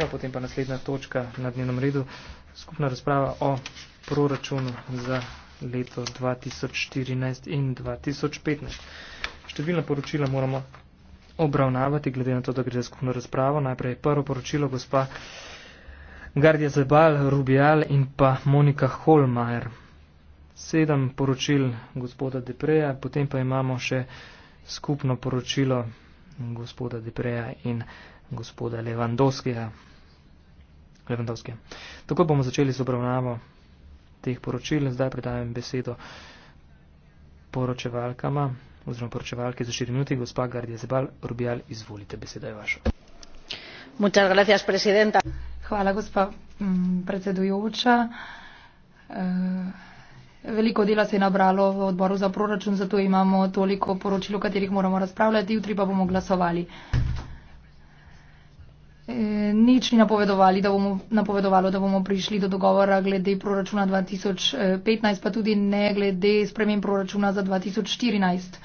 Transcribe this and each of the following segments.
ministra, no, potem pa naslednja točka na dnevnem redu, skupna razprava o proračunu za leto 2014 in 2015. Številna poročila moramo obravnavati, glede na to, da gre za skupno razpravo. Najprej prvo poročilo gospa Gardija Zebal, Rubial in pa Monika Holmajer. Sedem poročil gospoda Depreja, potem pa imamo še skupno poročilo gospoda Depreja in gospoda Levandovskega. Levendovske. Tako bomo začeli z obravnavo teh poročil. Zdaj predajam besedo poročevalkama oziroma poročevalke za 4 minuti. Gospa Gardija Zebal, Rubijal, izvolite, beseda je vaša. Hvala, gospa mm, predsedujoča. Eh, veliko dela se je nabralo v odboru za proračun, zato imamo toliko poročil, o katerih moramo razpravljati, jutri pa bomo glasovali. E, nič ni napovedovali, da bomo, napovedovalo, da bomo prišli do dogovora glede proračuna 2015, pa tudi ne glede sprememb proračuna za 2014.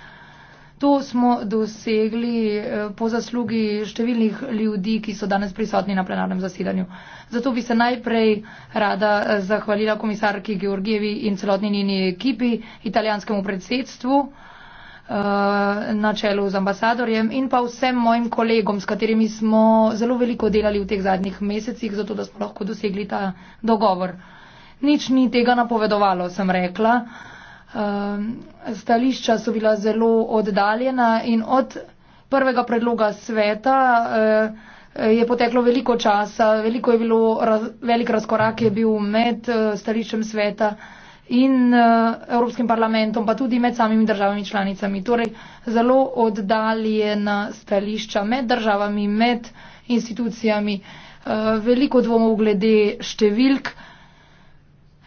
To smo dosegli e, po zaslugi številnih ljudi, ki so danes prisotni na plenarnem zasedanju. Zato bi se najprej rada e, zahvalila komisarki Georgijevi in celotni njeni ekipi, italijanskemu predsedstvu. Eh, na čelu z ambasadorjem in pa vsem mojim kolegom, s katerimi smo zelo veliko delali v teh zadnjih mesecih, zato da smo lahko dosegli ta dogovor. Nič ni tega napovedovalo, sem rekla. Eh, stališča so bila zelo oddaljena in od prvega predloga sveta eh, je poteklo veliko časa, veliko je bilo, velik razkorak je bil med stališčem sveta in uh, Evropskim parlamentom, pa tudi med samimi državami članicami. Torej, zelo oddaljena stališča med državami, med institucijami, uh, veliko dvomov glede številk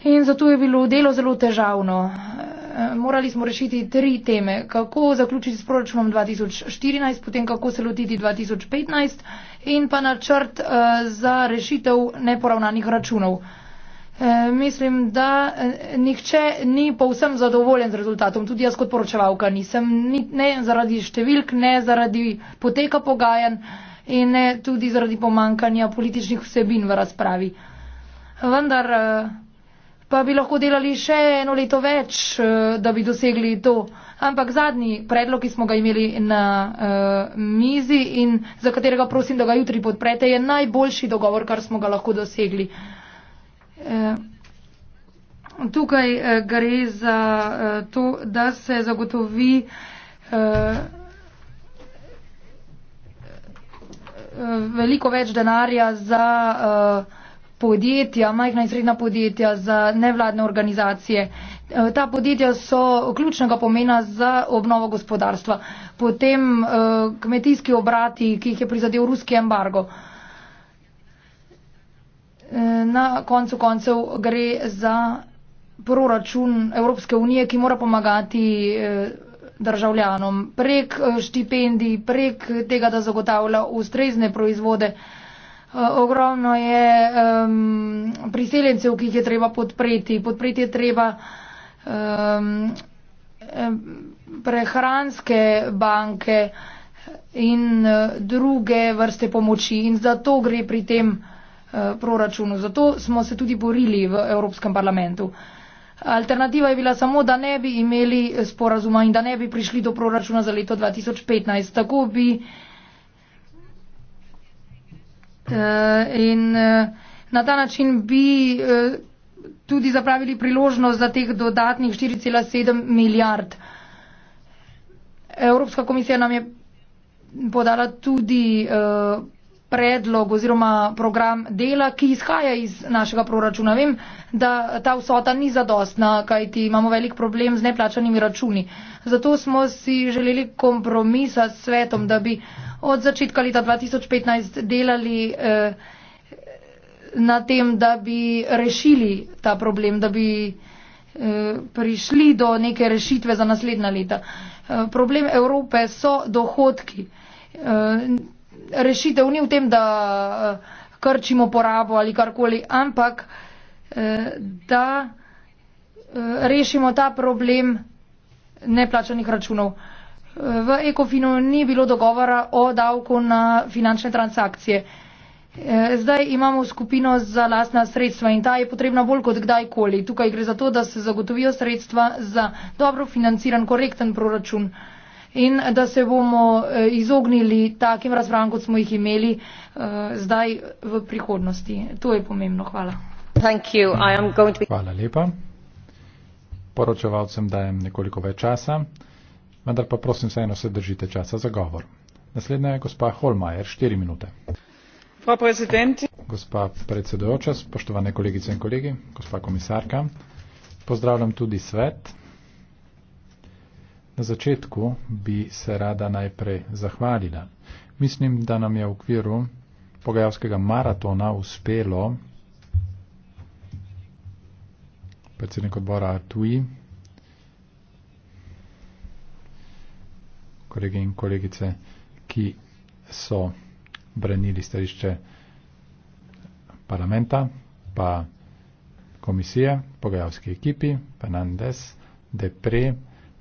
in zato je bilo delo zelo težavno. Eh, morali smo rešiti tri teme. Kako zaključiti s proračunom 2014, potem kako se lotiti 2015 in pa načrt uh, za rešitev neporavnanih računov. Uh, Eh, mislim, da eh, nihče ni povsem zadovoljen z rezultatom. Tudi jaz kot poročevalka nisem. Ni, ne zaradi številk, ne zaradi poteka pogajanj in ne tudi zaradi pomankanja političnih vsebin v razpravi. Vendar eh, pa bi lahko delali še eno leto več, da bi dosegli to. Ampak zadnji predlog, ki smo ga imeli na uh, mizi in za katerega prosim, da ga jutri podprete, je najboljši dogovor, kar smo ga lahko dosegli. Uh, Eh, tukaj eh, gre za eh, to, da se zagotovi veliko več denarja za podjetja, majhna in srednja podjetja, za nevladne organizacije. Ta podjetja so ključnega pomena za obnovo gospodarstva. Potem kmetijski obrati, ki jih je prizadel ruski embargo. Na koncu koncev gre za proračun Evropske unije, ki mora pomagati eh, državljanom prek eh, štipendij, prek tega, da zagotavlja ustrezne proizvode. Eh, ogromno je um, priseljencev, ki jih je treba podpreti. Podpreti je treba um, prehranske banke in druge vrste pomoči. In zato gre pri tem. Eh, proračunu. Zato smo se tudi borili v Evropskem parlamentu. Alternativa je bila samo, da ne bi imeli sporazuma in da ne bi prišli do proračuna za leto 2015. Tako bi. Eh, in eh, na ta način bi tudi zapravili priložnost za teh dodatnih 4,7 milijard. Evropska komisija nam je podala tudi uh, predlog oziroma program dela, ki izhaja iz našega proračuna. Vem, da ta vsota ni zadostna, kajti imamo velik problem z neplačanimi računi. Zato smo si želeli kompromisa s svetom, da bi od začetka leta 2015 delali eh, na tem, da bi rešili ta problem, da bi eh, prišli do neke rešitve za naslednja leta. Eh, problem Evrope so dohodki. Eh, rešitev ni v tem, da eh, krčimo porabo ali karkoli, ampak eh, da eh, rešimo ta problem neplačanih računov. V Ekofinu ni bilo dogovora o davku na finančne transakcije. Zdaj imamo skupino za lastna sredstva in ta je potrebna bolj kot kdajkoli. Tukaj gre za to, da se zagotovijo sredstva za dobro financiran, korekten proračun in da se bomo eh, izognili takim razpravam, kot smo jih imeli uh, zdaj v prihodnosti. To je pomembno. Hvala. Hvala lepa. Poročevalcem dajem nekoliko več časa, vendar pa prosim vseeno se držite časa za govor. Naslednja je gospa Holmajer, 4 minute. Gospa predsedujoča, spoštovane kolegice in kolegi, gospa komisarka, pozdravljam tudi svet, Na začetku bi se rada najprej zahvalila. Mislim, da nam je v okviru pogajalskega maratona uspelo predsednik odbora Artui, kolegi in kolegice, ki so brenili stališče parlamenta, pa komisije, pogajalske ekipi, Fernandez, Depre,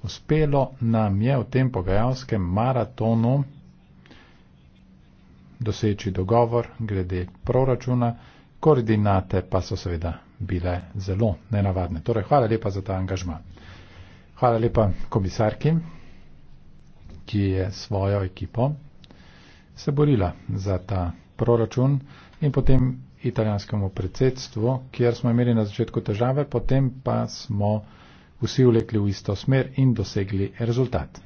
Uspelo nam je v tem pogajalskem maratonu doseči dogovor glede proračuna, koordinate pa so seveda bile zelo nenavadne. Torej, hvala lepa za ta angažma. Hvala lepa komisarki, ki je svojo ekipo se borila za ta proračun in potem italijanskemu predsedstvu, kjer smo imeli na začetku težave, potem pa smo vsi vlekli v isto smer in dosegli rezultat.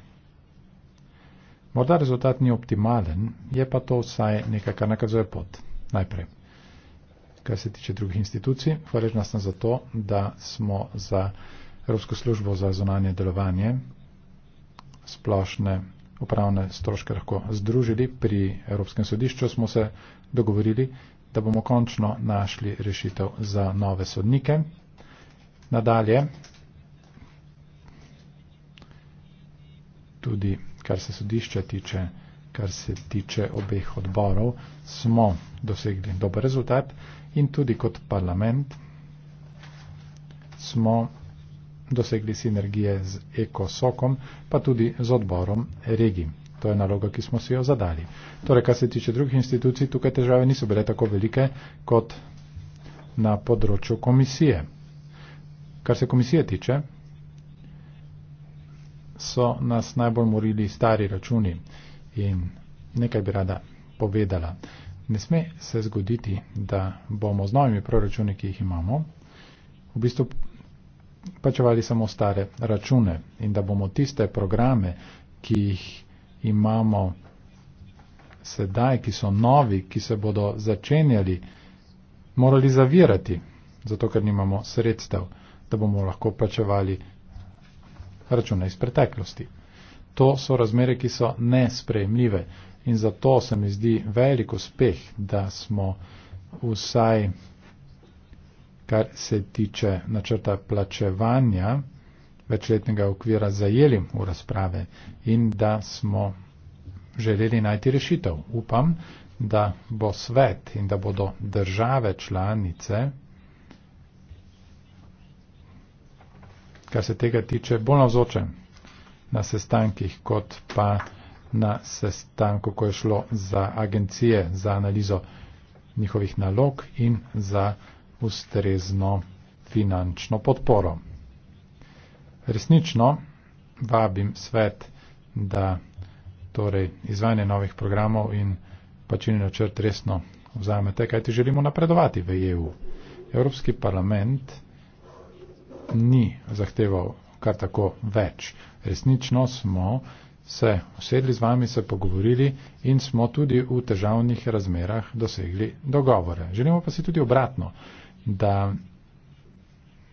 Morda rezultat ni optimalen, je pa to vsaj nekaj, kar nakazuje pot. Najprej, kar se tiče drugih institucij, hvaležna sem za to, da smo za Evropsko službo za zonanje delovanje splošne upravne stroške lahko združili pri Evropskem sodišču, smo se dogovorili, da bomo končno našli rešitev za nove sodnike. Nadalje, tudi kar se sodišča tiče, kar se tiče obeh odborov, smo dosegli dober rezultat in tudi kot parlament smo dosegli sinergije z ECOSOKom, pa tudi z odborom REGI. To je naloga, ki smo si jo zadali. Torej, kar se tiče drugih institucij, tukaj težave niso bile tako velike kot na področju komisije. Kar se komisije tiče, so nas najbolj morili stari računi in nekaj bi rada povedala. Ne sme se zgoditi, da bomo z novimi proračuni, ki jih imamo, v bistvu plačevali samo stare račune in da bomo tiste programe, ki jih imamo sedaj, ki so novi, ki se bodo začenjali, morali zavirati, zato ker nimamo sredstev, da bomo lahko plačevali računa iz preteklosti. To so razmere, ki so nesprejemljive in zato se mi zdi velik uspeh, da smo vsaj, kar se tiče načrta plačevanja, večletnega okvira zajeli v razprave in da smo želeli najti rešitev. Upam, da bo svet in da bodo države članice kar se tega tiče, bolj navzočen na sestankih, kot pa na sestanku, ko je šlo za agencije za analizo njihovih nalog in za ustrezno finančno podporo. Resnično vabim svet, da torej izvajanje novih programov in pačilni načrt resno vzamete, kajti želimo napredovati v EU. Evropski parlament ni zahteval kar tako več. Resnično smo se usedli z vami, se pogovorili in smo tudi v težavnih razmerah dosegli dogovore. Želimo pa si tudi obratno, da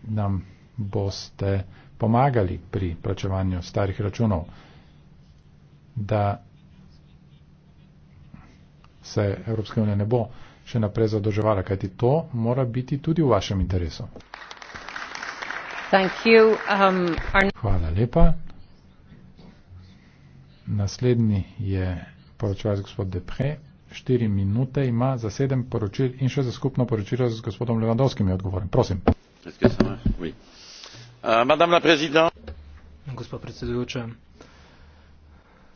nam boste pomagali pri plačevanju starih računov, da se Evropska unija ne bo še naprej zadoževala, kajti to mora biti tudi v vašem interesu. Um, Hvala lepa. Naslednji je poročevalec gospod Depre. Štiri minute ima za sedem poročil in še za skupno poročilo z gospodom Levandovskim je odgovoren. Prosim. Uh, gospod predsedujoča,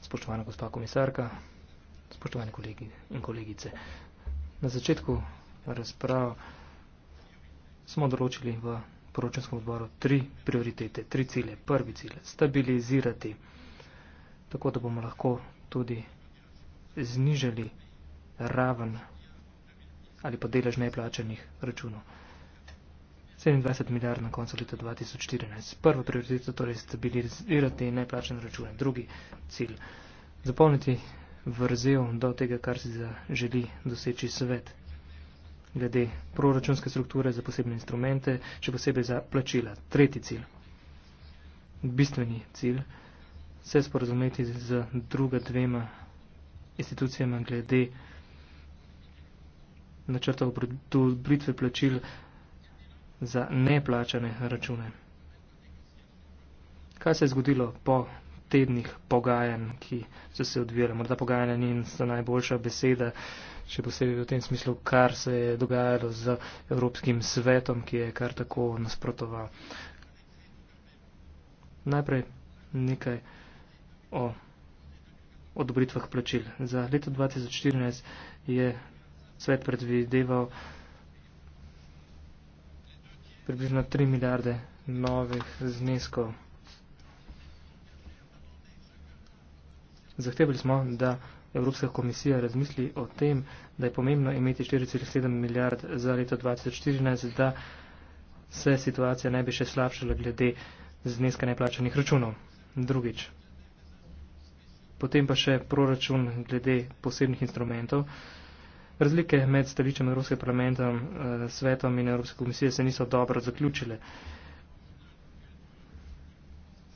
spoštovana gospa komisarka, spoštovani kolegi in kolegice. Na začetku razprav smo določili v poročanskem odboru tri prioritete, tri cilje. Prvi cilj je stabilizirati, tako da bomo lahko tudi znižali raven ali pa delež neplačenih računov. 27 milijard na koncu leta 2014. Prva prioriteta torej stabilizirati neplačene račune. Drugi cilj zapolniti vrzel do tega, kar si zaželi doseči svet glede proračunske strukture za posebne instrumente, še posebej za plačila. Tretji cilj, bistveni cilj, se sporozumeti z druga dvema institucijama glede načrtov britve plačil za neplačane račune. Kaj se je zgodilo po tednih pogajanj, ki so se odvijale. Morda pogajanja ni najboljša beseda, še posebej v tem smislu, kar se je dogajalo z Evropskim svetom, ki je kar tako nasprotoval. Najprej nekaj o odobritvah plačil. Za leto 2014 je svet predvideval približno 3 milijarde novih zneskov Zahtevali smo, da Evropska komisija razmisli o tem, da je pomembno imeti 4,7 milijard za leto 2014, da se situacija ne bi še slabšala glede zneska neplačanih računov. Drugič. Potem pa še proračun glede posebnih instrumentov. Razlike med stališčem Evropskega parlamenta, eh, svetom in Evropske komisije se niso dobro zaključile.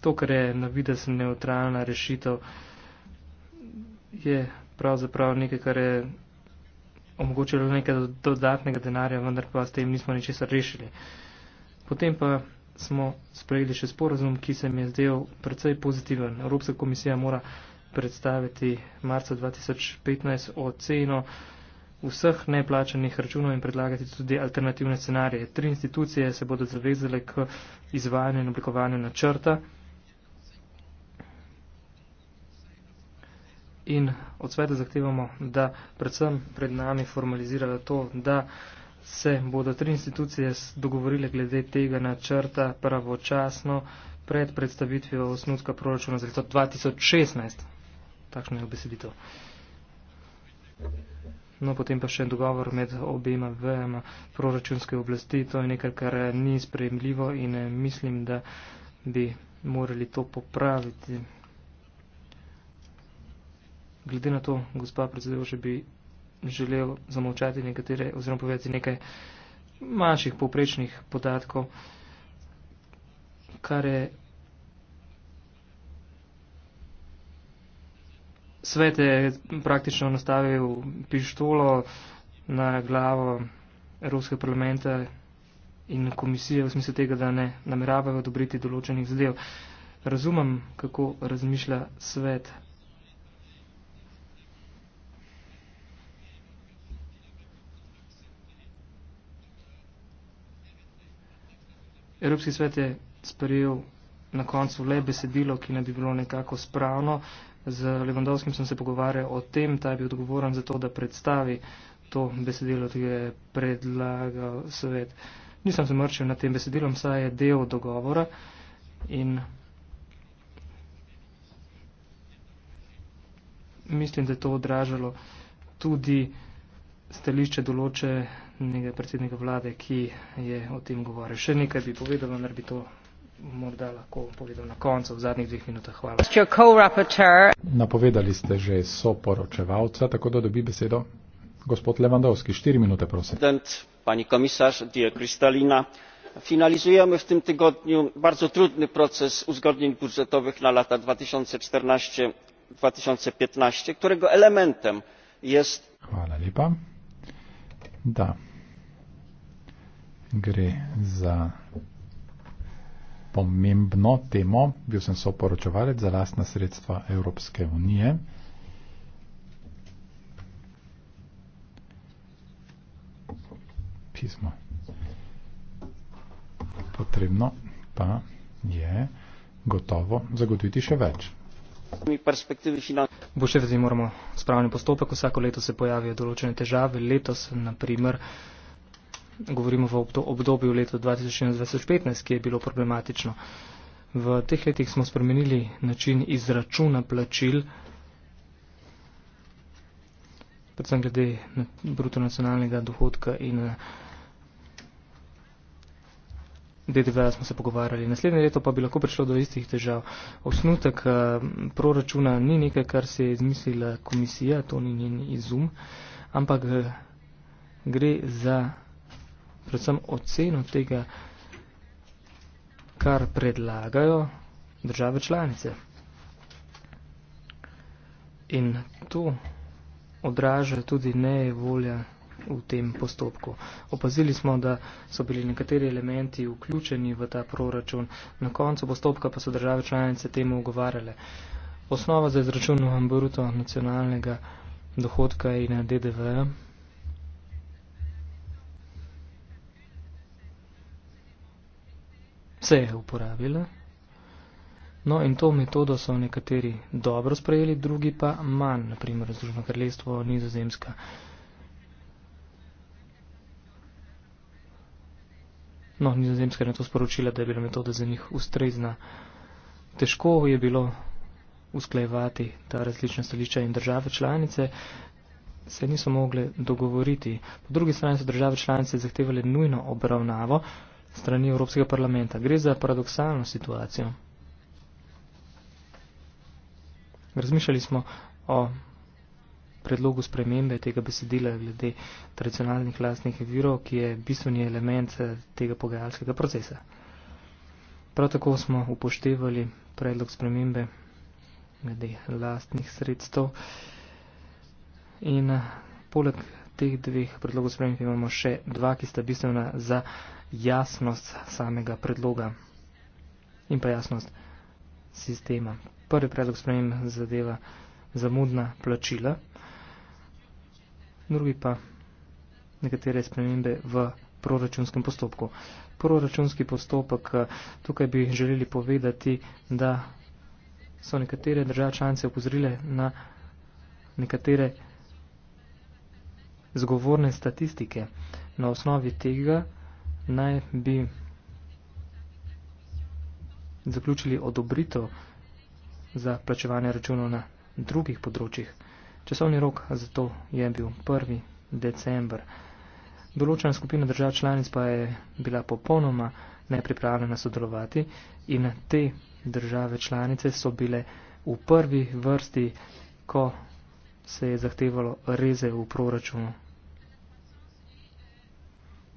To, kar je na vides neutralna rešitev, je pravzaprav nekaj, kar je omogočilo nekaj dodatnega denarja, vendar pa s tem nismo ničesar rešili. Potem pa smo sprejeli še sporozum, ki se mi je zdel precej pozitiven. Evropska komisija mora predstaviti marca 2015 oceno vseh neplačanih računov in predlagati tudi alternativne scenarije. Tri institucije se bodo zavezale k izvajanju in oblikovanju načrta. in od sveta zahtevamo, da predvsem pred nami formalizirajo to, da se bodo tri institucije dogovorile glede tega načrta pravočasno pred predstavitvijo osnutka proračuna za leto 2016. Takšno je obeseditev. No, potem pa še en dogovor med obema vejama proračunske oblasti. To je nekaj, kar ni sprejemljivo in eh, mislim, da bi morali to popraviti. Glede na to, gospa predsedujoča, bi želel zamolčati nekatere oziroma povedati nekaj manjših poprečnih podatkov, kar je svet je praktično nastavil pištolo na glavo Evropskega parlamenta in komisije v smislu tega, da ne nameravajo odobriti določenih zadev. Razumem, kako razmišlja svet Evropski svet je sprejel na koncu le besedilo, ki ne bi bilo nekako spravno. Z Levandovskim sem se pogovarjal o tem, ta je bil odgovoren za to, da predstavi to besedilo, ki je predlagal svet. Nisem se mrčil nad tem besedilom, saj je del dogovora in mislim, da je to odražalo tudi stališče določe nekaj predsednika vlade, ki je o tem govoril. Še nekaj bi povedal, vendar bi to morda lahko povedal na koncu, v zadnjih dveh minutah. Hvala. Napovedali ste že soporočevalca, tako da dobi besedo gospod Levandovski. Štiri minute, prosim. Pani komisar, Dija Kristalina. Finalizujemy w tym tygodniu bardzo trudny proces uzgodnień budżetowych na lata 2014-2015, którego elementem jest. Chwała lipa. Da gre za pomembno temo. Bil sem soporočevalec za lastna sredstva Evropske unije. Pismo. Potrebno pa je gotovo zagotoviti še več. Bo še vedno moramo spravni postopek, vsako leto se pojavijo določene težave. Letos, naprimer, govorimo v obdobju leta 2016-2015, ki je bilo problematično. V teh letih smo spremenili način izračuna plačil, predvsem glede bruto nacionalnega dohodka in DDV-ja smo se pogovarjali. Naslednje leto pa bi lahko prišlo do istih težav. Osnutek proračuna ni nekaj, kar se je izmislila komisija, to ni njen izum, ampak gre za predvsem oceno tega, kar predlagajo države članice. In to odraža tudi nevolja v tem postopku. Opazili smo, da so bili nekateri elementi vključeni v ta proračun, na koncu postopka pa so države članice temu ugovarjale. Osnova za izračun bruto nacionalnega dohodka in DDV C uporabila. No, in to metodo so nekateri dobro sprejeli, drugi pa manj, naprimer Združeno kraljestvo, Nizozemska. No, Nizozemska je to sporočila, da je bila metoda za njih ustrezna. Težko je bilo usklajevati ta različna stališča in države članice se niso mogle dogovoriti. Po drugi strani so države članice zahtevali nujno obravnavo strani Evropskega parlamenta. Gre za paradoksalno situacijo. Razmišljali smo o predlogu spremembe tega besedila glede tradicionalnih lastnih virov, ki je bistveni element eh, tega pogajalskega procesa. Prav tako smo upoštevali predlog spremembe glede lastnih sredstev in eh, poleg teh dveh predlogov sprememb imamo še dva, ki sta bistvena za jasnost samega predloga in pa jasnost sistema. Prvi predlog sprememb zadeva zamudna plačila, drugi pa nekatere spremembe v proračunskem postopku. Proračunski postopek, tukaj bi želeli povedati, da so nekatere država članice upozorile na nekatere spremembe, zgovorne statistike. Na osnovi tega naj bi zaključili odobritev za plačevanje računov na drugih področjih. Časovni rok za to je bil 1. december. Določena skupina držav članic pa je bila popolnoma nepripravljena sodelovati in te države članice so bile v prvi vrsti, ko se je zahtevalo reze v proračunu.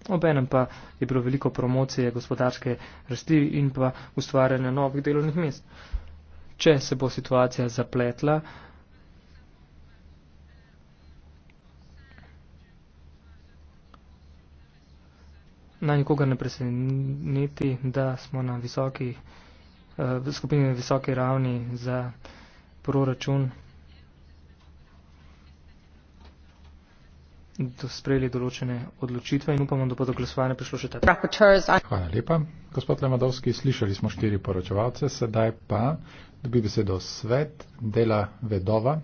Obenem pa je bilo veliko promocije gospodarske rasti in pa ustvarjanja novih delovnih mest. Če se bo situacija zapletla, naj nikoga ne preseneti, da smo na visoki, eh, skupini visoki ravni za proračun do sprejeli določene odločitve in upamo, da bo do glasovanja prišlo še tako. Hvala lepa. Gospod Lemadovski, slišali smo štiri poročevalce, sedaj pa dobi besedo svet dela vedova.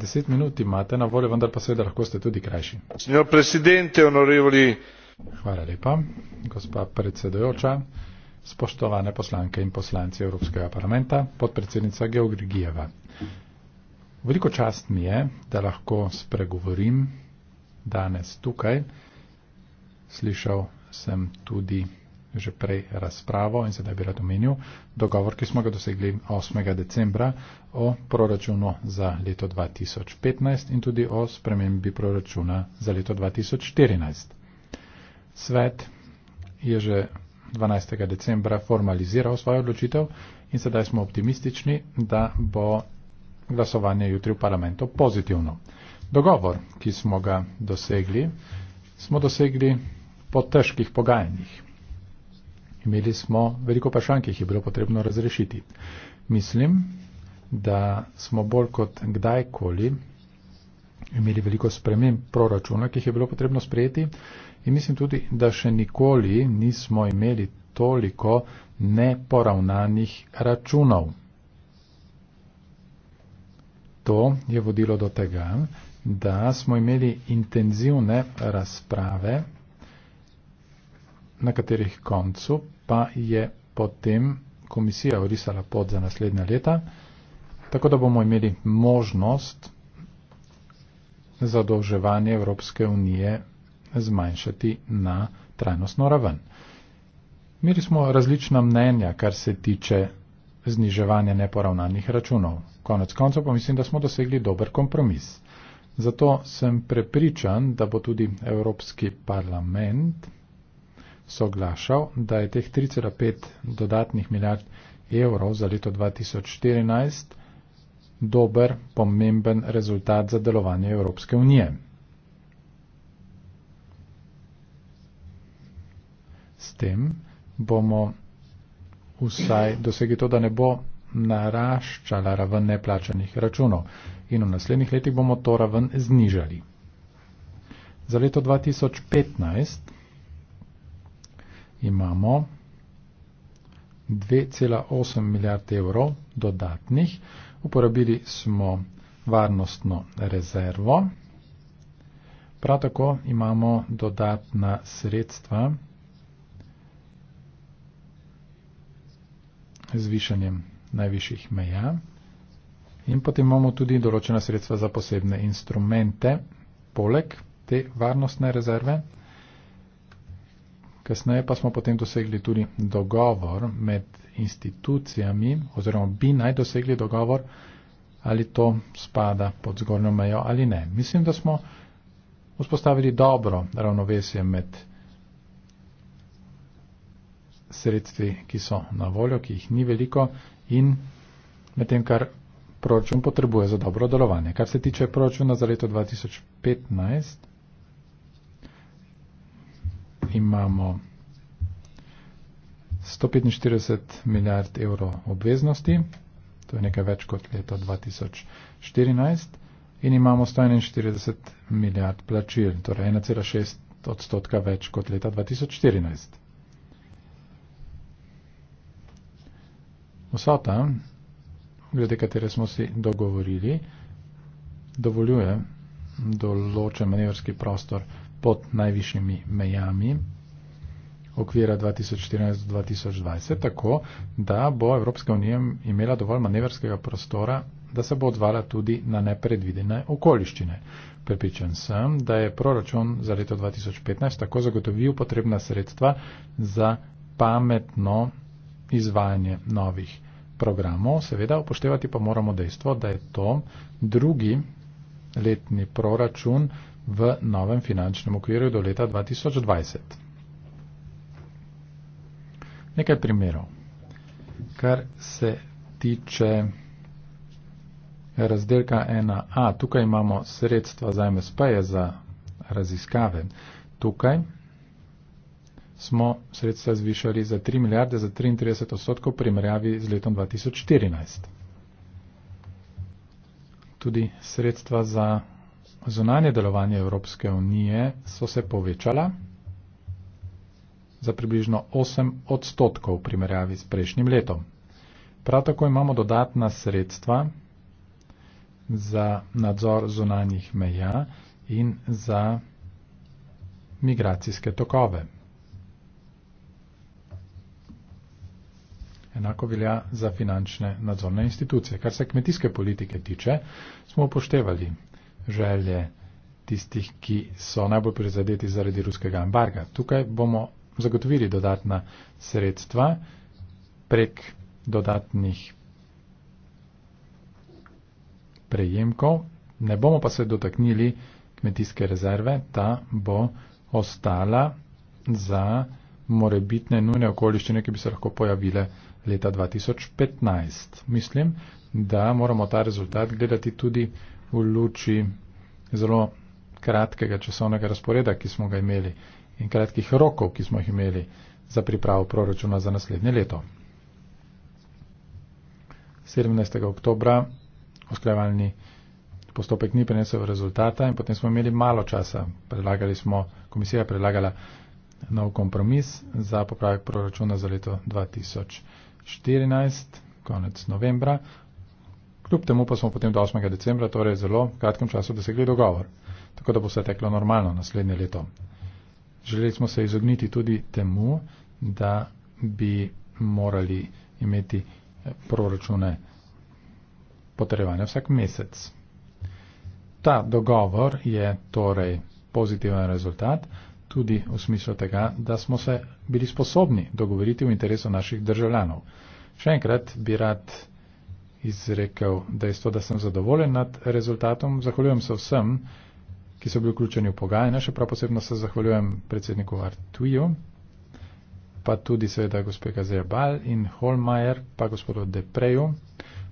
Deset minut imate na voljo, vendar pa seveda lahko ste tudi krajši. Hvala lepa, gospa predsedojoča, spoštovane poslanke in poslanci Evropskega parlamenta, podpredsednica Georgijeva. Veliko čast mi je, da lahko spregovorim danes tukaj. Slišal sem tudi že prej razpravo in sedaj bi rad omenil dogovor, ki smo ga dosegli 8. decembra o proračunu za leto 2015 in tudi o spremembi proračuna za leto 2014. Svet je že 12. decembra formaliziral svojo odločitev in sedaj smo optimistični, da bo glasovanje jutri v parlamentu pozitivno. Dogovor, ki smo ga dosegli, smo dosegli po težkih pogajanjih. Imeli smo veliko vprašanj, ki jih je bilo potrebno razrešiti. Mislim, da smo bolj kot kdajkoli imeli veliko sprememb proračuna, ki jih je bilo potrebno sprejeti in mislim tudi, da še nikoli nismo imeli toliko neporavnanih računov. To je vodilo do tega, da smo imeli intenzivne razprave, na katerih koncu pa je potem komisija orisala pot za naslednja leta, tako da bomo imeli možnost zadolževanje Evropske unije zmanjšati na trajnostno raven. Imeli smo različna mnenja, kar se tiče zniževanja neporavnanih računov. Konec koncev pa mislim, da smo dosegli dober kompromis. Zato sem prepričan, da bo tudi Evropski parlament soglašal, da je teh 3,5 dodatnih milijard evrov za leto 2014 dober, pomemben rezultat za delovanje Evropske unije. S tem bomo vsaj dosegli to, da ne bo naraščala raven neplačanih računov in v naslednjih letih bomo to raven znižali. Za leto 2015 imamo 2,8 milijard evrov dodatnih, uporabili smo varnostno rezervo, prav tako imamo dodatna sredstva z višanjem najvišjih meja. In potem imamo tudi določena sredstva za posebne instrumente, poleg te varnostne rezerve. Kasneje pa smo potem dosegli tudi dogovor med institucijami, oziroma bi naj dosegli dogovor, ali to spada pod zgornjo mejo ali ne. Mislim, da smo vzpostavili dobro ravnovesje med sredstvi, ki so na voljo, ki jih ni veliko, in medtem, kar proračun potrebuje za dobro delovanje. Kar se tiče proračuna za leto 2015, imamo 145 milijard evrov obveznosti, to je nekaj več kot leto 2014, in imamo 141 milijard plačil, torej 1,6 odstotka več kot leta 2014. vsota, glede katere smo si dogovorili, dovoljuje določen manevrski prostor pod najvišjimi mejami okvira 2014-2020, tako da bo Evropska unija imela dovolj manevrskega prostora, da se bo odvala tudi na nepredvidene okoliščine. Prepričan sem, da je proračun za leto 2015 tako zagotovil potrebna sredstva za pametno izvajanje novih programov. Seveda upoštevati pa moramo dejstvo, da je to drugi letni proračun v novem finančnem okviru do leta 2020. Nekaj primerov. Kar se tiče razdelka 1a, tukaj imamo sredstva za MSP-je za raziskave. Tukaj smo sredstva zvišali za 3 milijarde za 33 odstotkov primerjavi z letom 2014. Tudi sredstva za zunanje delovanje Evropske unije so se povečala za približno 8 odstotkov v primerjavi s prejšnjim letom. Prav tako imamo dodatna sredstva za nadzor zunanjih meja in za migracijske tokove. Enako velja za finančne nadzorne institucije. Kar se kmetijske politike tiče, smo upoštevali želje tistih, ki so najbolj prizadeti zaradi ruskega embarga. Tukaj bomo zagotovili dodatna sredstva prek dodatnih prejemkov. Ne bomo pa se dotaknili kmetijske rezerve, ta bo ostala za morebitne nujne okoliščine, ki bi se lahko pojavile leta 2015. Mislim, da moramo ta rezultat gledati tudi v luči zelo kratkega časovnega razporeda, ki smo ga imeli in kratkih rokov, ki smo jih imeli za pripravo proračuna za naslednje leto. 17. oktobra usklajevalni postopek ni prinesel rezultata in potem smo imeli malo časa. Predlagali smo, komisija predlagala nov kompromis za popravek proračuna za leto 2020. 14, konec novembra. Kljub temu pa smo potem do 8. decembra, torej zelo kratkem času, dosegli dogovor, tako da bo vse teklo normalno naslednje leto. Želeli smo se izogniti tudi temu, da bi morali imeti eh, proračune potrebovanja vsak mesec. Ta dogovor je torej pozitiven rezultat tudi v smislu tega, da smo se bili sposobni dogovoriti v interesu naših državljanov. Še enkrat bi rad izrekel dejstvo, da sem zadovoljen nad rezultatom. Zahvaljujem se vsem, ki so bili vključeni v pogajanja, še prav posebno se zahvaljujem predsedniku Artuju, pa tudi seveda gospe Kazeja Bal in Holmajer, pa gospodu Depreju,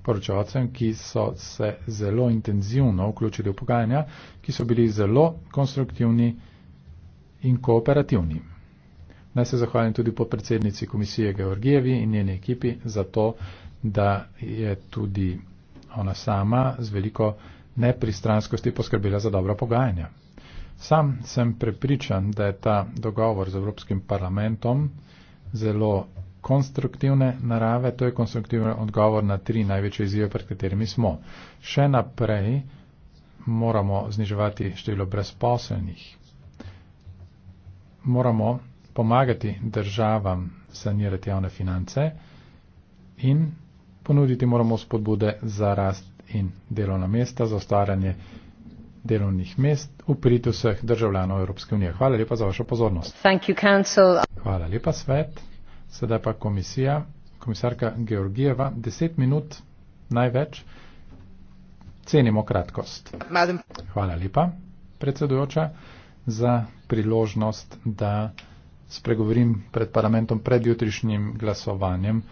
poročevalcem, ki so se zelo intenzivno vključili v pogajanja, ki so bili zelo konstruktivni in kooperativni. Naj se zahvalim tudi podpredsednici komisije Georgijevi in njeni ekipi za to, da je tudi ona sama z veliko nepristranskosti poskrbela za dobra pogajanja. Sam sem prepričan, da je ta dogovor z Evropskim parlamentom zelo konstruktivne narave, to je konstruktivni odgovor na tri največje izzive, pred katerimi smo. Še naprej moramo zniževati število brezposelnih, moramo pomagati državam sanirati javne finance in ponuditi moramo spodbude za rast in delovna mesta, za ustvarjanje delovnih mest v prid vseh državljanov Evropske unije. Hvala lepa za vašo pozornost. Hvala lepa svet. Sedaj pa komisija, komisarka Georgijeva, deset minut največ. Cenimo kratkost. Hvala lepa, predsedujoča za priložnost, da spregovorim pred parlamentom pred jutrišnjim glasovanjem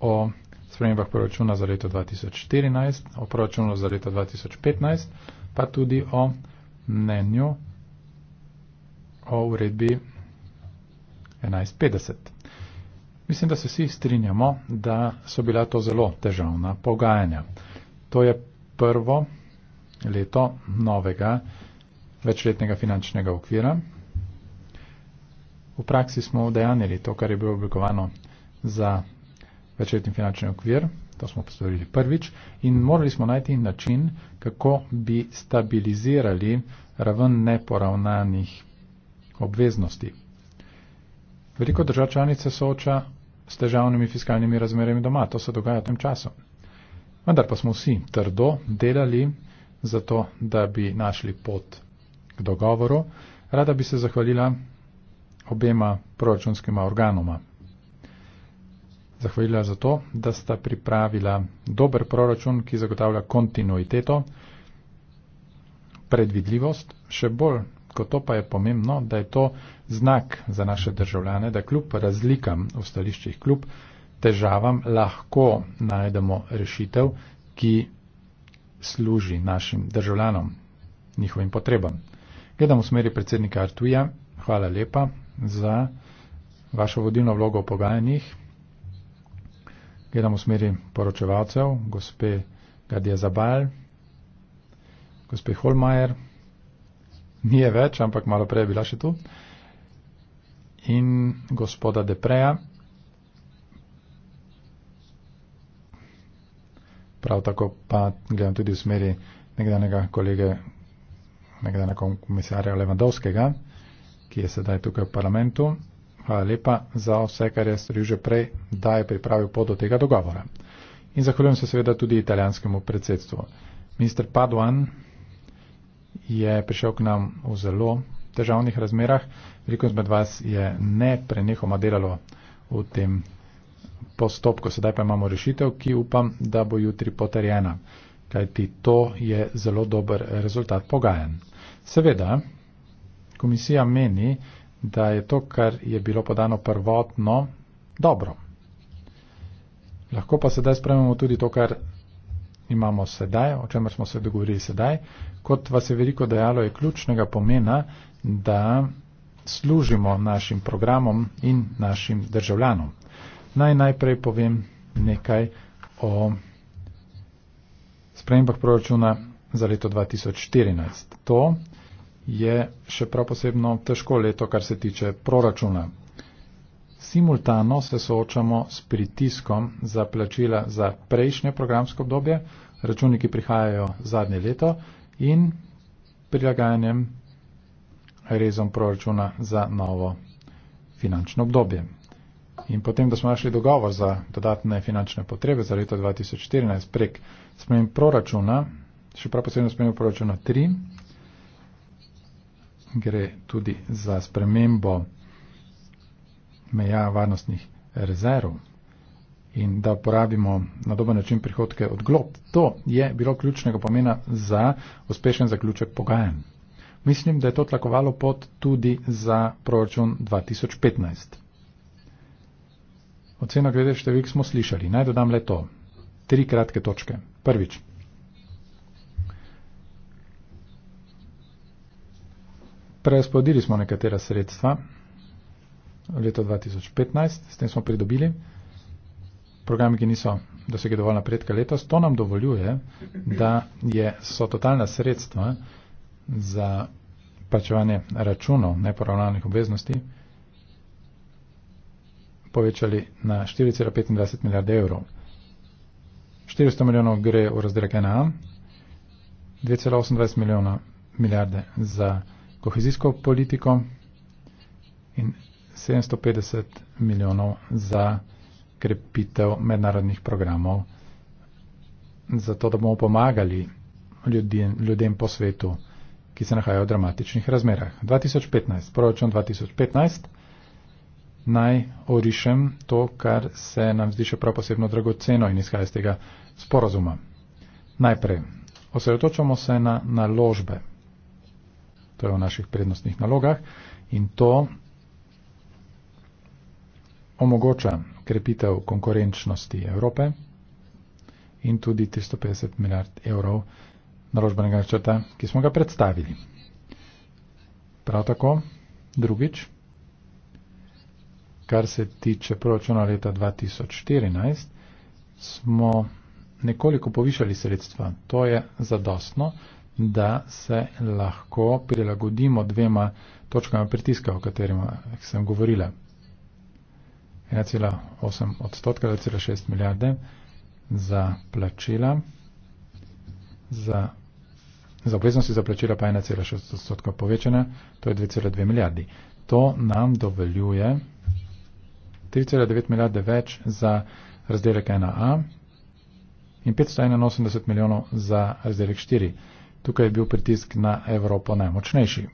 o spremembah proračuna za leto 2014, o proračunu za leto 2015, pa tudi o mnenju o uredbi 1150. Mislim, da se vsi strinjamo, da so bila to zelo težavna pogajanja. To je prvo leto novega večletnega finančnega okvira. V praksi smo udejanili to, kar je bilo oblikovano za večletni finančni okvir, to smo postavili prvič, in morali smo najti način, kako bi stabilizirali raven neporavnanih obveznosti. Veliko držav članice sooča s težavnimi fiskalnimi razmerami doma, to se dogaja v tem času. Vendar pa smo vsi trdo delali za to, da bi našli pot dogovoru. Rada bi se zahvalila obema proračunskima organoma. Zahvalila za to, da sta pripravila dober proračun, ki zagotavlja kontinuiteto, predvidljivost, še bolj kot to pa je pomembno, da je to znak za naše državljane, da kljub razlikam v stališčih, kljub težavam lahko najdemo rešitev, ki služi našim državljanom, njihovim potrebam. Gledam v smeri predsednika Artuja. Hvala lepa za vašo vodilno vlogo v pogajanjih. Gledam v smeri poročevalcev, gospe Gadija Zabal, gospe Holmajer. Ni je več, ampak malo prej je bila še tu. In gospoda Depreja. Prav tako pa gledam tudi v smeri nekdanjega kolege nekdanjega komisarja Levandovskega, ki je sedaj tukaj v parlamentu. Hvala lepa za vse, kar je storil že prej, da je pripravil pot do tega dogovora. In zahvaljujem se seveda tudi italijanskemu predsedstvu. Ministr Paduan je prišel k nam v zelo težavnih razmerah. Veliko izmed vas je ne prenehoma delalo v tem postopku. Sedaj pa imamo rešitev, ki upam, da bo jutri potrjena. Kajti to je zelo dober rezultat pogajanj. Seveda, komisija meni, da je to, kar je bilo podano prvotno, dobro. Lahko pa sedaj spremljamo tudi to, kar imamo sedaj, o čemer smo se dogovorili sedaj. Kot vas je veliko dejalo, je ključnega pomena, da služimo našim programom in našim državljanom. Naj najprej povem nekaj o spremembah proračuna za leto 2014. To, je še prav posebno težko leto, kar se tiče proračuna. Simultano se soočamo s pritiskom za plačila za prejšnje programsko obdobje, računi, ki prihajajo zadnje leto in prilagajanjem rezom proračuna za novo finančno obdobje. In potem, da smo našli dogovor za dodatne finančne potrebe za leto 2014 prek sprememb proračuna, še prav posebno sprememb proračuna 3, gre tudi za spremembo meja varnostnih rezerv in da porabimo na doben način prihodke od glob. To je bilo ključnega pomena za uspešen zaključek pogajanj. Mislim, da je to tlakovalo pot tudi za proračun 2015. Oceno glede številk smo slišali. Naj dodam le to. Tri kratke točke. Prvič, Preraspodili smo nekatera sredstva leto 2015, s tem smo pridobili programe, ki niso dosegli dovolj napredka letos. To nam dovoljuje, da je, so totalna sredstva za plačevanje računov neporavnanih obveznosti povečali na 4,25 milijarde evrov. 400 milijonov gre v razdelek 1A, 2,28 milijona milijarde za računov kohezijsko politiko in 750 milijonov za krepitev mednarodnih programov, zato da bomo pomagali ljudem, ljudem po svetu, ki se nahajajo v dramatičnih razmerah. 2015, proračun 2015, naj orišem to, kar se nam zdi še prav posebno dragoceno in izhaja iz tega sporozuma. Najprej, osredotočamo se na naložbe, To je v naših prednostnih nalogah in to omogoča krepitev konkurenčnosti Evrope in tudi 350 milijard evrov naložbenega načrta, ki smo ga predstavili. Prav tako, drugič, kar se tiče proračuna leta 2014, smo nekoliko povišali sredstva. To je zadostno, da se lahko prilagodimo dvema točkama pritiska, o katerima sem govorila. 1,8 odstotka, 1,6 milijarde za plačila, za, za obveznosti za plačila pa 1,6 odstotka povečana, to je 2,2 milijardi. To nam dovoljuje 3,9 milijarde več za razdelek 1A in 581 milijonov za razdelek 4. Tukaj je bil pritisk na Evropo najmočnejši.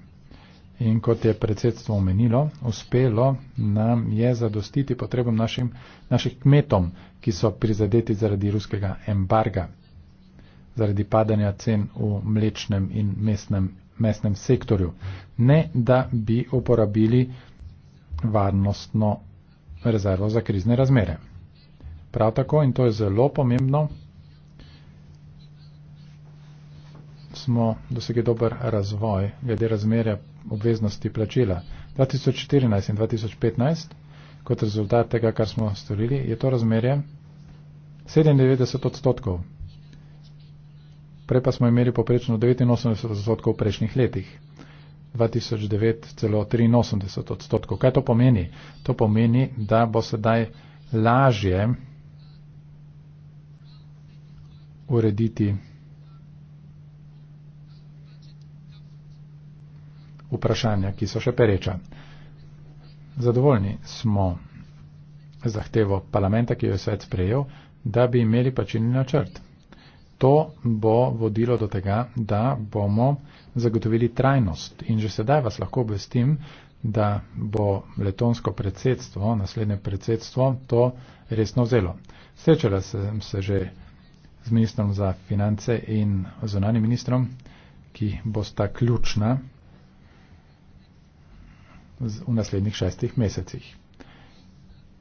In kot je predsedstvo omenilo, uspelo nam je zadostiti potrebam našim, naših kmetom, ki so prizadeti zaradi ruskega embarga, zaradi padanja cen v mlečnem in mesnem, mesnem sektorju. Ne, da bi uporabili varnostno rezervo za krizne razmere. Prav tako, in to je zelo pomembno, smo dosegli dober razvoj glede razmerja obveznosti plačila. 2014 in 2015, kot rezultat tega, kar smo storili, je to razmerje 97 odstotkov. Prej pa smo imeli poprečno 89 odstotkov v prejšnjih letih. 2009 celo 83 odstotkov. Kaj to pomeni? To pomeni, da bo sedaj lažje urediti vprašanja, ki so še pereča. Zadovoljni smo zahtevo parlamenta, ki jo je svet sprejel, da bi imeli pačini načrt. To bo vodilo do tega, da bomo zagotovili trajnost. In že sedaj vas lahko obvestim, da bo letonsko predsedstvo, naslednje predsedstvo, to resno vzelo. Srečala sem se že z ministrom za finance in zunanim ministrom, ki bosta ključna v naslednjih šestih mesecih.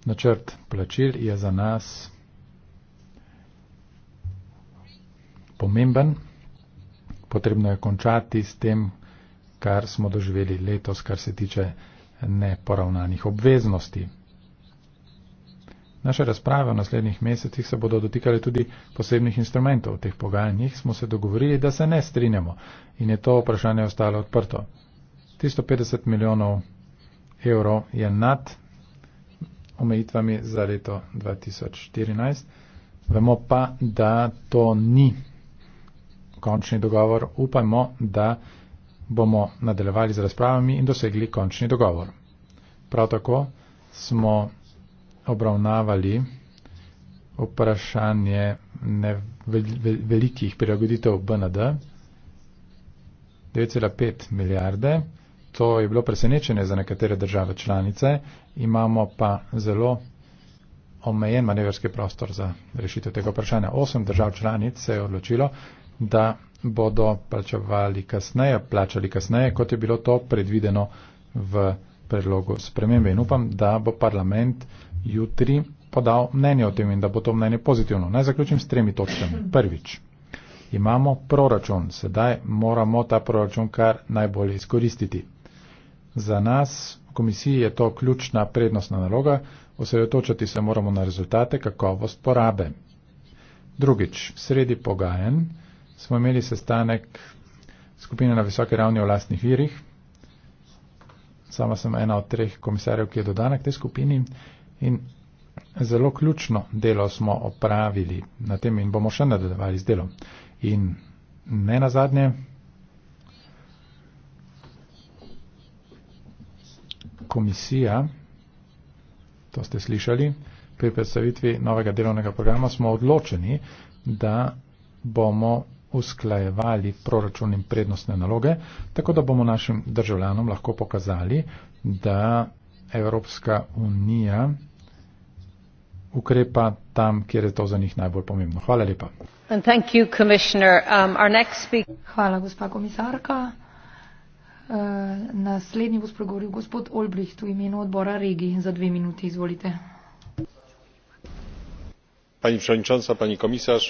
Načrt plačil je za nas pomemben. Potrebno je končati s tem, kar smo doživeli letos, kar se tiče neporavnanih obveznosti. Naše razprave v naslednjih mesecih se bodo dotikale tudi posebnih instrumentov. V teh pogajanjih smo se dogovorili, da se ne strinjamo in je to vprašanje ostalo odprto. 350 milijonov evrov je nad omejitvami za leto 2014. Vemo pa, da to ni končni dogovor. Upajmo, da bomo nadaljevali z razpravami in dosegli končni dogovor. Prav tako smo obravnavali vprašanje velikih prilagoditev BND 9,5 milijarde To je bilo presenečenje za nekatere države članice, imamo pa zelo omejen manevrski prostor za rešitev tega vprašanja. Osem držav članic se je odločilo, da bodo plačevali kasneje, plačali kasneje, kot je bilo to predvideno v predlogu spremembe in upam, da bo parlament jutri podal mnenje o tem in da bo to mnenje pozitivno. Naj zaključim s tremi točkami. Prvič, imamo proračun, sedaj moramo ta proračun kar najbolje izkoristiti. Za nas v komisiji je to ključna prednostna naloga, osredotočati se moramo na rezultate kakovost porabe. Drugič, sredi pogajen smo imeli sestanek skupine na visoke ravni o lastnih virih. Sama sem ena od treh komisarjev, ki je dodana k tej skupini in zelo ključno delo smo opravili na tem in bomo še nadaljevali z delom. In ne nazadnje, komisija, to ste slišali, pri predstavitvi novega delovnega programa smo odločeni, da bomo usklajevali proračun in prednostne naloge, tako da bomo našim državljanom lahko pokazali, da Evropska unija ukrepa tam, kjer je to za njih najbolj pomembno. Hvala lepa. Um, Hvala, gospa komisarka. Eh, naslednji bo spregovoril gospod Olbricht v imenu odbora regij. Za dve minuti izvolite. Pani predsednica, pani komisarz.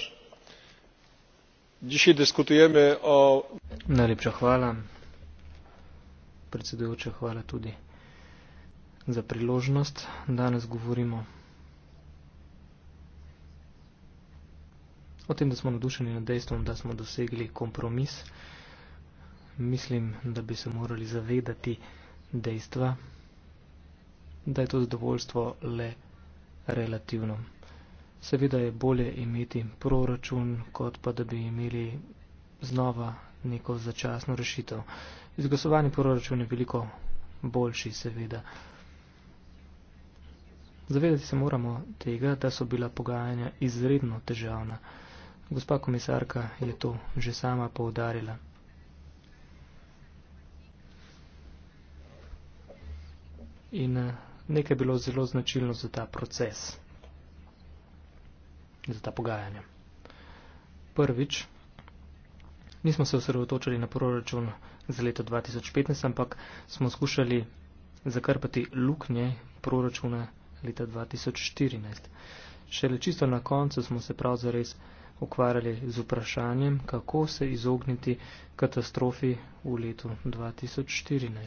Dzisiaj dyskutujemy o. Najlepsza chwała. Precedujące chwała tudi za przyłożność. Danes mówimy o tym, że jesteśmy naduszeni nad dejstwem, że jesteśmy dosegli kompromis. Mislim, da bi se morali zavedati dejstva, da je to zadovoljstvo le relativno. Seveda je bolje imeti proračun, kot pa da bi imeli znova neko začasno rešitev. Izglasovani proračun je veliko boljši, seveda. Zavedati se moramo tega, da so bila pogajanja izredno težavna. Gospa komisarka je to že sama poudarila. In eh, nekaj je bilo zelo značilno za ta proces, za ta pogajanja. Prvič, nismo se osredotočili na proračun za leto 2015, ampak smo skušali zakrpati luknje proračuna leta 2014. Šele čisto na koncu smo se prav zares ukvarjali z vprašanjem, kako se izogniti katastrofi v letu 2014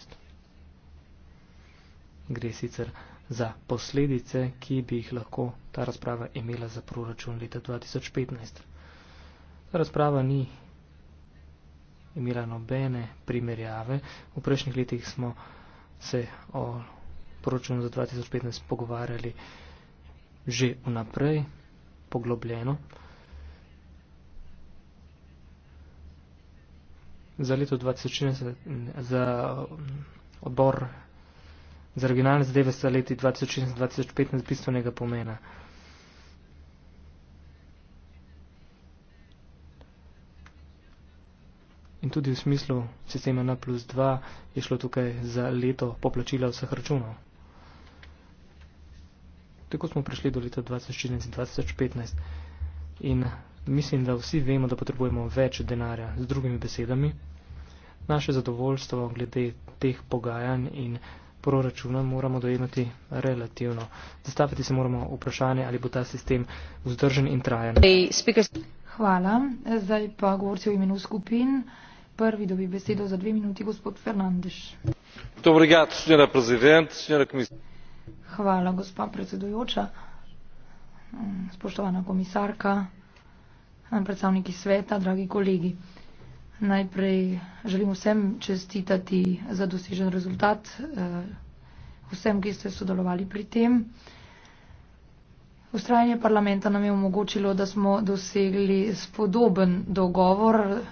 gre sicer za posledice, ki bi jih lahko ta razprava imela za proračun leta 2015. Ta razprava ni imela nobene primerjave. V prejšnjih letih smo se o proračunu za 2015 pogovarjali že vnaprej, poglobljeno. Za leto 2016, za um, odbor za originalne zadeve sta leti 2016-2015 bistvenega pomena. In tudi v smislu sistema na plus 2 je šlo tukaj za leto poplačila vseh računov. Tako smo prišli do leta 2016-2015 in mislim, da vsi vemo, da potrebujemo več denarja z drugimi besedami. Naše zadovoljstvo glede teh pogajanj in proračuna moramo dojemati relativno. Zastaviti se moramo vprašanje, ali bo ta sistem vzdržen in trajen. Hvala. Zdaj pa govorci v imenu skupin. Prvi dobi besedo za dve minuti, gospod Fernandeš. Hvala, gospa predsedujoča, spoštovana komisarka, predstavniki sveta, dragi kolegi. Najprej želim vsem čestitati za dosežen rezultat, eh, vsem, ki ste sodelovali pri tem. Ustrajanje parlamenta nam je omogočilo, da smo dosegli spodoben dogovor,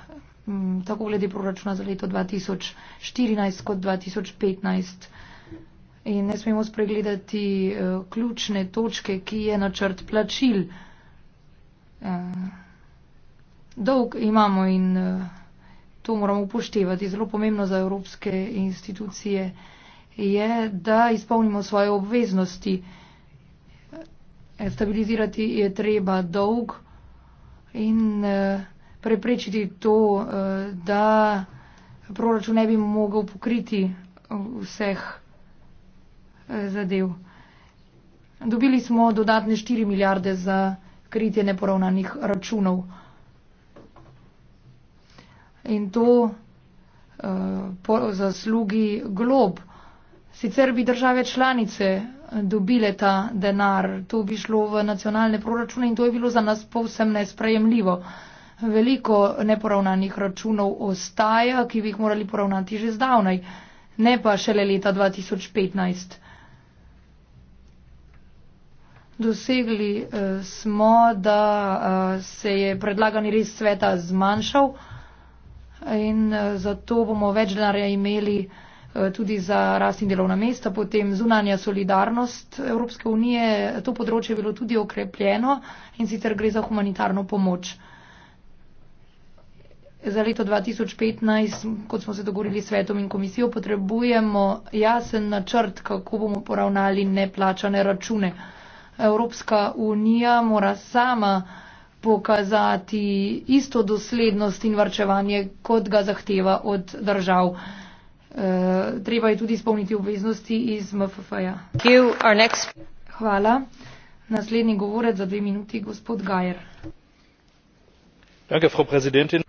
mm, tako glede proračuna za leto 2014 kot 2015. In ne smemo spregledati eh, ključne točke, ki je načrt plačil. Eh, dolg imamo in to moramo upoštevati, zelo pomembno za evropske institucije, je, da izpolnimo svoje obveznosti. Stabilizirati je treba dolg in eh, preprečiti to, eh, da proračun ne bi mogel pokriti eh, vseh zadev. Dobili smo dodatne 4 milijarde za kritje neporavnanih računov in to uh, po zaslugi glob. Sicer bi države članice eh, dobile ta denar, to bi šlo v nacionalne proračune in to je bilo za nas povsem nesprejemljivo. Veliko neporavnanih računov ostaja, ki bi jih morali poravnati že zdavnaj, ne pa šele leta 2015. Dosegli eh, smo, da se je predlagani res sveta zmanjšal in eh, zato bomo več denarja imeli eh, tudi za rast in delovna mesta, potem zunanja solidarnost Evropske unije, to področje je bilo tudi okrepljeno in sicer gre za humanitarno pomoč. Za leto 2015, kot smo se dogovorili s svetom in komisijo, potrebujemo jasen načrt, kako bomo poravnali neplačane račune. Evropska unija mora sama pokazati isto doslednost in varčevanje, kot ga zahteva od držav. E, treba je tudi izpolniti obveznosti iz MFF-ja. Hvala. Naslednji govorec za dve minuti, gospod Gajer.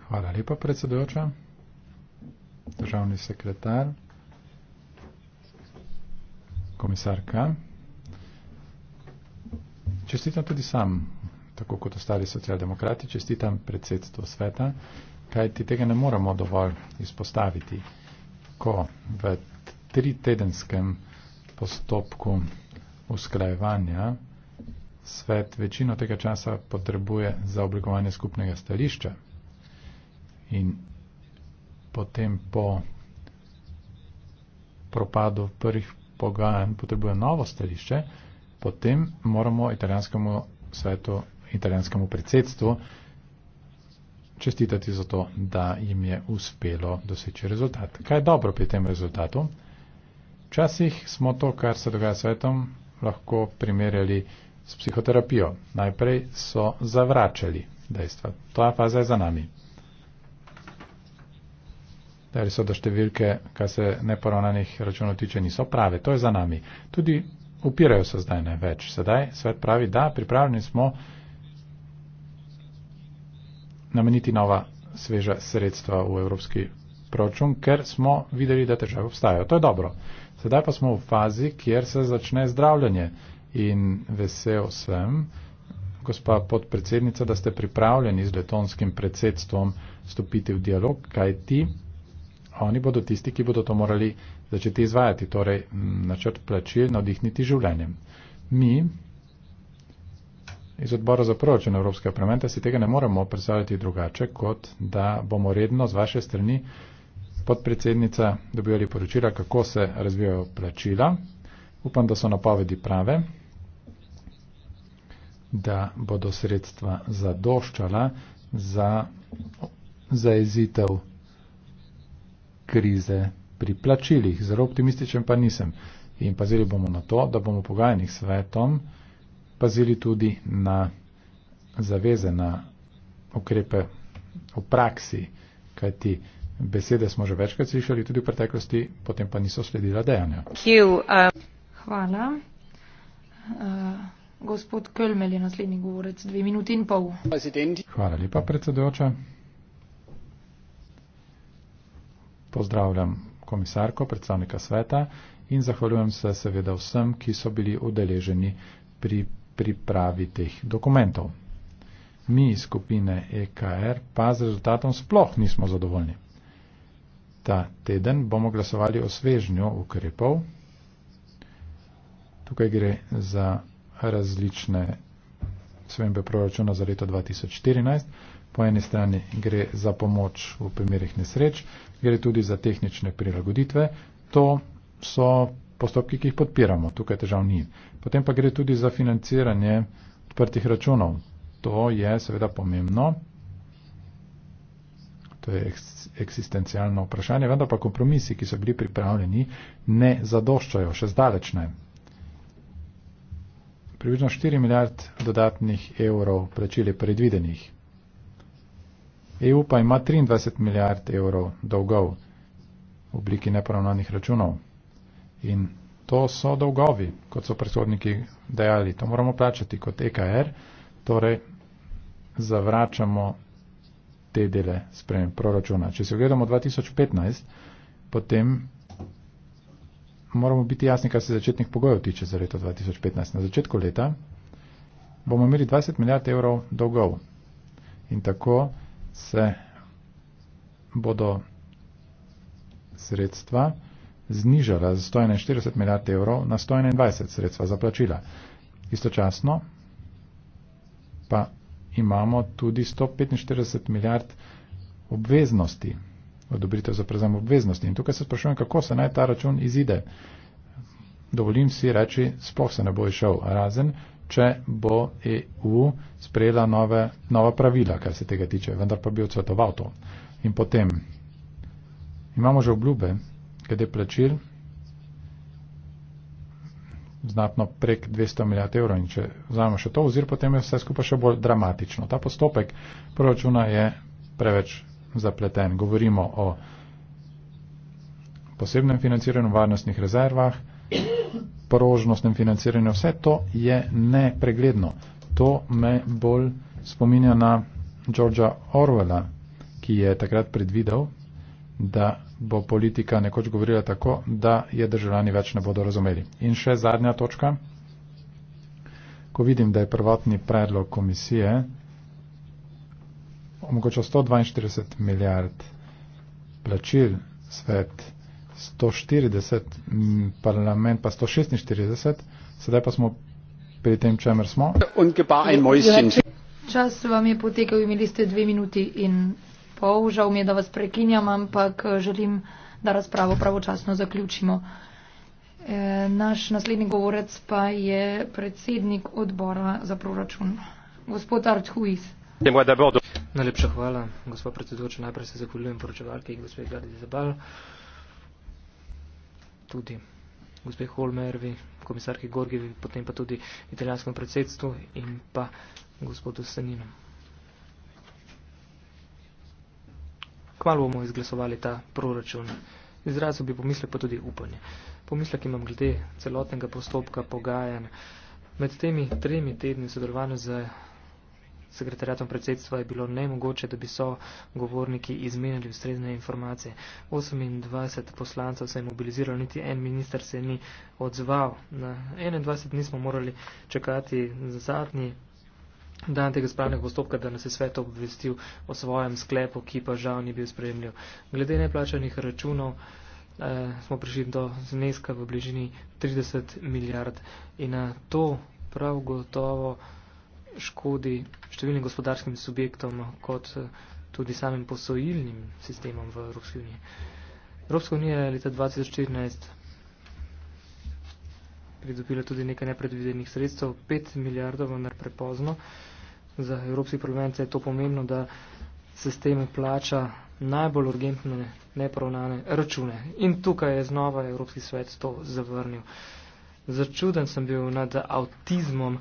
Hvala lepa, predsedujoča. Državni sekretar, komisarka. Čestitam tudi sam tako kot ostali socialdemokrati, čestitam predsedstvo sveta, kaj ti tega ne moramo dovolj izpostaviti, ko v tritedenskem postopku usklajevanja svet večino tega časa potrebuje za oblikovanje skupnega stališča in potem po propadu prvih pogajanj potrebuje novo stališče, potem moramo italijanskemu svetu italijanskemu predsedstvu čestitati za to, da jim je uspelo doseči rezultat. Kaj je dobro pri tem rezultatu? Včasih smo to, kar se dogaja s svetom, lahko primerjali s psihoterapijo. Najprej so zavračali dejstva. Ta faza je za nami. Dali so, da številke, kar se neporovnanih računov tiče, niso prave. To je za nami. Tudi upirajo se zdaj ne več. Sedaj svet pravi, da pripravljeni smo nameniti nova sveža sredstva v evropski proračun, ker smo videli, da težave obstajajo. To je dobro. Sedaj pa smo v fazi, kjer se začne zdravljanje in vesel sem, gospa podpredsednica, da ste pripravljeni z letonskim predsedstvom stopiti v dialog, kaj ti. Oni bodo tisti, ki bodo to morali začeti izvajati, torej načrt plačil navdihniti življenjem. Mi, iz odbora za proračun Evropskega parlamenta si tega ne moremo predstavljati drugače, kot da bomo redno z vaše strani podpredsednica dobivali poročila, kako se razvijajo plačila. Upam, da so napovedi prave, da bodo sredstva zadoščala za zaezitev krize pri plačilih. Zelo optimističen pa nisem. In pazili bomo na to, da bomo pogajanih svetom pazili tudi na zaveze, na ukrepe v praksi, kajti besede smo že večkrat slišali tudi v preteklosti, potem pa niso sledila dejanja. Uh, Hvala. Uh, gospod Kölmel je naslednji govorec, dve minuti in pol. Hvala lepa, predsedujoča. Pozdravljam komisarko, predstavnika sveta in zahvaljujem se seveda vsem, ki so bili udeleženi pri pripravi teh dokumentov. Mi iz skupine EKR pa z rezultatom sploh nismo zadovoljni. Ta teden bomo glasovali o svežnju ukrepov. Tukaj gre za različne svembe proračuna za leto 2014. Po eni strani gre za pomoč v primerih nesreč, gre tudi za tehnične prilagoditve. To so postopki, ki jih podpiramo. Tukaj težav ni. Potem pa gre tudi za financiranje odprtih računov. To je seveda pomembno. To je eksistencialno vprašanje, vendar pa kompromisi, ki so bili pripravljeni, ne zadoščajo, še zdaleč ne. Približno 4 milijard dodatnih evrov plačil je predvidenih. EU pa ima 23 milijard evrov dolgov v obliki nepravnanih računov. In to so dolgovi, kot so predhodniki dejali. To moramo plačati kot EKR, torej zavračamo te dele sprejem proračuna. Če se ogledamo 2015, potem moramo biti jasni, kar se začetnih pogojev tiče za leto 2015. Na začetku leta bomo imeli 20 milijard evrov dolgov in tako se bodo sredstva znižala z 141 milijard evrov na 121 sredstva za plačila. Istočasno pa imamo tudi 145 milijard obveznosti, odobritev za prezem obveznosti. In tukaj se sprašujem, kako se naj ta račun izide. Dovolim si reči, sploh se ne bo išel razen, če bo EU sprejela nove, nova pravila, kar se tega tiče, vendar pa bi odsvetoval to. In potem imamo že obljube, glede plačil znatno prek 200 milijard evrov. In če vzamemo še to ozir, potem je vse skupaj še bolj dramatično. Ta postopek proračuna je preveč zapleten. Govorimo o posebnem financiranju varnostnih rezervah, porožnostnem financiranju. Vse to je nepregledno. To me bolj spominja na Georgea Orwella, ki je takrat predvidel, da bo politika nekoč govorila tako, da je državljani več ne bodo razumeli. In še zadnja točka. Ko vidim, da je prvotni predlog komisije omogočal 142 milijard plačil svet, 140 parlament pa 146, sedaj pa smo pri tem, čemer smo. Čas vam je potekal, imeli ste dve minuti in pol. Žal mi je, da vas prekinjam, ampak eh, želim, da razpravo pravočasno zaključimo. Eh, naš naslednji govorec pa je predsednik odbora za proračun, gospod Art Huiz. Najlepša hvala, gospod predsedujoči. Najprej se zahvaljujem poročevalki in gospod Gardi Zabal, tudi gospod Holmervi, komisarki Gorgi, potem pa tudi italijanskem predsedstvu in pa gospodu Saninom. Kmalo bomo izglasovali ta proračun. Izrazil bi pomislek pa tudi upanje. Pomislek imam glede celotnega postopka pogajanj. Med temi tremi tedni sodelovanja z sekretarjatom predsedstva je bilo nemogoče, da bi so govorniki izmenjali ustrezne informacije. 28 poslancev se je mobiliziralo, niti en minister se ni odzval. Na 21 dni smo morali čakati zadnji dan tega spravnega postopka, da nas je svet obvestil o svojem sklepu, ki pa žal ni bil sprejemljiv. Glede neplačanih računov eh, smo prišli do zneska v bližini 30 milijard in na to prav gotovo škodi številnim gospodarskim subjektom kot eh, tudi samim posojilnim sistemom v Evropski uniji. Evropska unija je leta 2014 pridobila tudi nekaj nepredvidenih sredstev, 5 milijardov, vendar prepozno za Evropski parlament je to pomembno, da se s tem plača najbolj urgentne neporovnane račune. In tukaj je znova Evropski svet to zavrnil. Začuden sem bil nad avtizmom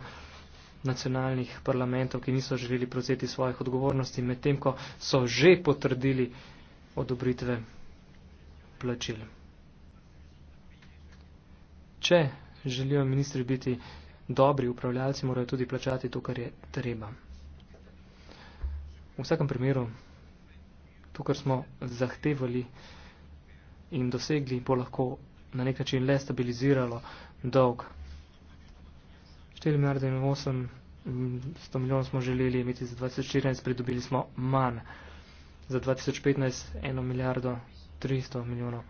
nacionalnih parlamentov, ki niso želeli prevzeti svojih odgovornosti, medtem ko so že potrdili odobritve plačil. Če želijo ministri biti dobri upravljalci, morajo tudi plačati to, kar je treba. V vsakem primeru, to, kar smo zahtevali in dosegli, bo lahko na nek način le stabiliziralo dolg. 4 milijarde in 800 milijonov smo želeli imeti za 2014, pridobili smo manj. Za 2015 1 milijardo 300 milijonov,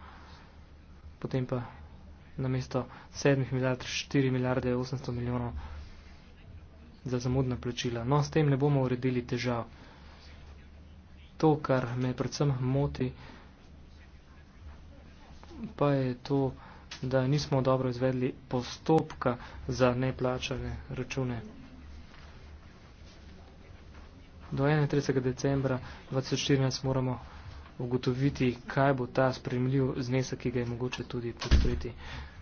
potem pa namesto 7 milijard 4 milijarde 800 milijonov za zamudna plačila. No, s tem ne bomo uredili težav to, kar me predvsem moti, pa je to, da nismo dobro izvedli postopka za neplačane račune. Do 31. decembra 2014 moramo ugotoviti, kaj bo ta spremljiv znesek, ki ga je mogoče tudi podpreti.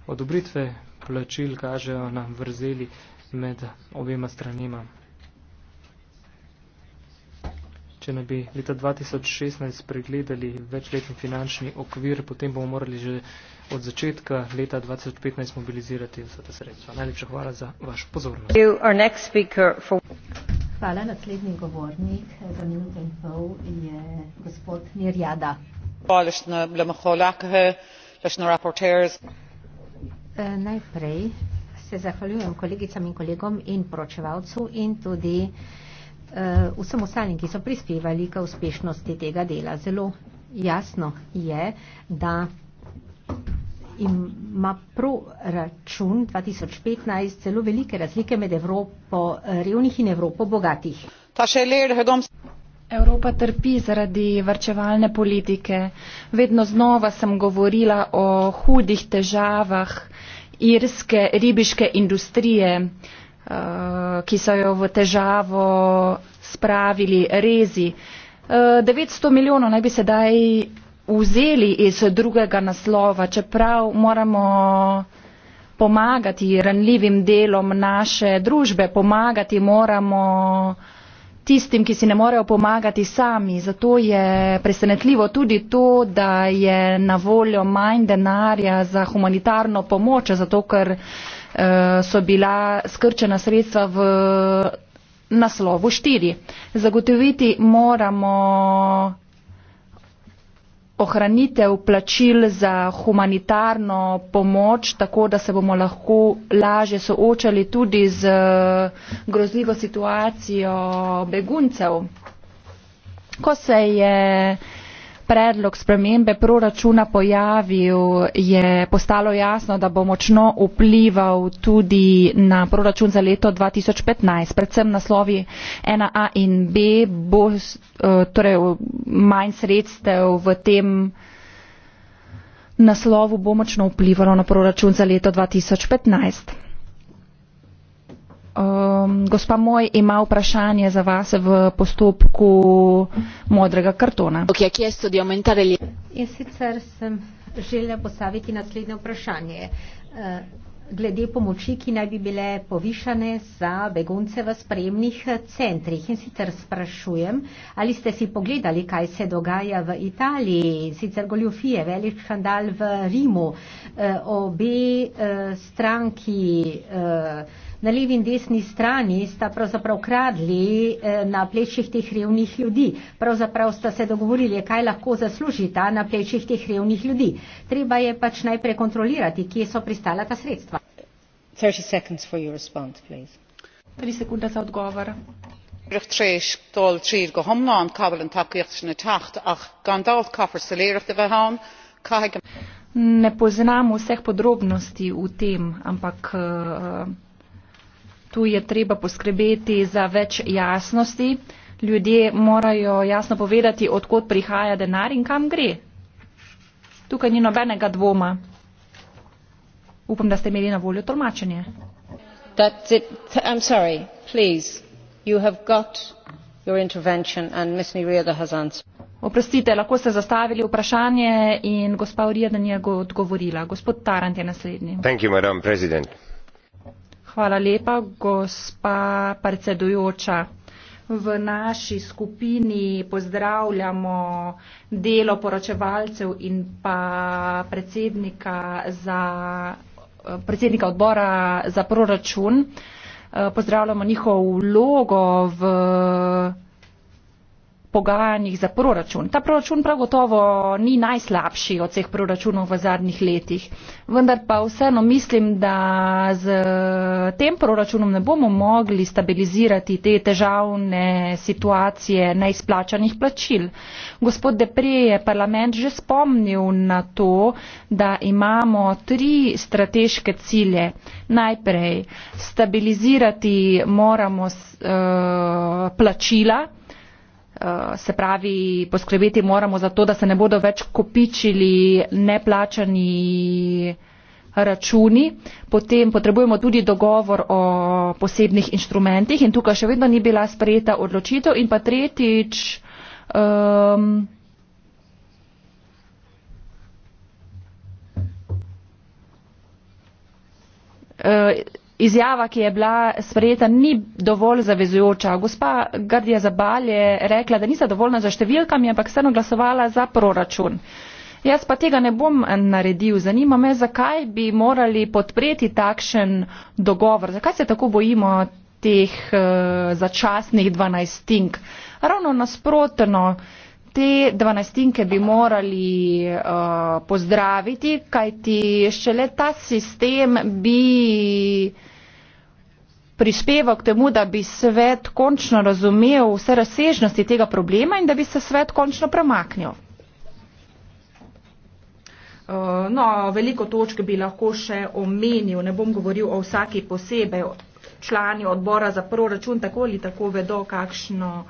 Odobritve plačil kažejo nam vrzeli med obima stranima če ne bi leta 2016 pregledali večletni finančni okvir, potem bomo morali že od začetka leta 2015 mobilizirati vsa ta sredstva. Najlepša hvala za vaš pozornost. Hvala, naslednji govornik za minuto in pol je gospod Mirjada. Najprej se zahvaljujem kolegicam in kolegom in poročevalcu in tudi Eh, vsem ostalim, ki so prispevali k uspešnosti tega dela. Zelo jasno je, da ima proračun 2015 zelo velike razlike med Evropo eh, revnih in Evropo bogatih. Evropa trpi zaradi vrčevalne politike. Vedno znova sem govorila o hudih težavah irske ribiške industrije. Eh, ki so jo v težavo spravili rezi. 900 eh, milijonov naj bi sedaj vzeli iz drugega naslova, čeprav moramo pomagati ranljivim delom naše družbe, pomagati moramo tistim, ki si ne morejo pomagati sami. Zato je presenetljivo tudi to, da je na voljo manj denarja za humanitarno pomoč, zato ker uh, Eh, so bila skrčena sredstva v naslovu 4. Zagotoviti moramo ohranitev plačil za humanitarno pomoč, tako da se bomo lahko laže soočali tudi z eh, grozljivo situacijo beguncev. Ko se je predlog spremembe proračuna pojavil, je postalo jasno, da bo močno vplival tudi na proračun za leto 2015. Predvsem naslovi 1A in B bo eh, torej, manj sredstev v tem naslovu bo močno vplivalo na proračun za leto 2015 um, gospa Moj ima vprašanje za vas v postopku modrega kartona. In sicer sem želela postaviti naslednje vprašanje. Eh, glede pomoči, ki naj bi bile povišane za begunce v spremnih eh, centrih. In sicer sprašujem, ali ste si pogledali, kaj se dogaja v Italiji, sicer goljofije, velik škandal v Rimu, eh, obe stranki na levi in desni strani sta pravzaprav kradli eh, na plečih teh revnih ljudi. Pravzaprav sta se dogovorili, kaj lahko zaslužita na plečih teh revnih ljudi. Treba je pač najprej kontrolirati, kje so pristala ta sredstva. 30 seconds for your response, please. 3 sekunde za odgovor. Rechtreis dol trir go homna an kabel an takirtsh na tacht ach gandalt kafer selir de vahan kahegam. Ne poznam vseh podrobnosti v tem, ampak uh, tu je treba poskrbeti za več jasnosti. Ljudje morajo jasno povedati, odkot prihaja denar in kam gre. Tukaj ni nobenega dvoma. Upam, da ste imeli na voljo tolmačenje. Oprostite, lahko ste zastavili vprašanje in gospa Uriadan je odgovorila. Gospod Tarant je naslednji. Thank you, madam, Hvala lepa, gospa predsedujoča. V naši skupini pozdravljamo delo poročevalcev in pa predsednika, za, predsednika odbora za proračun. Pozdravljamo njihovo vlogo v pogajanjih za proračun. Ta proračun prav gotovo ni najslabši od vseh proračunov v zadnjih letih. Vendar pa vseeno mislim, da z tem proračunom ne bomo mogli stabilizirati te težavne situacije neizplačanih plačil. Gospod Depre je parlament že spomnil na to, da imamo tri strateške cilje. Najprej stabilizirati moramo uh, plačila, Eh, se pravi, poskrbeti moramo za to, da se ne bodo več kopičili neplačani računi. Potem potrebujemo tudi dogovor o posebnih inštrumentih in tukaj še vedno ni bila sprejeta odločitev. In pa tretjič, um, uh, izjava, ki je bila sprejeta, ni dovolj zavezujoča. Gospa Gardija Zabal je rekla, da nista dovoljna za številkami, ampak vseeno glasovala za proračun. Jaz pa tega ne bom naredil. Zanima me, zakaj bi morali podpreti takšen dogovor. Zakaj se tako bojimo teh uh, začasnih dvanajstink? Ravno nasprotno, te dvanajstinke bi morali uh, pozdraviti, kajti še le ta sistem bi prispeval k temu, da bi svet končno razumel vse razsežnosti tega problema in da bi se svet končno premaknil. Eh, no, veliko točk bi lahko še omenil, ne bom govoril o vsaki posebej, člani odbora za proračun tako ali tako vedo, kakšno,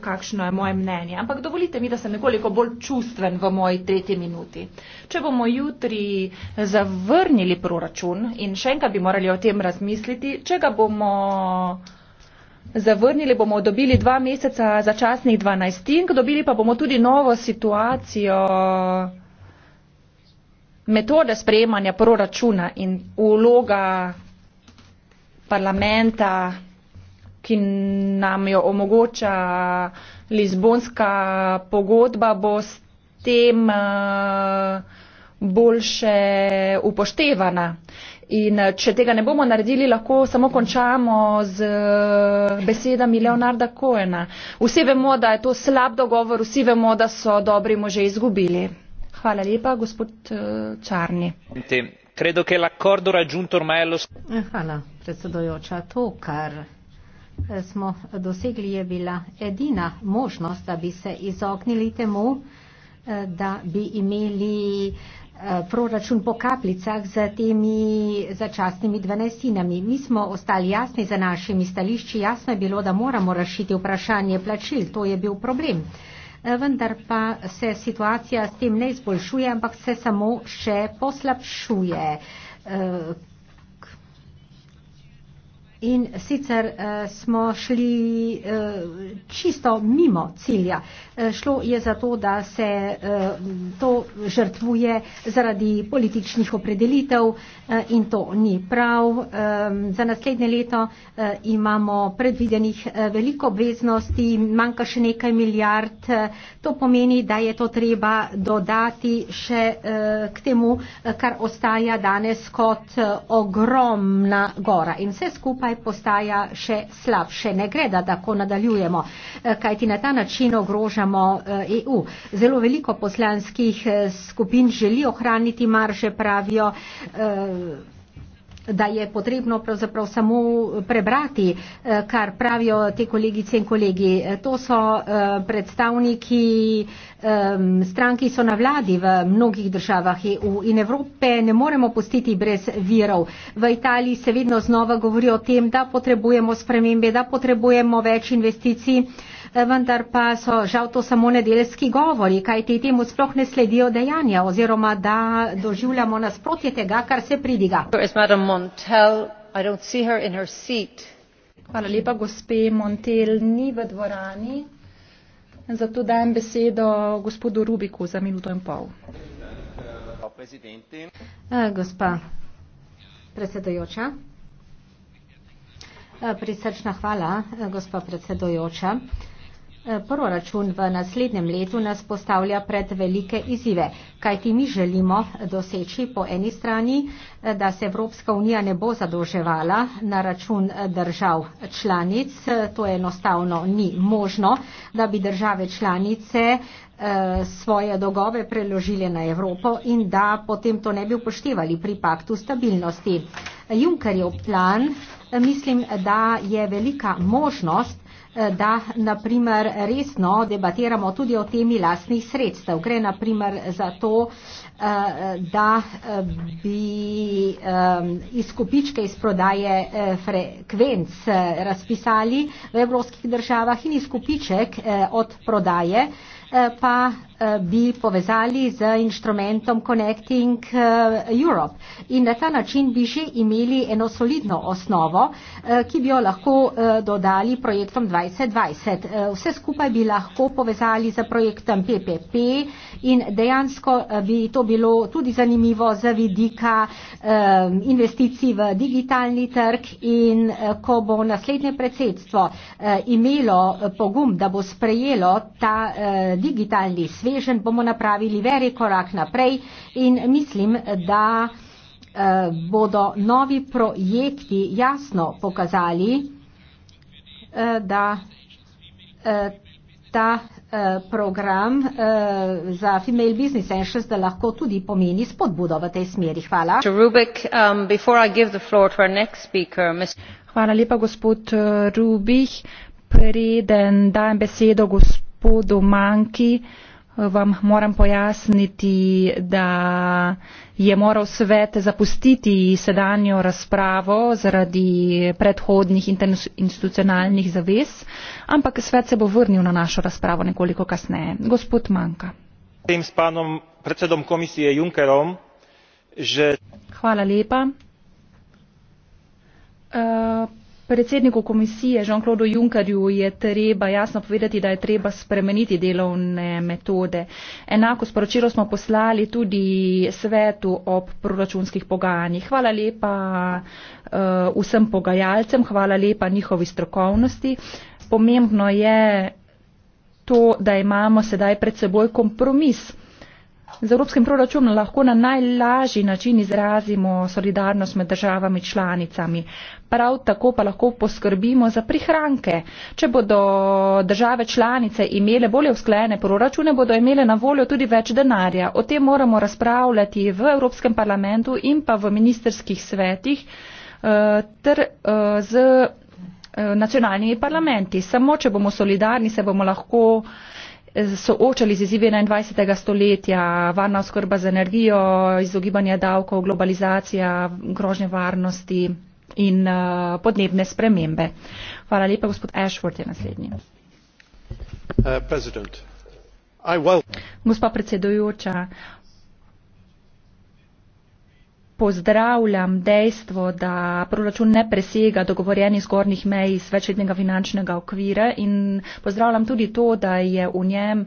kakšno je moje mnenje. Ampak dovolite mi, da sem nekoliko bolj čustven v moji tretji minuti. Če bomo jutri zavrnili proračun in še enkrat bi morali o tem razmisliti, če ga bomo. Zavrnili bomo, dobili dva meseca začasnih dvanajstink, dobili pa bomo tudi novo situacijo metode sprejemanja proračuna in uloga parlamenta, ki nam jo omogoča Lizbonska pogodba, bo s tem eh, boljše upoštevana. In eh, če tega ne bomo naredili, lahko samo končamo z eh, besedami Leonarda Koena. Vsi vemo, da je to slab dogovor, vsi vemo, da so dobri mu že izgubili. Hvala lepa, gospod Čarni. Credo che l'accordo raggiunto ormai allo scopo. Eh, hvala, predsedojoča. To, kar eh, smo dosegli, je bila edina možnost, da bi se izognili temu, eh, da bi imeli proračun po kapljicah z temi začasnimi dvanajstinami. Mi smo ostali jasni za našimi stališči, jasno je bilo, da moramo rešiti vprašanje plačil, to je bil problem. Eh, vendar pa se situacija s tem ne izboljšuje, ampak se samo še poslabšuje. Eh, In sicer eh, smo šli eh, čisto mimo cilja. Eh, šlo je za to, da se eh, to žrtvuje zaradi političnih opredelitev eh, in to ni prav. Eh, za naslednje leto eh, imamo predvidenih eh, veliko obveznosti, manjka še nekaj milijard. Eh, to pomeni, da je to treba dodati še eh, k temu, kar ostaja danes kot eh, ogromna gora. In vse skupaj tukaj postaja še slabše. Ne gre, da tako nadaljujemo, eh, kajti na ta način ogrožamo EU. Eh, e Zelo veliko poslanskih eh, skupin želi ohraniti marže, pravijo. Uh, da je potrebno pravzaprav samo eh, prebrati, eh, kar pravijo te kolegice in kolegi. Eh, to so predstavniki stran, ki so na vladi v mnogih državah EU in Evrope ne moremo pustiti brez virov. V Italiji se vedno znova govori o tem, da potrebujemo spremembe, da potrebujemo več investicij vendar pa so žal to samo nedeljski govori, kaj ti temu sploh ne sledijo dejanja oziroma da doživljamo nasprotje tega, kar se pridiga. Hvala lepa, gospe Montel ni v dvorani, zato dajem besedo gospodu Rubiku za minuto in pol. Eh, gospa predsedojoča. Eh, prisrčna hvala, eh, gospa predsedojoča. Eh, proračun v naslednjem letu nas postavlja pred velike izzive, kajti mi želimo doseči po eni strani, eh, da se Evropska unija ne bo zadolževala na račun eh, držav članic. To enostavno ni možno, da bi države članice svoje dolgove preložile na Evropo in da potem to ne bi upoštevali pri paktu stabilnosti. Junkerjev plan, mislim, da je velika možnost, da naprimer resno debatiramo tudi o temi lastnih sredstev. Gre naprimer za to, eh, da eh, bi eh, izkupičke iz prodaje frekvenc razpisali v evropskih državah in izkupiček od prodaje pa Eh, bi povezali z inštrumentom Connecting eh, Europe. In na ta način bi že imeli eno solidno osnovo, eh, ki bi jo lahko dodali projektom 2020. Vse skupaj bi lahko povezali z projektom PPP in dejansko bi to bilo tudi zanimivo z vidika investicij v digitalni trg in ko bo naslednje predsedstvo imelo pogum, da bo sprejelo ta digitalni svet, uravnotežen, bomo napravili veri korak naprej in mislim, da eh, bodo novi projekti jasno pokazali, eh, da eh, ta program za female business centers, da lahko tudi pomeni spodbudo v tej smeri. Hvala. Um, Hvala lepa, gospod Rubih. Preden dajem besedo gospodu Manki, vam moram pojasniti, da je moral svet zapustiti sedanjo razpravo zaradi predhodnih institucionalnih zavez, ampak svet se bo vrnil na našo razpravo nekoliko kasneje. Gospod Manka. Hvala lepa. Uh, Predsedniku komisije Jean-Claude Junckerju je treba jasno povedati, da je treba spremeniti delovne metode. Enako sporočilo smo poslali tudi svetu ob proračunskih pogajanjih. Hvala lepa uh, vsem pogajalcem, hvala lepa njihovi strokovnosti. Pomembno je to, da imamo sedaj pred seboj kompromis. Z evropskim proračunom lahko na najlažji način izrazimo solidarnost med državami članicami. Prav tako pa lahko poskrbimo za prihranke. Če bodo države članice imele bolje usklajene proračune, bodo imele na voljo tudi več denarja. O tem moramo razpravljati v Evropskem parlamentu in pa v ministerskih svetih eh, ter eh, z eh, nacionalnimi parlamenti. Samo, če bomo solidarni, se bomo lahko soočali z izzivi 21. stoletja, varna oskrba z energijo, izogibanje davkov, globalizacija, grožnje varnosti in uh, podnebne spremembe. Hvala lepa, gospod Ashford je naslednji. Uh, Gospa predsedujoča, pozdravljam dejstvo, da proračun ne presega dogovorjenih zgornjih mej iz večletnega finančnega okvira in pozdravljam tudi to, da je v njem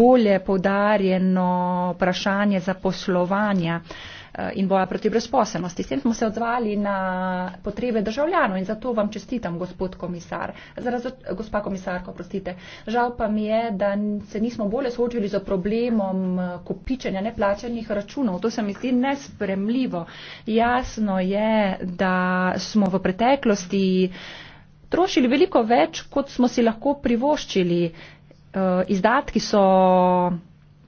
bolje podarjeno vprašanje zaposlovanja. Uh, Eh, in boja proti brezposelnosti. S tem smo se odzvali na potrebe državljanov in zato vam čestitam, gospod komisar. Zaraz, gospa komisarko, prostite. Žal pa mi je, da se nismo bolje soočili z problemom eh, kopičenja neplačenih računov. To se mi zdi nespremljivo. Jasno je, da smo v preteklosti trošili veliko več, kot smo si lahko privoščili. Eh, izdatki so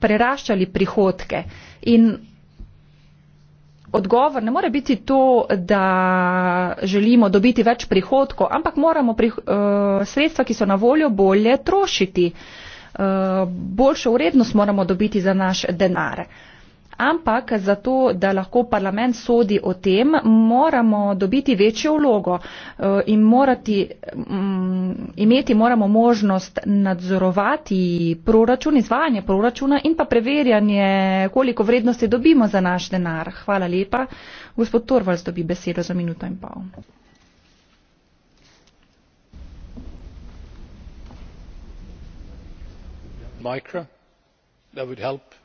preraščali prihodke in odgovor ne more biti to, da želimo dobiti več prihodkov, ampak moramo pri, uh, sredstva, ki so na voljo, bolje trošiti. Uh, boljšo vrednost moramo dobiti za naš denar. Uh, Ampak za to, da lahko parlament sodi o tem, moramo dobiti večjo vlogo eh, in morati, mm, imeti moramo možnost nadzorovati proračun, izvajanje proračuna in pa preverjanje, koliko vrednosti dobimo za naš denar. Hvala lepa. Gospod Torvalds dobi besedo za minuto in pol. Micro, that would help.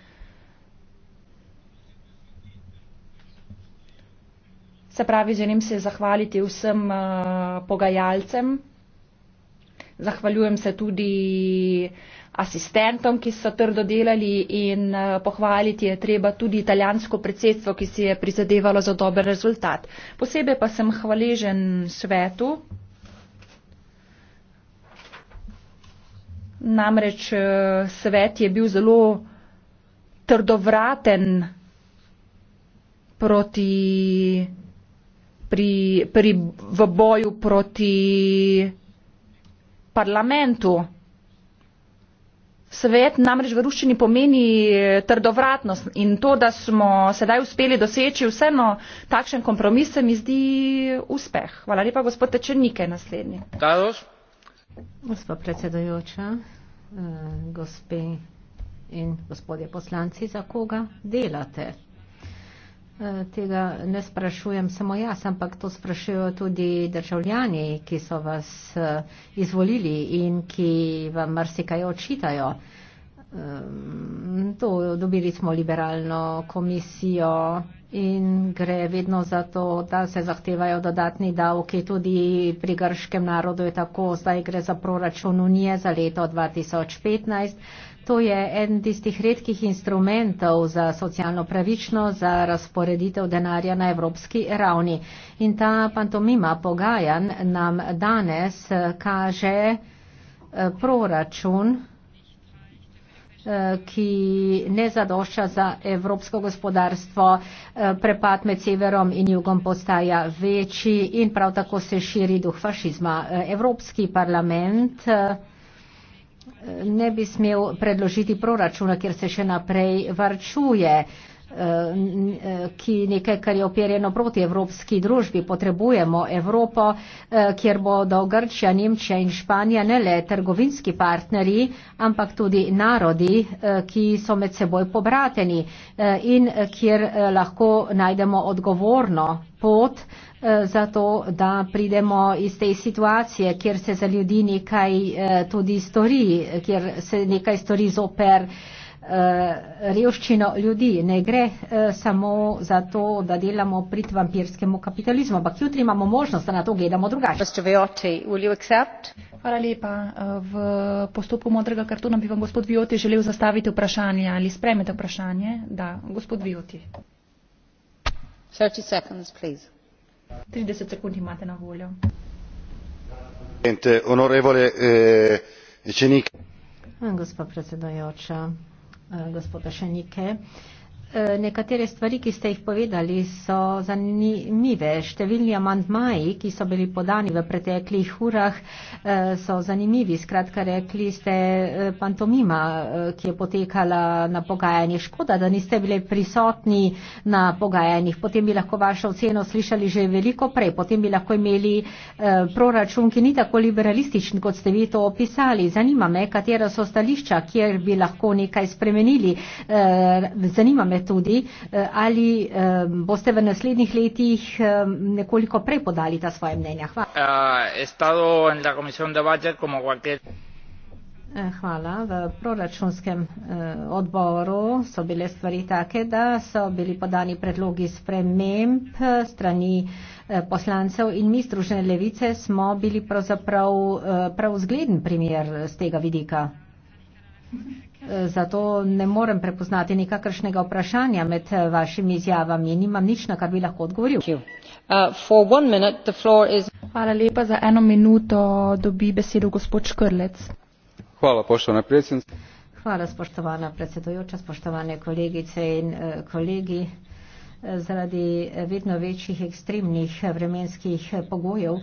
Se pravi, želim se zahvaliti vsem uh, pogajalcem. Zahvaljujem se tudi asistentom, ki so trdo delali in eh, pohvaliti je treba tudi italijansko predsedstvo, ki si je prizadevalo za dober rezultat. Posebej pa sem hvaležen svetu. Namreč eh, svet je bil zelo trdovraten proti pri, pri, v boju proti parlamentu. Svet namreč v ruščini pomeni trdovratnost in to, da smo sedaj uspeli doseči vseeno takšen kompromis, se mi zdi uspeh. Hvala lepa, gospod Tečenike, naslednji. Tados. Gospod predsedujoča, eh, gospe in gospodje poslanci, za koga delate Eh, tega ne sprašujem samo jaz, ampak to sprašujejo tudi državljani, ki so vas eh, izvolili in ki vam marsikaj očitajo. Eh, to dobili smo liberalno komisijo in gre vedno za to, da se zahtevajo dodatni davki, tudi pri grškem narodu je tako, zdaj gre za proračun unije za leto 2015. To je eden tistih redkih instrumentov za socialno pravično, za razporeditev denarja na evropski ravni. In ta pantomima pogajan nam danes eh, kaže eh, proračun, eh, ki ne zadošča za evropsko gospodarstvo, prepad med severom in jugom postaja večji in prav tako se širi duh fašizma. Evropski parlament ne bi smel predložiti proračuna, kjer se še naprej varčuje, eh, ki nekaj, kar je operjeno proti evropski družbi. Potrebujemo Evropo, eh, kjer bodo Grčija, Nemčija in Španija ne le trgovinski partnerji, ampak tudi narodi, eh, ki so med seboj pobrateni in kjer lahko najdemo odgovorno pot Eh, zato, da pridemo iz te situacije, kjer se za ljudi nekaj eh, tudi stori, kjer se nekaj stori zoper eh, revščino ljudi. Ne gre samo za to, da delamo prid vampirskemu kapitalizmu, ampak jutri imamo možnost, da na to gledamo drugače. Hvala lepa. V postopku modrega kartona bi vam gospod Vioti želel zastaviti vprašanje ali spremete vprašanje. Da, gospod Vioti. 30 sekund, prosim. 30 sekund imate na voljo. Eh, gospa predsedujoča eh, gospod pošenjike Eh, nekatere stvari, ki ste jih povedali, so zanimive. Številni amantmaji, ki so bili podani v preteklih urah, eh, so zanimivi. Skratka, rekli ste eh, pantomima, ki je potekala na pogajanjih. Škoda, da niste bili prisotni na pogajanjih. Potem bi lahko vašo oceno slišali že veliko prej. Potem bi lahko imeli proračun, ki ni tako liberalističen, kot ste vi to opisali. Zanima me, katera so stališča, kjer bi lahko nekaj spremenili. Zanima me, metodi. Eh, ali eh, boste v naslednjih letih eh, nekoliko prej podali ta svoje mnenja? Hvala. Hvala. V proračunskem odboru so bile stvari take, da so bili podani predlogi sprememb strani poslancev in mi združene levice smo bili pravzaprav prav zgleden primer z tega vidika. Thank you. Zato ne morem prepoznati nikakršnega vprašanja med eh, vašimi izjavami in nimam nič, na kar bi lahko odgovoril. Uh, Hvala lepa. Za eno minuto dobi besedo gospod Škrlec. Hvala, poštovana predsednica. Hvala, spoštovana predsedujoča, spoštovane kolegice in eh, kolegi. Zaradi eh, vedno večjih ekstremnih vremenskih pogojev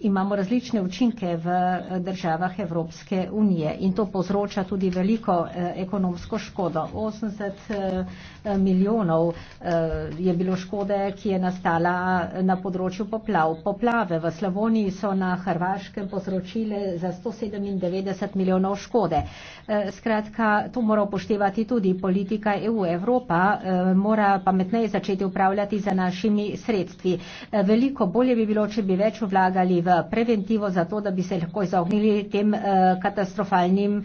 imamo različne učinke v eh, državah Evropske unije in to povzroča tudi veliko eh, ekonomsko škodo. 80 milijonov eh, je bilo škode, ki je nastala na področju poplav. Poplave v Slavoniji so na Hrvaškem posročile za 197 milijonov škode. Eh, skratka, to mora upoštevati tudi politika EU. Evropa eh, mora pametneje začeti upravljati za našimi sredstvi. Veliko bolje bi bilo, če bi več vlagali v preventivo za to, da bi se lahko izognili tem katastrofalnim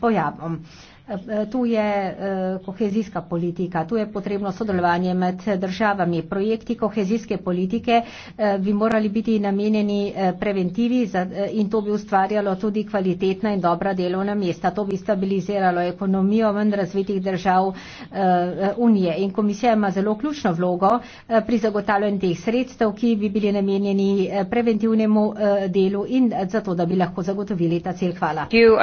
pojavom. Uh, Eh, tu je eh, kohezijska politika, tu je potrebno sodelovanje med državami. Projekti kohezijske politike eh, bi morali biti namenjeni preventivi in to bi ustvarjalo tudi kvalitetna in dobra delovna mesta. To bi stabiliziralo ekonomijo ven razvitih držav Unije. In komisija ima zelo ključno vlogo pri zagotavljanju teh sredstev, ki bi bili namenjeni preventivnemu delu in zato, da bi lahko zagotovili ta cilj. Hvala. You,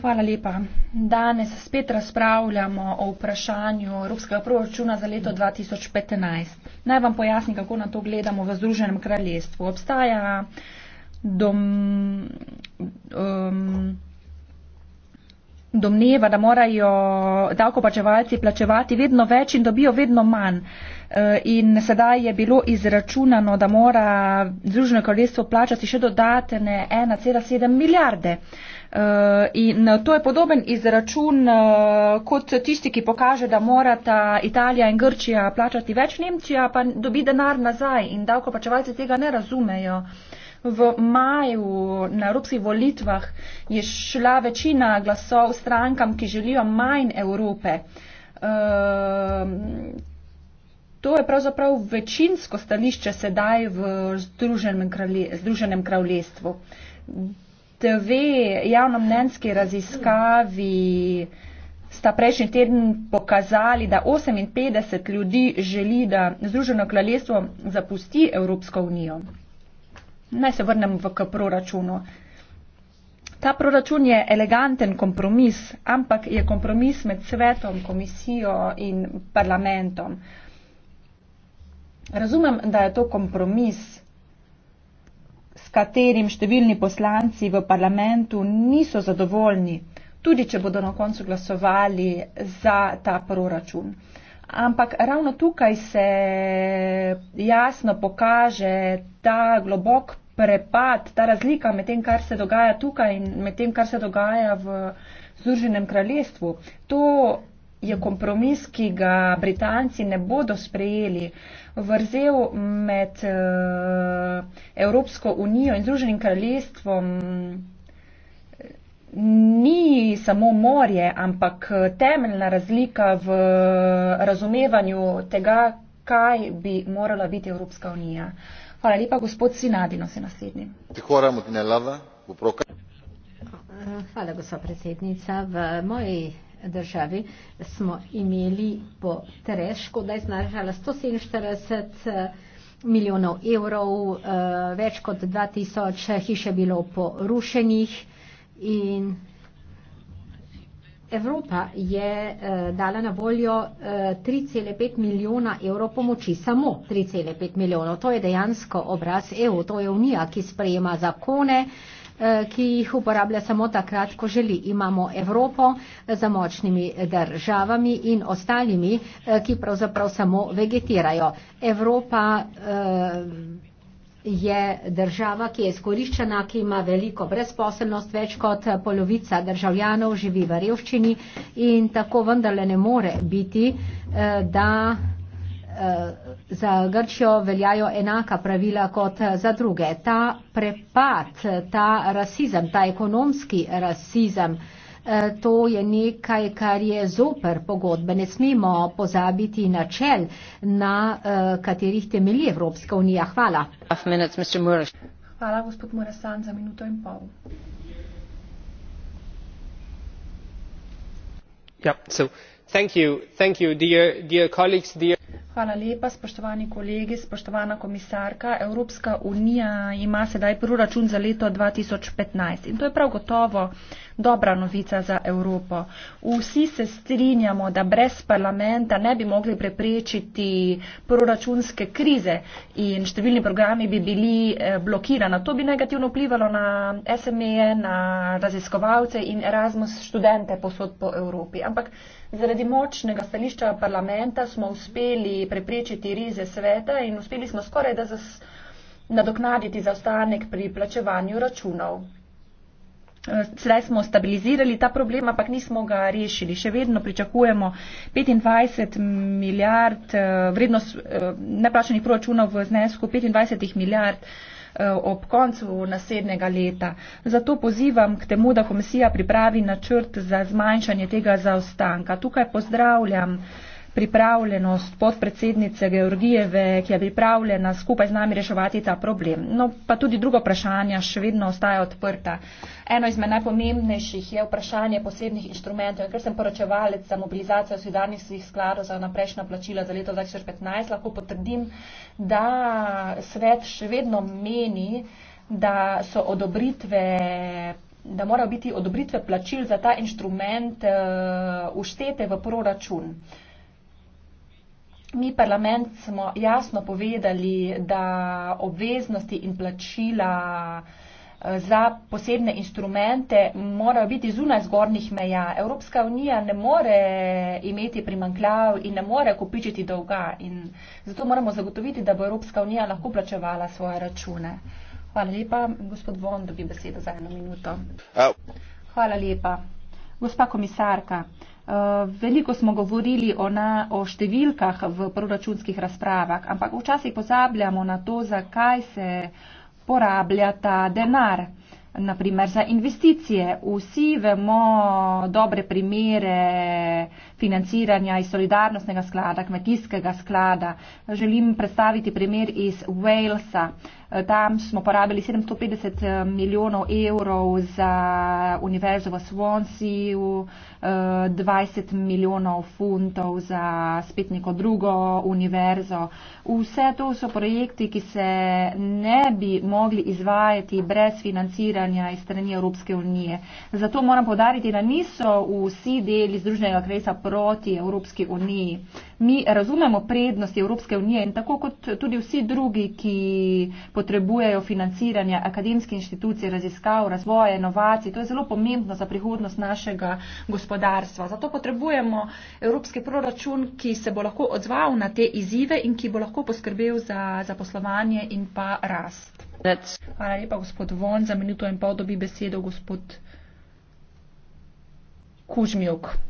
Hvala lepa. Danes spet razpravljamo o vprašanju evropskega proračuna za leto 2015. Naj vam pojasnim, kako na to gledamo v Združenem kraljestvu. Obstaja dom, um, domneva, da morajo davkoplačevalci plačevati vedno več in dobijo vedno manj. Eh, in sedaj je bilo izračunano, da mora Združeno kraljestvo plačati še dodatne 1,7 milijarde. Eh, in to je podoben izračun eh, kot tisti, ki pokaže, da morata Italija in Grčija plačati več Nemčija, pa dobi denar nazaj in davkoplačevalci tega ne razumejo. V maju na evropskih volitvah je šla večina glasov strankam, ki želijo manj Evrope. To je pravzaprav večinsko stališče sedaj v Združenem, kralje, Združenem kraljestvu. Dve javnomnenski raziskavi sta prejšnji teden pokazali, da 58 ljudi želi, da Združeno kraljestvo zapusti Evropsko unijo. Naj se vrnem v proračunu. Ta proračun je eleganten kompromis, ampak je kompromis med svetom, komisijo in parlamentom. Uh, Razumem, da je to kompromis, s katerim številni poslanci v parlamentu niso zadovoljni, tudi če bodo na koncu glasovali za ta proračun. Ampak ravno tukaj se jasno pokaže ta globok prepad, ta razlika med tem, kar se dogaja tukaj in med tem, kar se dogaja v Združenem kraljestvu. To je kompromis, ki ga Britanci ne bodo sprejeli. Uh, vrzel med eh, Evropsko unijo in Združenim kraljestvom ni samo morje, ampak eh, temeljna razlika v eh, razumevanju tega, kaj bi morala biti Evropska unija. Hvala lepa, gospod Sinadino, se naslednji. Hvala, gospod predsednica. V moji državi smo imeli potres, škoda je znašala 147 eh, milijonov evrov, eh, več kot 2000 eh, hiš je bilo porušenih in Evropa je dala na voljo 3,5 milijona evrov pomoči, samo 3,5 milijonov. To je dejansko obraz EU, to je Unija, ki sprejema zakone, Eh, ki jih uporablja samo takrat, ko želi. Imamo Evropo eh, za močnimi eh, državami in ostalimi, ki pravzaprav samo vegetirajo. Evropa je država, ki je izkoriščena, ki ima veliko brezposelnost, več kot polovica državljanov živi v revščini in tako vendarle ne more biti, da Eh, za Grčijo veljajo enaka pravila kot eh, za druge. Ta prepad, ta rasizem, ta ekonomski rasizem, eh, to je nekaj, kar je zoper pogodbe. Ne smemo pozabiti načel, na katerih temelji Evropska unija. Hvala. Hvala, gospod Moresan, za minuto in pol. Ja, yep, so. Thank you, thank you, dear, dear colleagues, dear. Hvala lepa, spoštovani kolegi, spoštovana komisarka. Evropska unija ima sedaj proračun za leto 2015 in to je prav gotovo dobra novica za Evropo. Vsi se strinjamo, da brez parlamenta ne bi mogli preprečiti proračunske krize in številni programi bi bili eh, blokirani. To bi negativno vplivalo na SME, na raziskovalce in Erasmus študente posod po Evropi. Ampak Zaradi močnega stališča parlamenta smo uspeli preprečiti rize sveta in uspeli smo skoraj da zas, nadoknaditi zaostanek pri plačevanju računov. Sedaj smo stabilizirali ta problem, ampak nismo ga rešili. Še vedno pričakujemo 25 milijard eh, vrednost eh, neplačanih proračunov v znesku 25 milijard. Eh, ob koncu naslednjega leta. Zato pozivam k temu, da komisija pripravi načrt za zmanjšanje tega zaostanka. Tukaj pozdravljam pripravljenost podpredsednice Georgijeve, ki je pripravljena skupaj z nami reševati ta problem. No, pa tudi druga vprašanja še vedno ostaja odprta. Eno izmed najpomembnejših je vprašanje posebnih inštrumentov. Ker sem poročevalec za mobilizacijo solidarnostnih skladov za naprejšnja plačila za leto 2015, lahko potrdim, da svet še vedno meni, da so odobritve da morajo biti odobritve plačil za ta inštrument uh, eh, uštete v proračun. Uh, Mi parlament smo jasno povedali, da obveznosti in plačila eh, za posebne instrumente morajo biti zunaj zgornjih meja. Evropska unija ne more imeti primankljav in ne more kopičiti dolga in zato moramo zagotoviti, da bo Evropska unija lahko plačevala svoje račune. Hvala lepa, gospod Von, dobi besedo za eno minuto. Hvala lepa. Gospa komisarka, eh, veliko smo govorili o, na, o številkah v proračunskih razpravah, ampak včasih pozabljamo na to, zakaj se porablja ta denar. Naprimer za investicije. Vsi vemo dobre primere financiranja iz solidarnostnega sklada, kmetijskega sklada. Želim predstaviti primer iz Walesa. Tam smo porabili 750 eh, milijonov evrov za univerzo v Swansea, 20 eh, milijonov funtov za spet neko drugo univerzo. Vse to so projekti, ki se ne bi mogli izvajati brez financiranja iz strani Evropske unije. Zato moram povdariti, da niso vsi deli Združenega kresa proti proti Evropski uniji. Mi razumemo prednosti Evropske unije in tako kot tudi vsi drugi, ki potrebujejo financiranje akademskih inštitucij, raziskav, razvoja, inovacij. To je zelo pomembno za prihodnost našega gospodarstva. Zato potrebujemo Evropski proračun, ki se bo lahko odzval na te izzive in ki bo lahko poskrbel za zaposlovanje in pa rast. Hvala lepa, gospod Von, za minuto in pol dobi besedo gospod Kužmjuk.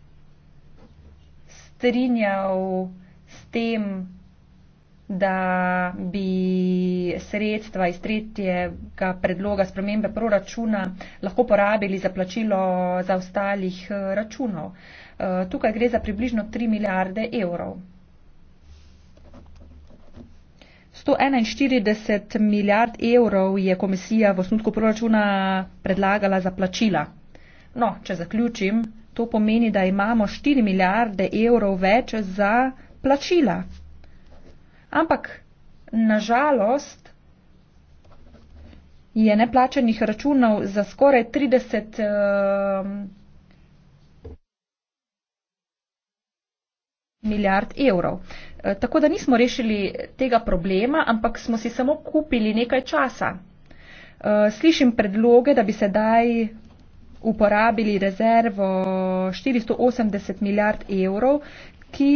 strinjal s tem, da bi sredstva iz tretjega predloga spremembe proračuna lahko porabili za plačilo zaostalih eh, računov. Eh, tukaj gre za približno 3 milijarde evrov. 141 milijard evrov je komisija v osnutku proračuna predlagala za plačila. No, če zaključim, to pomeni, da imamo 4 milijarde evrov več za plačila. Ampak nažalost je neplačenih računov za skoraj 30. Uh, eh, milijard evrov. Eh, tako da nismo rešili tega problema, ampak smo si samo kupili nekaj časa. Eh, slišim predloge, da bi sedaj uporabili rezervo 480 milijard evrov, ki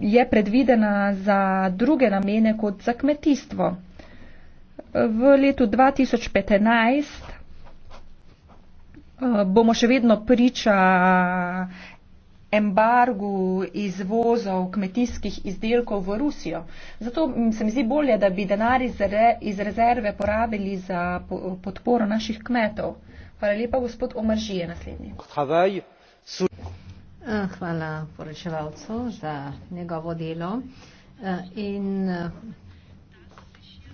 je predvidena za druge namene kot za kmetijstvo. V letu 2015 eh, bomo še vedno priča embargu izvozov kmetijskih izdelkov v Rusijo. Zato mm, se mi zdi bolje, da bi denar iz rezerve porabili za podporo naših kmetov. Hvala lepa, gospod Omar Žije, naslednji. Eh, hvala poročevalcu za njegovo delo. Eh, in eh,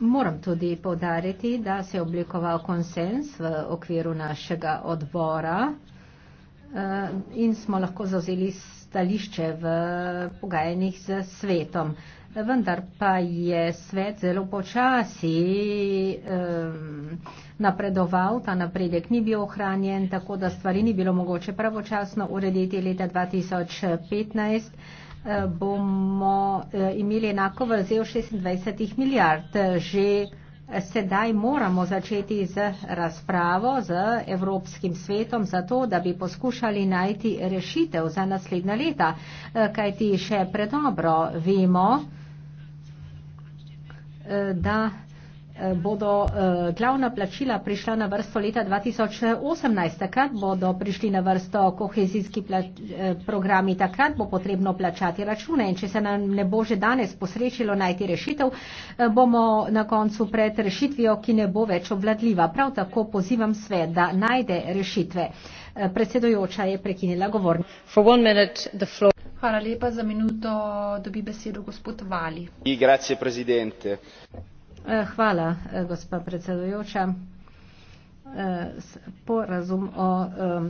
moram tudi povdariti, da se je oblikoval konsens v okviru našega odbora in smo lahko zauzeli stališče v pogajanjih z svetom vendar pa je svet zelo počasi um, napredoval, ta napredek ni bil ohranjen, tako da stvari ni bilo mogoče pravočasno urediti leta 2015 eh, bomo eh, imeli enako vrzel 26 milijard. Že eh, sedaj moramo začeti z razpravo z Evropskim svetom za to, da bi poskušali najti rešitev za naslednja leta, kajti še predobro vemo, Eh, da eh, bodo eh, glavna plačila prišla na vrsto leta 2018, takrat bodo prišli na vrsto kohezijski programi, takrat bo potrebno plačati račune in če se nam ne bo že danes posrečilo najti rešitev, bomo na koncu pred rešitvijo, ki ne bo več obvladljiva. Prav tako pozivam sve, da najde rešitve. Predsedujoča je prekinila govornik. Hvala lepa za minuto, dobi besedo gospod Vali. Eh, hvala, eh, gospa predsedujoča porazum o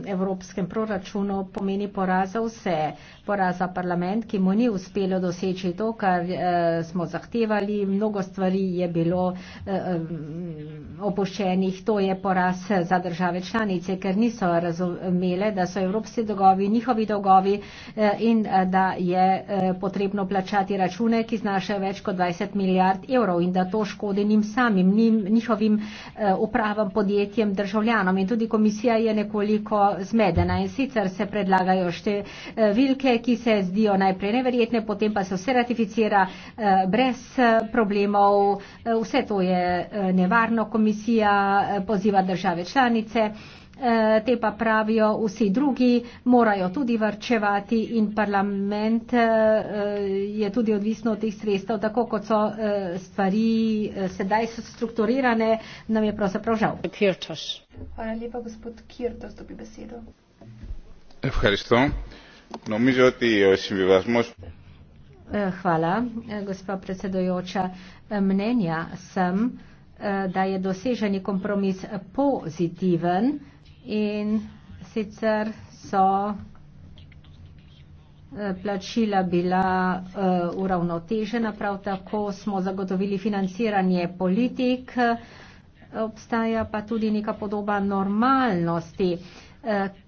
evropskem proračunu pomeni poraza vse. Poraza parlament, ki mu ni uspelo doseči to, kar eh, smo zahtevali. Mnogo stvari je bilo eh, opoščenih. To je poraz za države članice, ker niso razumele, da so evropski dolgovi njihovi dolgovi eh, in da je potrebno plačati račune, ki znašajo več kot 20 milijard evrov in da to škodi njim samim, njim, njihovim upravam, podjetjem, državljanom in tudi komisija je nekoliko zmedena in sicer se predlagajo številke, ki se zdijo najprej neverjetne, potem pa se vse ratificira eh, brez eh, problemov. Eh, vse to je nevarno, komisija poziva države članice. Eh, te pa pravijo, vsi drugi morajo tudi varčevati in parlament eh, je tudi odvisno od teh sredstev, tako kot so eh, stvari sedaj so strukturirane, nam je pravzaprav žal. Kirtos. Hvala lepa, gospod Kirtos, dobi besedo. Hvala. Hvala, gospa predsedojoča. Mnenja sem, da je doseženi kompromis pozitiven, in sicer so eh, plačila bila eh, uravnotežena, prav tako smo zagotovili financiranje politik, eh, obstaja pa tudi neka podoba normalnosti,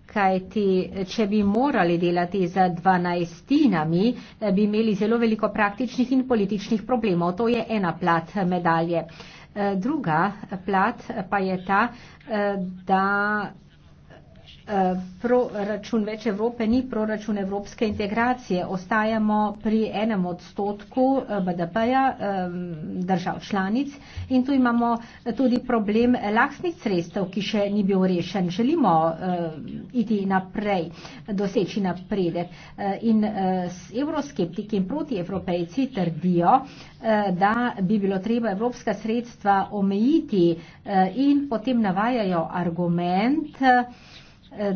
kajti če bi morali delati za dvanajstinami, bi imeli zelo veliko praktičnih in političnih problemov. To je ena plat medalje. Druga plat pa je ta, da Eh, proračun več Evrope ni proračun evropske integracije. Ostajamo pri enem odstotku eh, BDP-ja eh, držav članic in tu imamo tudi problem laksnih sredstev, ki še ni bil rešen. Želimo iti naprej, doseči napredek. In evroskeptiki in protievropejci trdijo, da bi bilo treba evropska sredstva omejiti in potem navajajo argument,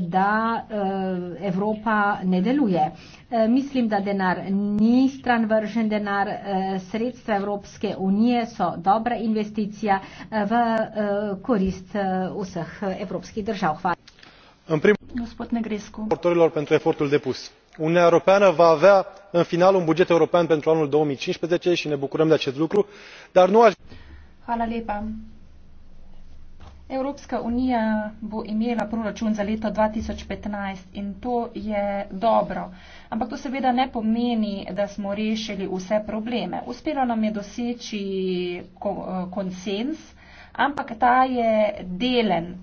da eh, Evropa ne deluje. Eh, mislim, da denar ni stran vržen denar, eh, sredstva Evropske unije so dobra investicija v korist vseh evropskih držav. Hvala. În primul rând, raportorilor pentru efortul depus. Uniunea Europeană va avea în final un buget european pentru anul 2015 și ne bucurăm de acest lucru, dar nu aș. Hvala lepa. Evropska unija bo imela proračun za leto 2015 in to je dobro. Ampak to seveda ne pomeni, da smo rešili vse probleme. Uspelo nam je doseči eh, konsens, ampak ta je delen.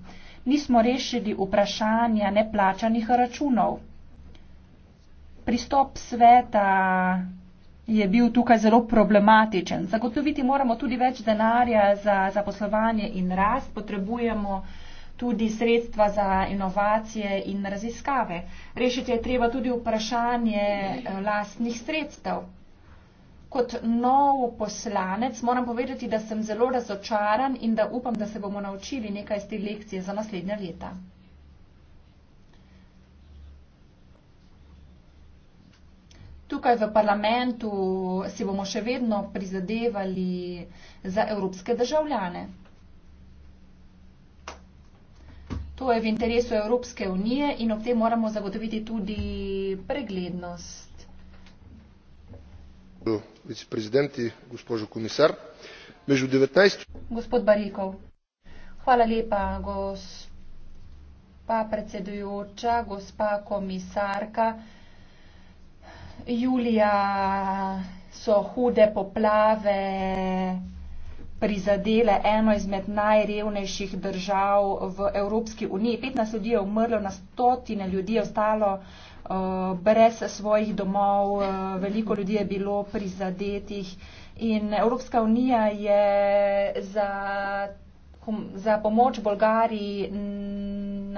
Nismo rešili vprašanja neplačanih računov. Pristop sveta je bil tukaj zelo problematičen. Zagotoviti moramo tudi več denarja za zaposlovanje in rast, potrebujemo tudi sredstva za inovacije in raziskave. Rešiti je treba tudi vprašanje eh, lastnih sredstev. Kot nov poslanec moram povedati, da sem zelo razočaran in da upam, da se bomo naučili nekaj iz te lekcije za naslednja leta. tukaj v parlamentu si bomo še vedno prizadevali za evropske državljane. To je v interesu Evropske unije in ob tem moramo zagotoviti tudi preglednost. Gospod Barikov, hvala lepa, gospa predsedujoča, gospa komisarka julija so hude poplave prizadele eno izmed najrevnejših držav v Evropski uniji. 15 ljudi je umrlo, na stotine ljudi je ostalo eh, brez svojih domov, eh, veliko ljudi je bilo prizadetih in Evropska unija je za za pomoč Bolgariji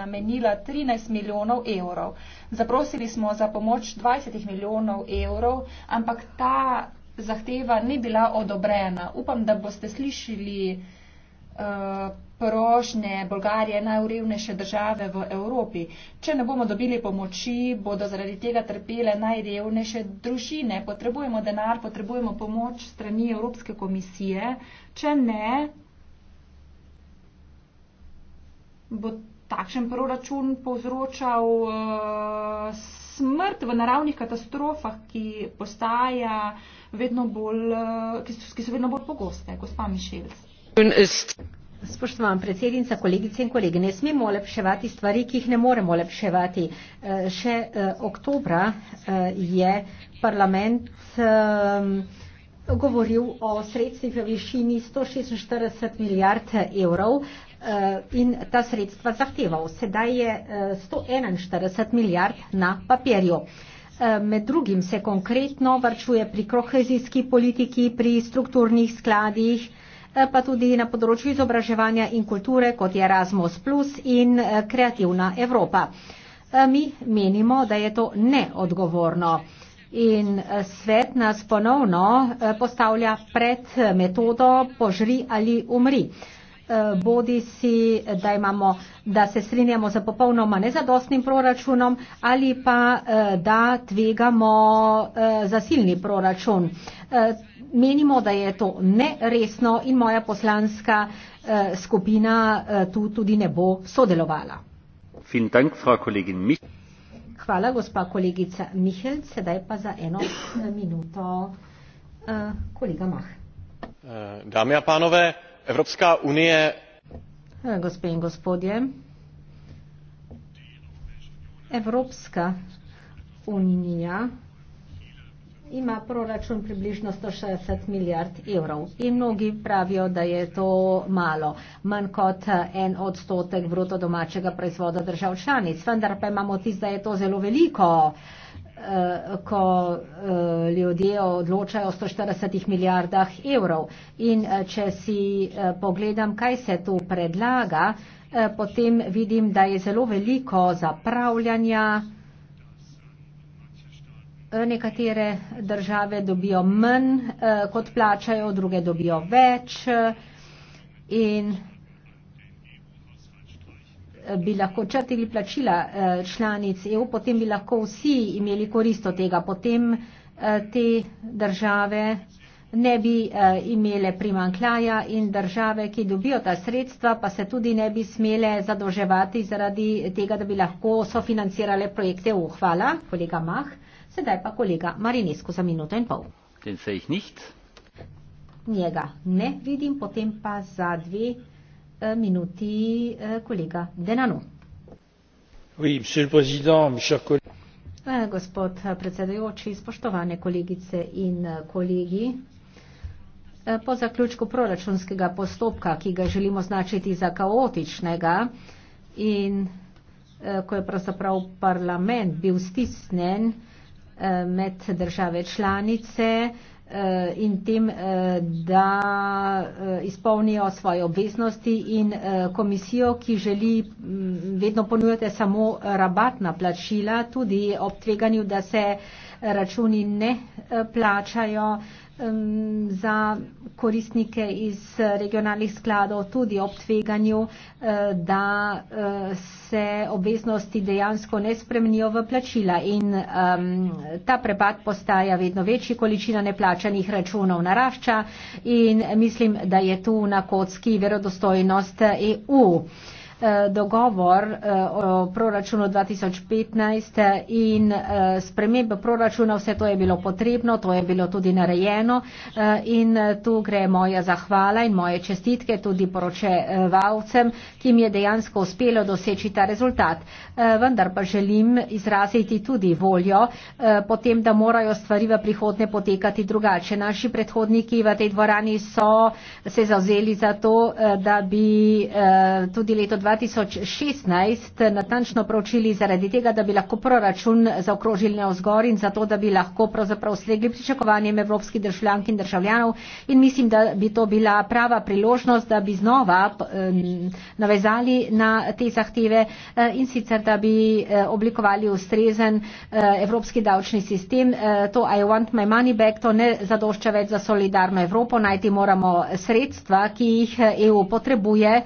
namenila 13 milijonov evrov. Zaprosili smo za pomoč 20 milijonov evrov, ampak ta zahteva ni bila odobrena. Upam, da boste slišali uh, prošnje Bolgarije, najurevnejše države v Evropi. Če ne bomo dobili pomoči, bodo zaradi tega trpele najrevnejše družine. Potrebujemo denar, potrebujemo pomoč strani Evropske komisije. Če ne, bo takšen proračun povzročal uh, smrt v naravnih katastrofah, ki, postaja vedno bolj, uh, ki so vedno bolj pogoste. Gospa Mišelc. Spoštovam predsednica, kolegice in kolegi, ne smemo lepševati stvari, ki jih ne moremo lepševati. E, eh, še e, oktobra e, je parlament e, govoril o sredstvih v višini 146 milijard evrov, Eh, in ta sredstva zahteval. Sedaj je 141 eh, milijard na papirju. Eh, med drugim se konkretno vrčuje pri kohezijski politiki, pri strukturnih skladih, pa tudi na področju izobraževanja in kulture, kot je Erasmus Plus in Kreativna Evropa. Mi menimo, da je to neodgovorno in svet nas ponovno postavlja pred metodo požri ali umri. Eh, bodi si, da, imamo, da se strinjamo za popolnoma nezadostnim proračunom ali pa eh, da tvegamo eh, zasilni proračun. Menimo, da je to neresno in moja poslanska skupina tu tudi ne bo sodelovala. Hvala, gospa kolegica Mihel. Sedaj pa za eno minuto kolega Mah. Dame in panove, Evropská unie. Eh, gospe in gospodje, Evropska unija ima proračun približno 160 milijard evrov in mnogi pravijo, da je to malo, manj kot eh, en odstotek bruto domačega proizvoda držav članic, vendar pa imamo tisto, da je to zelo veliko. Uh, Eh, ko eh, ljudje odločajo o 140 milijardah evrov. In eh, če si pogledam, kaj se tu predlaga, potem vidim, da je zelo veliko zapravljanja. Nekatere države dobijo manj, kot plačajo, druge dobijo več. In bi lahko črtili plačila eh, članic EU, potem bi lahko vsi imeli korist od tega, potem eh, te države ne bi eh, imele primankljaja in države, ki dobijo ta sredstva, pa se tudi ne bi smele zadolževati zaradi tega, da bi lahko sofinancirale projekte EU. Hvala, kolega Mah. Sedaj pa kolega Marinesko za minuto in pol. Njega ne vidim, potem pa za dve Eh, minuti, euh, collega Denano. Oui, monsieur le président, mes chers collègues. Eh, gospod eh, predsedujoči, spoštovane kolegice in kolegi, po zaključku proračunskega postopka, ki ga želimo značiti za kaotičnega in ko je pravzaprav parlament bil stisnen med države članice, Eh, in tem, eh, da eh, izpolnijo svoje obveznosti in komisijo, ki želi mm, vedno ponujati samo rabatna plačila, tudi ob tveganju, da se računi ne plačajo, za koristnike iz regionalnih skladov tudi ob tveganju, eh, da eh, se obveznosti dejansko ne spremenijo v plačila in ta prepad postaja vedno večji, količina neplačanih računov narašča in mislim, da je tu na kocki verodostojnost EU. Eh, dogovor eh, o proračunu 2015 eh, in spremembe proračuna, vse to je bilo potrebno, to je bilo tudi narejeno in tu gre moja zahvala in moje čestitke tudi poročevalcem, ki mi je dejansko uspelo doseči ta rezultat. Vendar pa želim izraziti tudi voljo potem, da morajo stvari v prihodne potekati drugače. Naši predhodniki v tej dvorani so se zauzeli za to, da bi tudi leto 2020 2016 natančno pročili zaradi tega, da bi lahko proračun zaokrožili na vzgor in zato, da bi lahko pravzaprav slegli pričakovanjem evropskih državljank in državljanov. In mislim, da bi to bila prava priložnost, da bi znova um, navezali na te zahteve eh, in sicer, da bi eh, oblikovali ustrezen uh, evropski davčni sistem. Uh, to I want my money back, to ne zadošča več za solidarno Evropo, najti moramo sredstva, ki jih EU e potrebuje.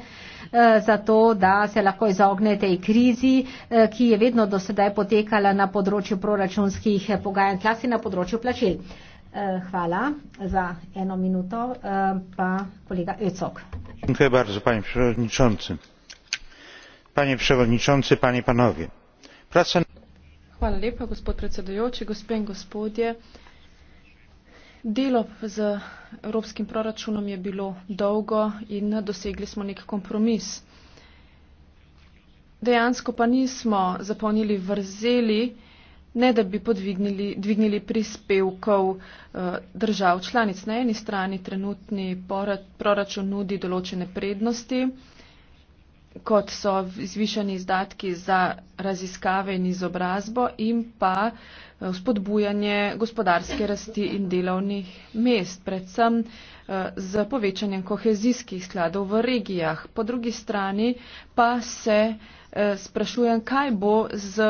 Eh, zato da se lahko izogne tej krizi, eh, ki je vedno do sedaj potekala na področju proračunskih eh, pogajanj, klasi na področju plačil. Hvala za eno minuto, pa kolega Ecok. Dziękuję bardzo, panie przewodniczący. Panie przewodniczący, panie panowie. Praca... Hvala lepa, gospod predsedujoči, gospe in gospodje. Delo z evropskim proračunom je bilo dolgo in dosegli smo nek kompromis. Dejansko pa nismo zapolnili vrzeli, ne da bi podvignili dvignili prispevkov eh, držav članic. Na eni strani trenutni proračun nudi določene prednosti, kot so zvišeni izdatki za raziskave in izobrazbo in pa uh, Eh, spodbujanje gospodarske rasti in delovnih mest, predvsem eh, z povečanjem kohezijskih skladov v regijah. Po drugi strani pa se eh, sprašujem, kaj bo z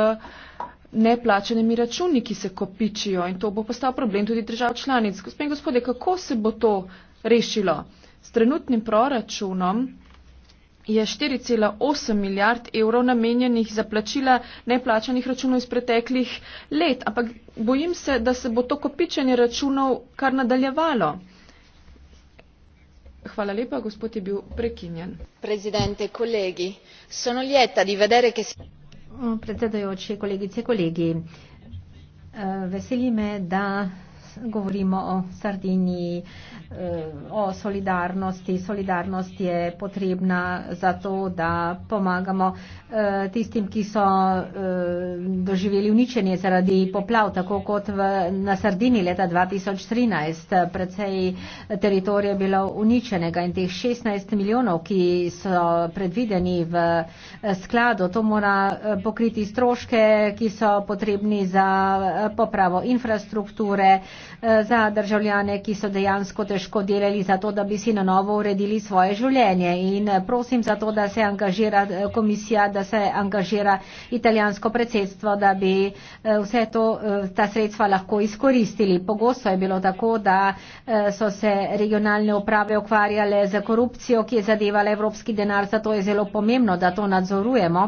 neplačenimi računi, ki se kopičijo in to bo postal problem tudi držav članic. Gospod in gospode, kako se bo to rešilo? S trenutnim proračunom je 4,8 milijard evrov namenjenih za plačila neplačanih računov iz preteklih let, ampak bojim se, da se bo to kopičenje računov kar nadaljevalo. Hvala lepa, gospod je bil prekinjen. Predsedujoči, kolegi, sono lieta di vedere che si. Predsedujoči, kolegice, kolegi, eh, veseli me, da govorimo o Sardiniji, eh, o solidarnosti. Solidarnost je potrebna za to, da pomagamo eh, tistim, ki so eh, doživeli uničenje zaradi poplav, tako kot v, na Sardini leta 2013. Predvsej teritorije je bilo uničenega in teh 16 milijonov, ki so predvideni v skladu, to mora pokriti stroške, ki so potrebni za popravo infrastrukture. Uh, Eh, za državljane, ki so dejansko težko delali za to, da bi si na novo uredili svoje življenje. In eh, prosim za to, da se angažira eh, komisija, da se angažira italijansko predsedstvo, da bi vse to, ta sredstva lahko izkoristili. Pogosto je bilo tako, da so se regionalne uprave ukvarjale z korupcijo, ki je zadevala evropski denar, zato je zelo pomembno, da to nadzorujemo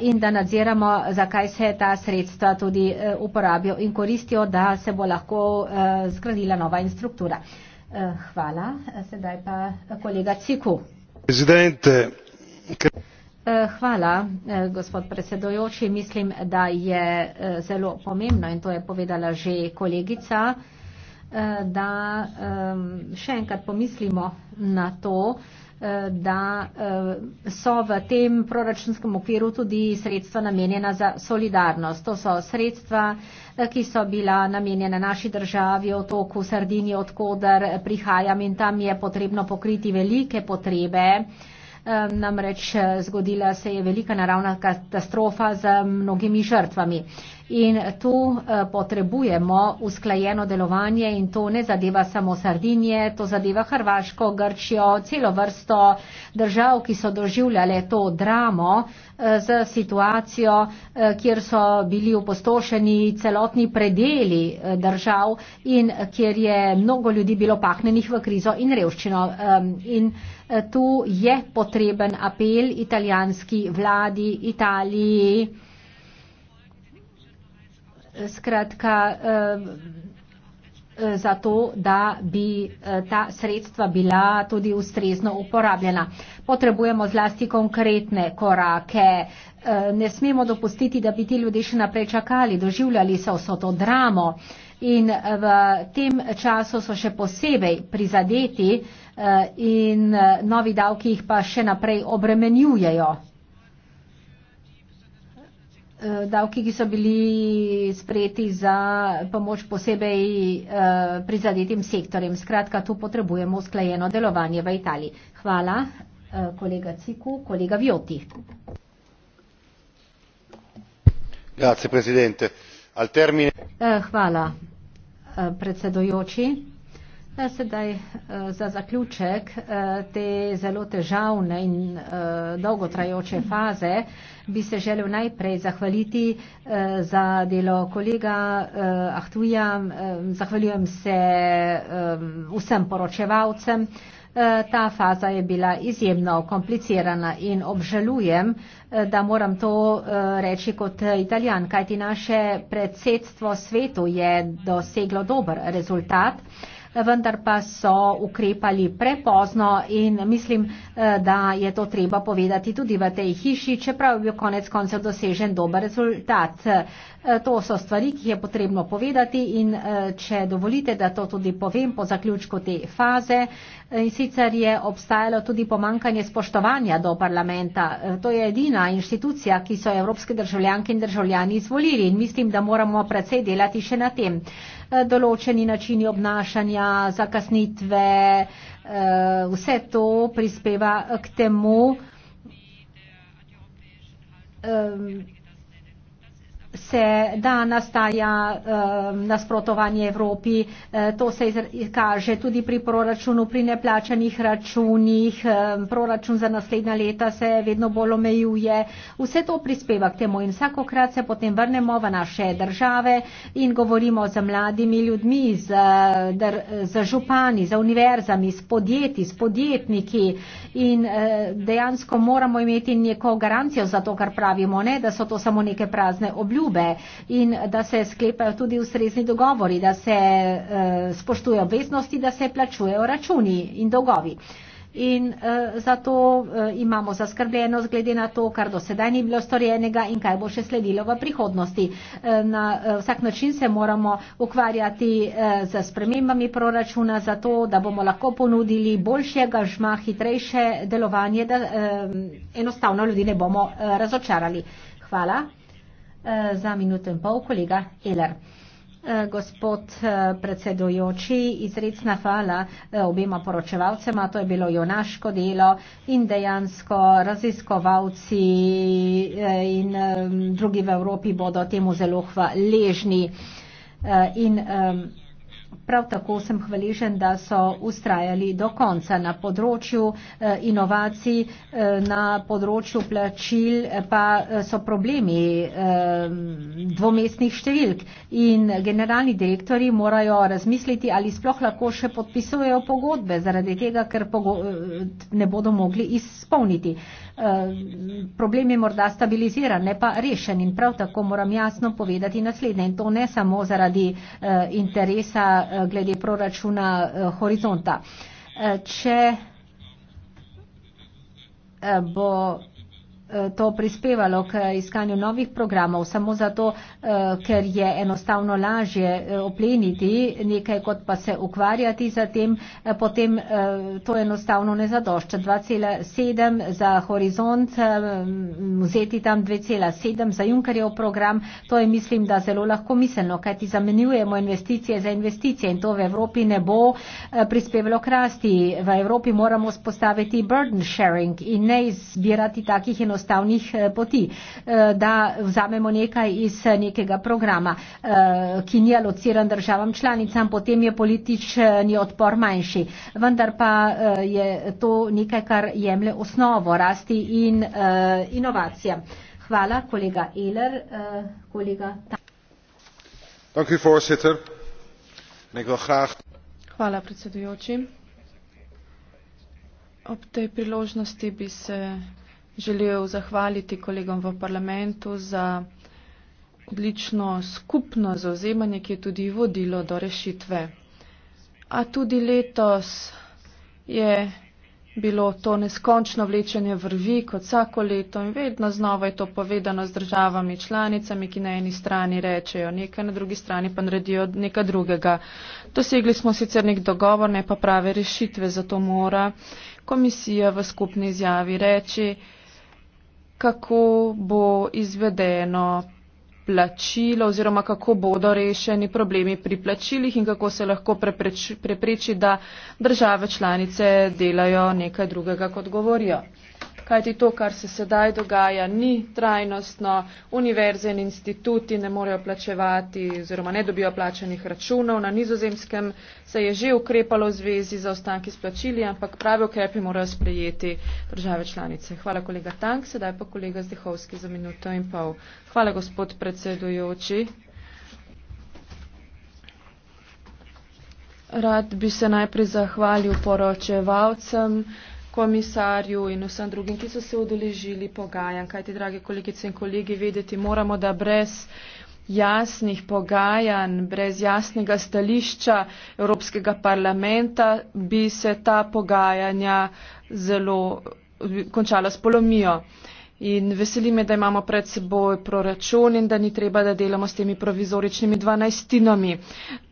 in da nadziramo, zakaj se ta sredstva tudi uporabijo in koristijo, da se bo lahko uh, zgradila nova infrastruktura. Uh, eh, hvala. Eh, sedaj pa kolega Ciku. Hvala, gospod predsedojoči. Mislim, da je zelo pomembno in to je povedala že kolegica, da ehm, še enkrat pomislimo na to, Eh, da eh, so v tem proračunskem okviru tudi sredstva namenjena za solidarnost. To so sredstva, eh, ki so bila namenjena naši državi, otoku Sardini, odkudar prihajam in tam je potrebno pokriti velike potrebe. Namreč zgodila se je velika naravna katastrofa z mnogimi žrtvami. In tu eh, potrebujemo usklajeno delovanje in to ne zadeva samo Sardinije, to zadeva Hrvaško, Grčijo, celo vrsto držav, ki so doživljale to dramo z eh, situacijo, eh, kjer so bili upostošeni celotni predeli držav in kjer je mnogo ljudi bilo pahnenih v krizo in revščino. Ehm, in tu je potreben apel italijanski vladi, Italiji, Skratka, zato, da bi e, ta sredstva bila tudi ustrezno uporabljena. Potrebujemo zlasti konkretne korake. E, ne smemo dopustiti, da bi ti ljudje še naprej čakali, doživljali so vso to dramo. In v tem času so še posebej prizadeti e, in novi davki jih pa še naprej obremenjujejo. Eh, davki, ki so bili sprejeti za pomoč posebej eh, prizadetim sektorjem. Skratka, tu potrebujemo usklajeno delovanje v Italiji. Hvala, eh, kolega Ciku, kolega Vjoti. Hvala, predsedujoči. Ja, sedaj eh, za zaključek eh, te zelo težavne in eh, dolgotrajoče faze bi se želel najprej zahvaliti za delo kolega Ahtuja. Zahvaljujem se vsem poročevalcem. Ta faza je bila izjemno komplicirana in obžalujem, da moram to reči kot italijan, kajti naše predsedstvo svetu je doseglo dober rezultat vendar pa so ukrepali prepozno in mislim, eh, da je to treba povedati tudi v tej hiši, čeprav je bil konec koncev dosežen dober rezultat. Eh, to so stvari, ki jih je potrebno povedati in eh, če dovolite, da to tudi povem po zaključku te faze, in sicer je obstajalo tudi pomankanje spoštovanja do parlamenta. To je edina inštitucija, ki so evropske državljanke in državljani izvolili in mislim, da moramo predvsej delati še na tem. Eh, določeni načini obnašanja, zakasnitve, eh, vse to prispeva k temu, se da nastaja um, nasprotovanje Evropi. E, to se kaže tudi pri proračunu, pri neplačanih računih. E, proračun za naslednja leta se vedno bolj omejuje. Vse to prispeva k temu in vsakokrat se potem vrnemo v naše države in govorimo z mladimi ljudmi, z, dr, z župani, z univerzami, s podjetji, s podjetniki in e, dejansko moramo imeti neko garancijo za to, kar pravimo, ne, da so to samo neke prazne obljube obljube in da se sklepajo tudi ustrezni dogovori, da se uh, spoštujejo obveznosti, da se plačujejo računi in dolgovi. In uh, zato uh, imamo zaskrbljenost glede na to, kar do sedaj ni bilo storjenega in kaj bo še sledilo v prihodnosti. Uh, na uh, vsak način se moramo ukvarjati uh, z spremembami proračuna, zato da bomo lahko ponudili boljšega žma, hitrejše delovanje, da uh, enostavno ljudi ne bomo uh, razočarali. Hvala. Eh, za minuto in pol kolega Heller. Eh, gospod eh, predsedujoči, izredna hvala obema poročevalcema, to je bilo jonaško delo in dejansko raziskovalci in drugi v Evropi bodo temu zelo hvaležni. In Prav tako sem hvaležen, da so ustrajali do konca na področju eh, inovacij, eh, na področju plačil, eh, pa so problemi dvomestnih številk in generalni direktori morajo razmisliti, ali sploh lahko še podpisujejo pogodbe zaradi tega, ker ne bodo mogli izpolniti. Problem je morda stabiliziran, ne pa rešen in prav tako moram jasno povedati naslednje in to ne samo zaradi interesa glede proračuna eh, horizonta. Eh, če eh, bo Eh, to prispevalo k iskanju novih programov samo zato, eh, ker je enostavno lažje eh, opleniti nekaj, kot pa se ukvarjati za tem, potem to enostavno ne zadošča. 2,7 za horizont, vzeti tam 2,7 za Junkerjev program, to je mislim, da zelo lahko miselno, kajti zamenjujemo investicije za investicije in to v Evropi ne bo prispevalo k rasti. V Evropi moramo spostaviti burden sharing in ne izbirati takih enostavnih enostavnih eh, poti, eh, da vzamemo nekaj iz eh, nekega programa, ki ni alociran državam članicam, potem je politični odpor manjši. Vendar pa je to nekaj, kar jemlje osnovo rasti in inovacije. Hvala, kolega Eler. Kolega Hvala, predsedujoči. Ob tej priložnosti bi se želel zahvaliti kolegom v parlamentu za odlično skupno zauzemanje, ki je tudi vodilo do rešitve. A tudi letos je bilo to neskončno vlečenje vrvi, kot vsako leto in vedno znova je to povedano z državami članicami, ki na eni strani rečejo nekaj, na drugi strani pa naredijo nekaj drugega. Dosegli smo sicer nek dogovor, ne pa prave rešitve, zato mora komisija v skupni izjavi reči, kako bo izvedeno plačilo oziroma kako bodo rešeni problemi pri plačilih in kako se lahko prepreči, prepreči da države članice delajo nekaj drugega, kot govorijo kajti to, kar se sedaj dogaja, ni trajnostno. Univerze in instituti ne morejo plačevati oziroma ne dobijo plačanih računov. Na nizozemskem se je že ukrepalo v zvezi za ostanki s plačili, ampak pravi ukrepi morajo sprejeti države članice. Hvala kolega Tank, sedaj pa kolega Zdehovski za minuto in pol. Hvala gospod predsedujoči. Rad bi se najprej zahvalil poročevalcem komisarju in vsem drugim, ki so se udeležili pogajanj. Kajti, dragi kolegice in kolegi, vedeti moramo, da brez jasnih pogajanj, brez jasnega stališča Evropskega parlamenta bi se ta pogajanja zelo končala s polomijo. Uh, In veseli me, da imamo pred seboj proračun in da ni treba, da delamo s temi provizoričnimi dvanajstinami.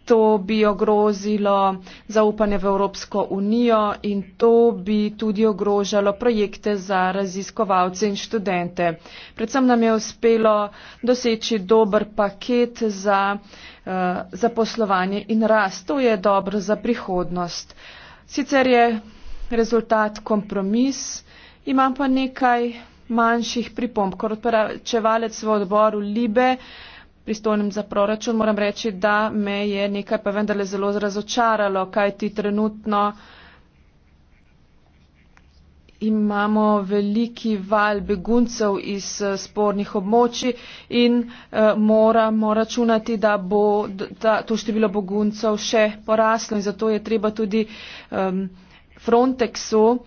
To bi ogrozilo zaupanje v Evropsko unijo in to bi tudi ogrožalo projekte za raziskovalce in študente. Predvsem nam je uspelo doseči dober paket za, uh, za poslovanje in rast. To je dobro za prihodnost. Sicer je rezultat kompromis, imam pa nekaj manjših pripomb. Kot poročevalec v odboru Libe, pristojnem za proračun, moram reči, da me je nekaj pa vendarle zelo razočaralo, kaj ti trenutno imamo veliki val beguncev iz eh, spornih območij in uh, moramo računati, da bo da to število beguncev še poraslo in zato je treba tudi um, Frontexu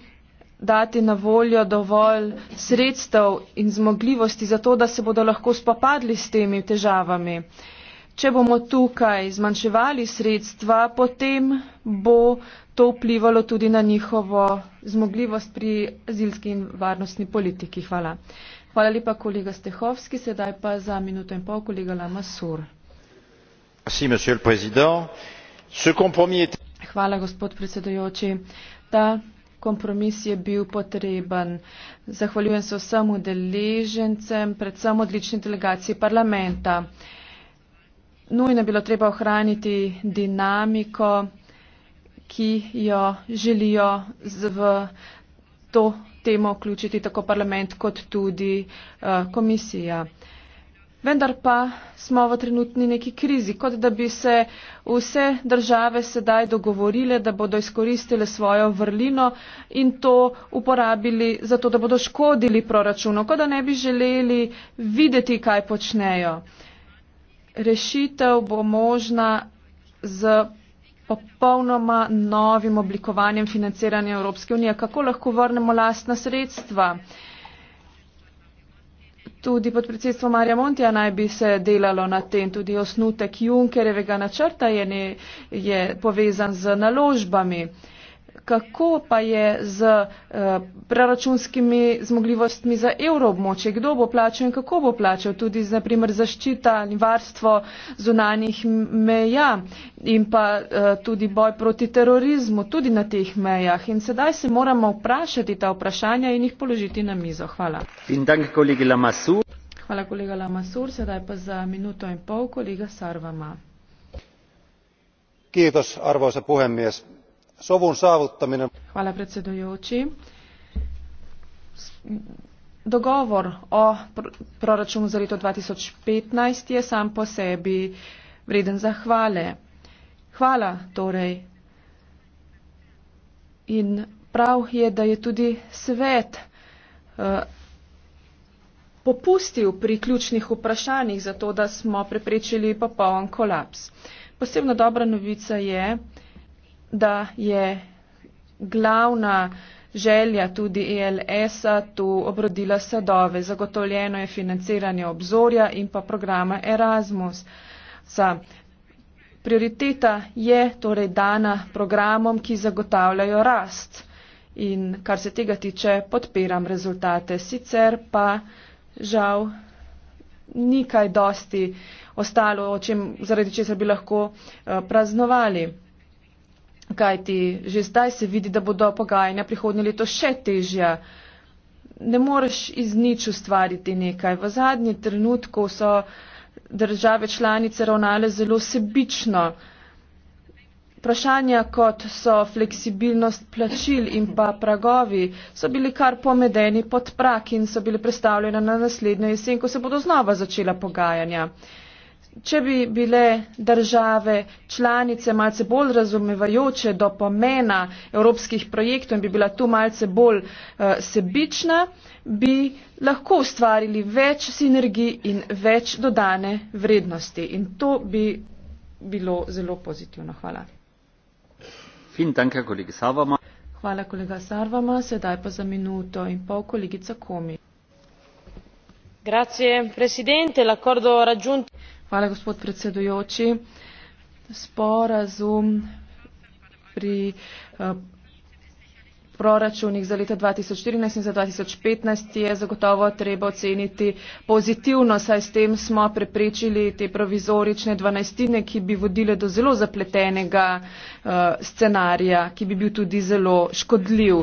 dati na voljo dovolj sredstev in zmogljivosti za to, da se bodo lahko spopadli s temi težavami. Če bomo tukaj zmanjševali sredstva, potem bo to vplivalo tudi na njihovo zmogljivost pri azilski in varnostni politiki. Hvala. Hvala lepa, kolega Stehovski. Sedaj pa za minuto in pol, kolega Lama Sur. Hvala, gospod predsedujoči. Ta kompromis je bil potreben. Zahvaljujem se vsem udeležencem, predvsem odlični delegaciji parlamenta. Nujno je bilo treba ohraniti dinamiko, ki jo želijo v to temo vključiti tako parlament kot tudi uh, komisija. Uh, Vendar pa smo v trenutni neki krizi, kot da bi se vse države sedaj dogovorile, da bodo izkoristile svojo vrlino in to uporabili zato, da bodo škodili proračunu, kot da ne bi želeli videti, kaj počnejo. Rešitev bo možna z popolnoma novim oblikovanjem financiranja Evropske unije. Kako lahko vrnemo lastna sredstva? Tudi pod predsedstvom Marja Montija naj bi se delalo na tem, tudi osnutek Junkerevega načrta je, ne, je povezan z naložbami kako pa je z uh, proračunskimi zmogljivostmi za evroobmočje, kdo bo plačal in kako bo plačal, tudi z, naprimer zaščita in varstvo zunanjih meja in pa uh, tudi boj proti terorizmu tudi na teh mejah. In sedaj se moramo vprašati ta vprašanja in jih položiti na mizo. Hvala. Hvala kolega Lamasur. Sedaj pa za minuto in pol kolega Sarvama. Kiitos, arvoisa puhemies sovun saavuttaminen. Hvala predsedujoči. Dogovor o pr proračunu za leto 2015 je sam po sebi vreden zahvale. Hvala torej. In prav je, da je tudi svet uh, popustil pri ključnih vprašanjih, zato da smo preprečili popoln kolaps. Posebna dobra novica je, da je glavna želja tudi ELS-a tu obrodila sadove. Zagotovljeno je financiranje obzorja in pa programa Erasmus. -a. Prioriteta je torej dana programom, ki zagotavljajo rast. In kar se tega tiče, podpiram rezultate. Sicer pa žal ni kaj dosti ostalo, čem, zaradi česar bi lahko uh, praznovali. Kajti že zdaj se vidi, da bodo pogajanja prihodnje leto še težja. Ne moreš iz nič ustvariti nekaj. V zadnji trenutku so države članice ravnale zelo sebično. Vprašanja kot so fleksibilnost plačil in pa pragovi so bili kar pomedeni pod prak in so bili predstavljena na naslednjo jesen, ko se bodo znova začela pogajanja če bi bile države članice malce bolj razumevajoče do pomena evropskih projektov in bi bila tu malce bolj uh, sebična, bi lahko ustvarili več sinergij in več dodane vrednosti. In to bi bilo zelo pozitivno. Hvala. Hvala, kolega Sarvama. Sedaj pa za minuto in pol kolegica Komi. Grazie, presidente. L'accordo raggiunto. Hvala, gospod predsedujoči. Sporazum pri eh, proračunih za leto 2014 in za 2015 je zagotovo treba oceniti pozitivno, saj s tem smo preprečili te provizorične dvanajstine, ki bi vodile do zelo zapletenega uh, scenarija, ki bi bil tudi zelo škodljiv.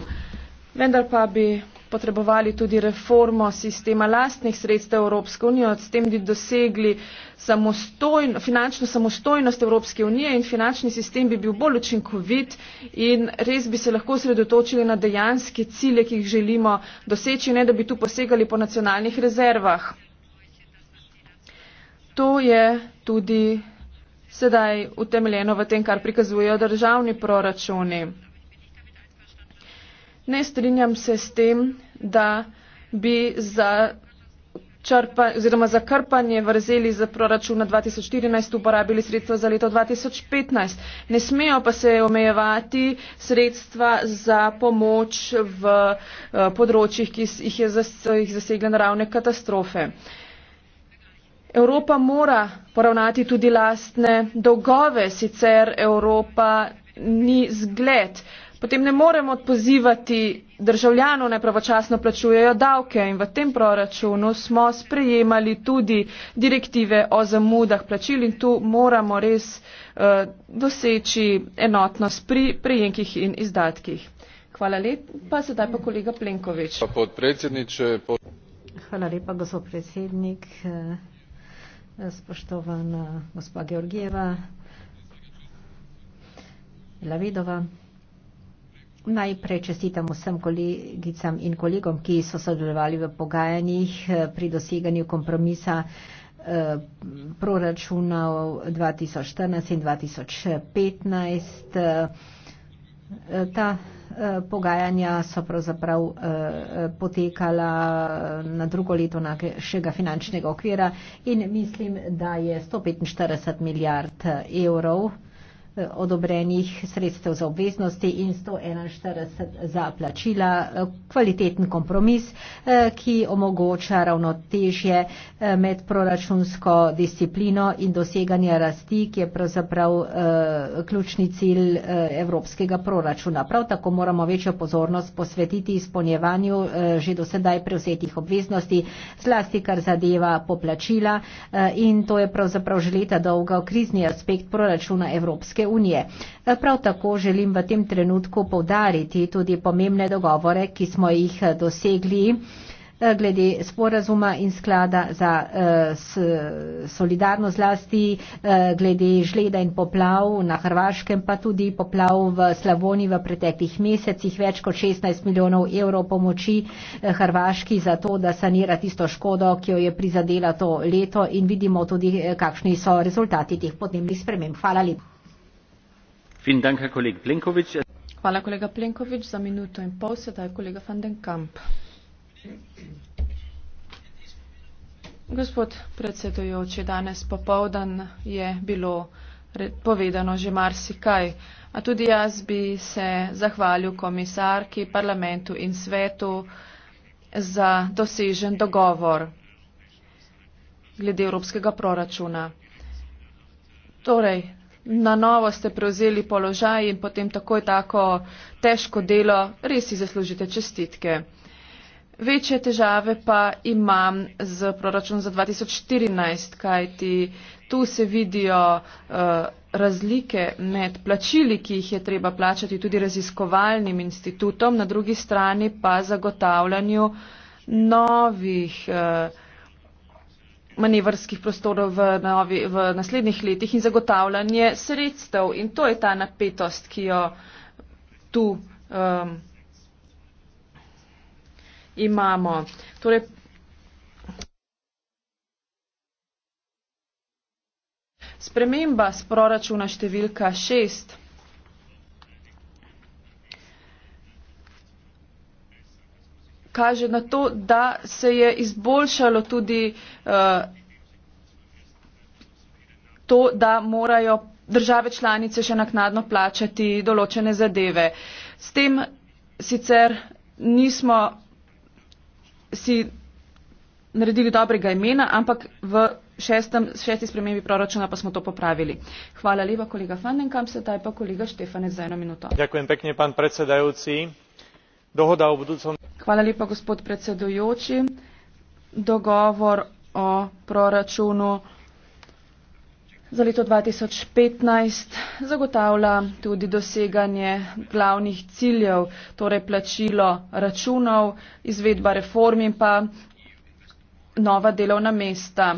Vendar pa bi potrebovali tudi reformo sistema lastnih sredstev Evropske unije, s tem bi dosegli samostojno, finančno samostojnost Evropske unije in finančni sistem bi bil bolj učinkovit in res bi se lahko sredotočili na dejanske cilje, ki jih želimo doseči, ne da bi tu posegali po nacionalnih rezervah. To je tudi sedaj utemljeno v tem, kar prikazujejo državni proračuni. Ne strinjam se s tem, da bi za, črpa, oziroma za krpanje vrzeli za proračun na 2014 uporabili sredstva za leto 2015. Ne smejo pa se omejevati sredstva za pomoč v uh, področjih, ki jih je jih zasegle naravne katastrofe. Evropa mora poravnati tudi lastne dolgove, sicer Evropa ni zgled. Potem ne moremo pozivati državljanov nepravočasno plačujejo davke in v tem proračunu smo sprejemali tudi direktive o zamudah plačil in tu moramo res uh, doseči enotnost pri prejemkih in izdatkih. Hvala lepa, sedaj pa kolega Plenkovič. Pa pod... Hvala lepa, gospod predsednik, eh, spoštovana gospa Georgijeva. Lavidova. Najprej čestitam vsem kolegicam in kolegom, ki so sodelovali v pogajanjih eh, pri doseganju kompromisa eh, proračunov 2014 in 2015. Eh, ta pogajanja so pravzaprav potekala na drugo leto našega finančnega okvira in mislim, da je 145 milijard evrov odobrenih sredstev za obveznosti in 141 za plačila. Kvaliteten kompromis, eh, ki omogoča ravnotežje eh, med proračunsko disciplino in doseganje rasti, ki je pravzaprav eh, ključni cilj evropskega proračuna. Prav tako moramo večjo pozornost posvetiti izpolnjevanju že do sedaj prevzetih obveznosti, zlasti kar zadeva poplačila in to je pravzaprav že leta dolga krizni aspekt proračuna Evropske Evropske unije. Prav tako želim v tem trenutku povdariti tudi pomembne dogovore, ki smo jih eh, dosegli eh, glede sporazuma in sklada za eh, solidarnost zlasti, eh, glede žleda in poplav na Hrvaškem, pa tudi poplav v Slavoni v preteklih mesecih, več kot 16 milijonov evrov pomoči eh, Hrvaški za to, da sanira tisto škodo, ki jo je prizadela to leto in vidimo tudi, eh, kakšni so rezultati teh podnebnih sprememb. Hvala lepa hvala kolega plenković za minuto in pol sedaj kolega van den kamp gospod predsedujoči danes popoldan je bilo povedano že marsikaj a tudi jaz bi se zahvalil komisarki parlamentu in svetu za dosežen dogovor glede evropskega proračuna torej na novo ste prevzeli položaj in potem takoj tako težko delo, res si zaslužite čestitke. Večje težave pa imam z proračun za 2014, kajti tu se vidijo uh, razlike med plačili, ki jih je treba plačati tudi raziskovalnim institutom, na drugi strani pa zagotavljanju novih. Uh, manevrskih prostorov v, novi, v naslednjih letih in zagotavljanje sredstev. In to je ta napetost, ki jo tu um, imamo. Torej, sprememba z proračuna številka šest. kaže na to, da se je izboljšalo tudi uh, to, da morajo države članice še naknadno plačati določene zadeve. S tem sicer nismo si naredili dobrega imena, ampak v šestem, šesti spremembi proračuna pa smo to popravili. Hvala lepa kolega Fandenkamp, sedaj pa kolega Štefanec za eno minuto. Ďakujem pekne, pán predsedajúci dohoda v budućnosti. Hvala lepa, gospod predsedujoči. Dogovor o proračunu za leto 2015 zagotavlja tudi doseganje glavnih ciljev, torej plačilo računov, izvedba reform in pa nova delovna mesta.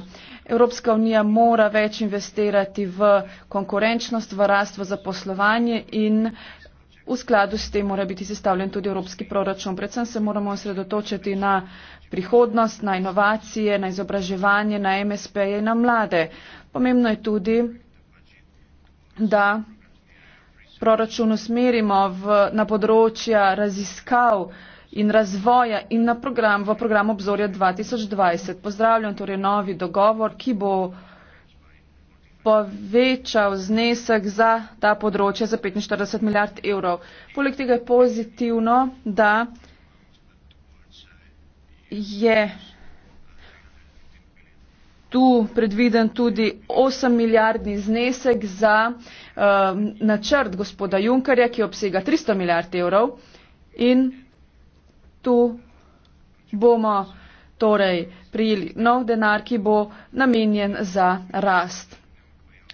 Evropska unija mora več investirati v konkurenčnost, v rast, v zaposlovanje in uh, V skladu s tem mora biti sestavljen tudi evropski proračun. Predvsem se moramo osredotočiti na prihodnost, na inovacije, na izobraževanje, na MSP-je in na mlade. Pomembno je tudi, da proračun usmerimo v, na področja raziskav in razvoja in na program, v program obzorja 2020. Pozdravljam torej novi dogovor, ki bo povečal znesek za ta področje za 45 milijard evrov. Poleg tega je pozitivno, da je tu predviden tudi 8 milijardni znesek za um, načrt gospoda Junkarja, ki obsega 300 milijard evrov. In tu bomo torej prijeli nov denar, ki bo namenjen za rast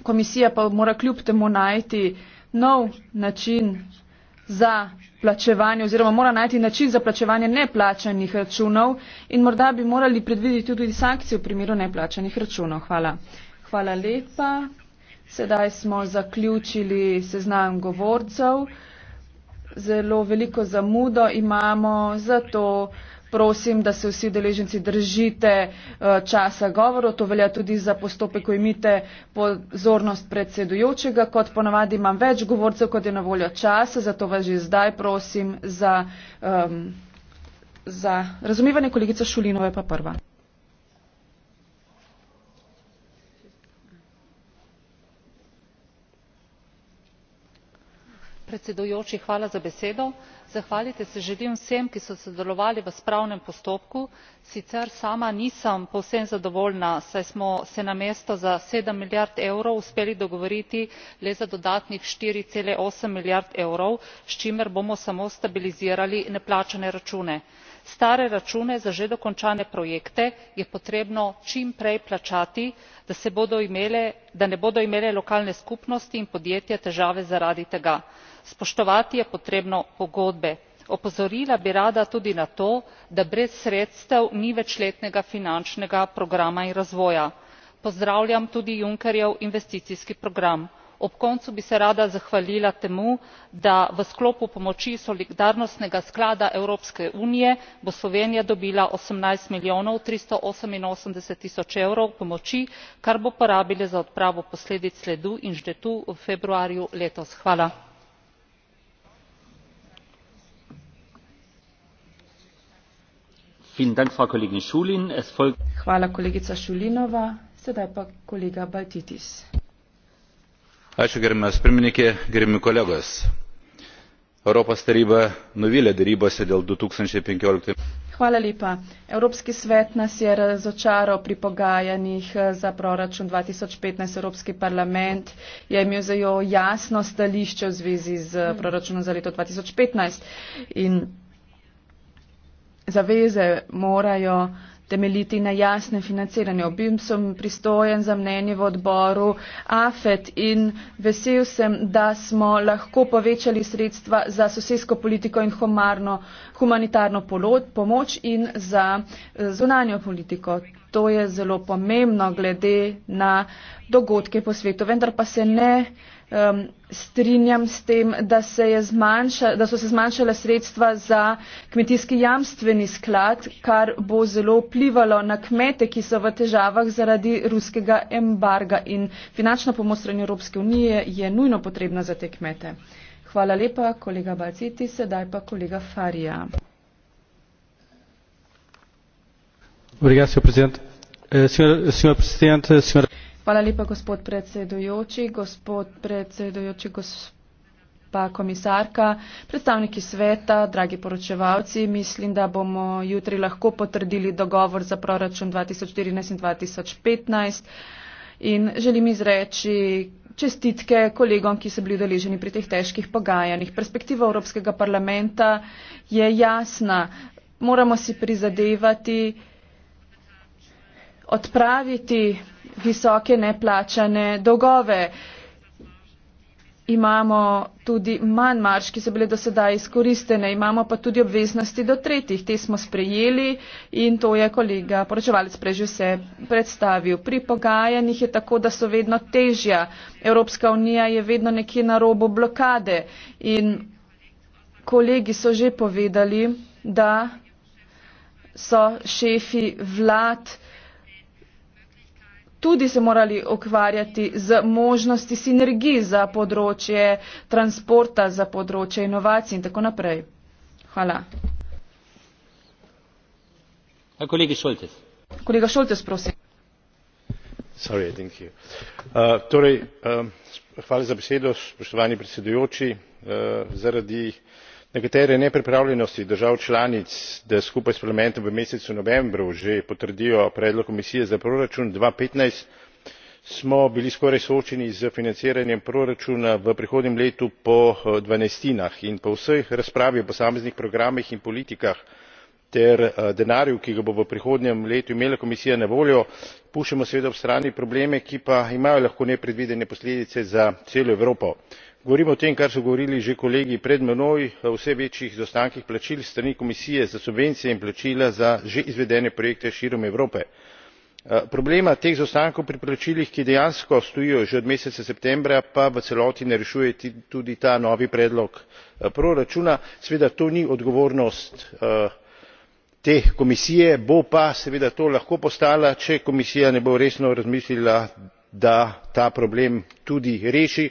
komisija pa mora kljub temu najti nov način za plačevanje oziroma mora najti način za plačevanje neplačanih računov in morda bi morali predvideti tudi sankcije v primeru neplačanih računov. Hvala. Hvala lepa. Sedaj smo zaključili seznam govorcev. Zelo veliko zamudo imamo, zato prosim, da se vsi deleženci držite eh, časa govoru. To velja tudi za postope, ko imite pozornost predsedujočega. Kot ponavadi imam več govorcev, kot je na voljo časa, zato vas že zdaj prosim za, um, za razumivanje kolegica Šulinove pa prva. zahvaliti se želim vsem ki so sodelovali v spravnem postopku sicer sama nisem povsem zadovoljna saj smo se namesto za sedem milijard evrov uspeli dogovoriti le za dodatnih štiri osem milijard evrov s čimer bomo samo stabilizirali neplačane račune. stare račune za že dokončane projekte je potrebno čim prej plačati da se bodo imele da ne bodo imele lokalne skupnosti in podjetja težave zaradi tega spoštovati je potrebno pogodbe opozorila bi rada tudi na to da brez sredstev ni večletnega finančnega programa in razvoja pozdravljam tudi junckerjev investicijski program ob koncu bi se rada zahvalila temu da v sklopu pomoči solidarnostnega sklada evropske unije bo slovenija dobila osemnajst milijonov tristo oseminosemdeset tisoč evrov pomoči kar bo porabila za odpravo posledic ledu in žledu v februarju letos hvala. hvala kolegica šulinova sedaj pa kolega baltitis ačiū gerbiamas pirmininke gerbiami kolegos europos taryba nuvylė derybose dėl du tūkstančiai penkioliktųjų hvala lepa evropski svet nas je razočaral pri pogajanjih za proračun dva tisoč petnajst evropski parlament je imel zelo jasno stališče v zvezi s proračunom za leto dva tisoč petnajst in zaveze morajo temeljiti na jasne financiranje. Obim sem pristojen za mnenje v odboru AFET in vesel sem, da smo lahko povečali sredstva za sosedsko politiko in humarno, humanitarno polod, pomoč in za eh, zunanjo politiko. To je zelo pomembno glede na dogodke po svetu, vendar pa se ne um, strinjam s tem, da, se zmanjša, da so se zmanjšala sredstva za kmetijski jamstveni sklad, kar bo zelo vplivalo na kmete, ki so v težavah zaradi ruskega embarga in finančna pomoč strani Evropske unije je nujno potrebna za te kmete. Hvala lepa, kolega Balciti, sedaj pa kolega Farija. Obrigado, senhor Presidente. Uh, senhor, senhor Presidente, senhor... Hvala lepa, gospod predsedujoči. Gospod predsedujoči, gospa komisarka, predstavniki sveta, dragi poročevalci, mislim, da bomo jutri lahko potrdili dogovor za proračun 2014 in 2015 in želim izreči čestitke kolegom, ki so bili udeleženi pri teh težkih pogajanjih. Perspektiva Evropskega parlamenta je jasna. Moramo si prizadevati odpraviti visoke neplačane dolgove. Imamo tudi manj marš, ki so bile do sedaj izkoristene, imamo pa tudi obveznosti do tretjih. Te smo sprejeli in to je kolega poročevalec prežil se predstavil. Pri pogajanjih je tako, da so vedno težja. Evropska unija je vedno nekje na robu blokade in kolegi so že povedali, da so šefi vlad tudi se morali okvarjati z možnosti sinergij za področje transporta, za področje inovacij in tako naprej. Hvala. Kolega Šoltes, prosim. Sorry, uh, torej, um, hvala za besedo, spoštovani predsedujoči. Uh, zaradi uh, nekatere nepripravljenosti držav članic da skupaj s parlamentom v mesecu novembru že potrdijo predlog komisije za proračun dva tisoč petnajst smo bili skoraj soočeni s financiranjem proračuna v prihodnjem letu po eh, dvanajstinah in po vsej razpravi o posameznih programih in politikah ter eh, denarju ki ga bo v prihodnjem letu imela komisija na voljo puščamo seveda ob strani probleme ki pa imajo lahko nepredvidene posledice za celo evropo govorim o tem kar so govorili že kolegi pred menoj o vse večjih izostankih plačil s strani komisije za subvencije in plačila za že izvedene projekte širom evrope. Eh, problema teh zaostankov pri plačilih ki dejansko stojijo že od meseca septembra pa v celoti ne rešuje tudi ta novi predlog eh, proračuna seveda to ni odgovornost eh, te komisije bo pa seveda to lahko postala če komisija ne bo resno razmislila da ta problem tudi reši.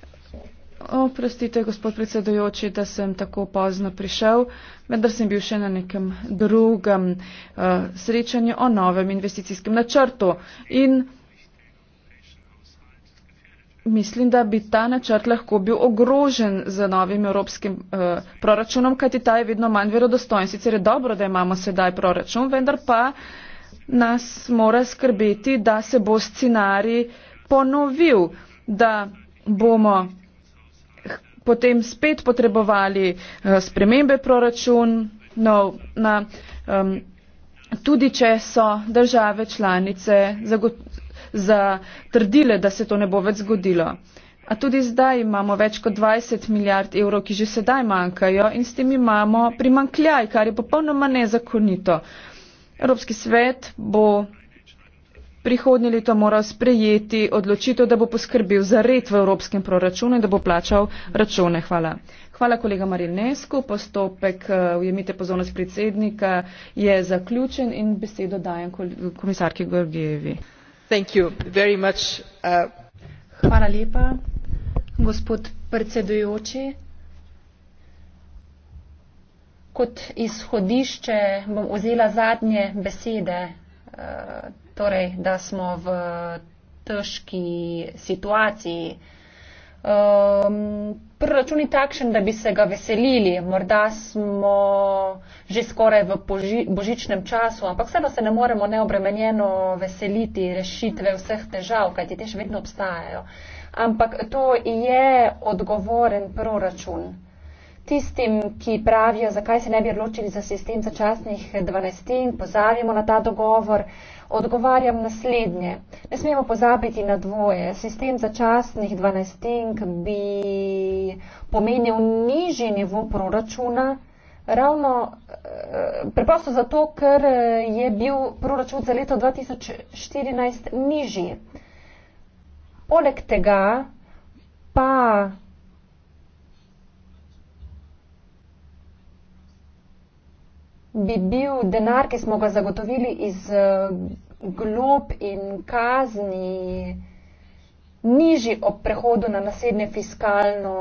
Oprostite, gospod predsedujoči, da sem tako pozno prišel, vendar sem bil še na nekem drugem uh, srečanju o novem investicijskem načrtu. In mislim, da bi ta načrt lahko bil ogrožen z novim evropskim uh, proračunom, kajti ta je vedno manj verodostojen. Sicer je dobro, da imamo sedaj proračun, vendar pa nas mora skrbeti, da se bo scenarij ponovil, da bomo potem spet potrebovali eh, spremembe proračunov no, na, um, tudi če so države članice zatrdile, da se to ne bo več zgodilo. A tudi zdaj imamo več kot 20 milijard evrov, ki že sedaj manjkajo in s tem imamo primankljaj, kar je popolnoma nezakonito. Evropski svet bo prihodnje leto moral sprejeti odločitev, da bo poskrbil za red v evropskem proračunu in da bo plačal račune. Hvala. Hvala kolega Marinesku. Postopek, eh, ujemite pozornost predsednika, je zaključen in besedo dajem komisarki Gorgijevi. Uh... Hvala lepa, gospod predsedujoči. Kot izhodišče bom vzela zadnje besede eh, torej, da smo v težki situaciji. Um, proračun je takšen, da bi se ga veselili. Morda smo že skoraj v boži, božičnem času, ampak vseeno se ne moremo neobremenjeno veseliti rešitve vseh težav, kajti te še vedno obstajajo. Ampak to je odgovoren proračun. Tistim, ki pravijo, zakaj se ne bi odločili za sistem začasnih dvanajstin, pozavimo na ta dogovor. Uh, odgovarjam naslednje. Ne smemo pozabiti na dvoje. Sistem začasnih dvanajstink bi pomenil nižji nivo proračuna, ravno eh, preprosto zato, ker eh, je bil proračun za leto 2014 nižji. Poleg tega pa bi bil denar, ki smo ga zagotovili iz eh, glob in kazni, nižji ob prehodu na naslednje fiskalno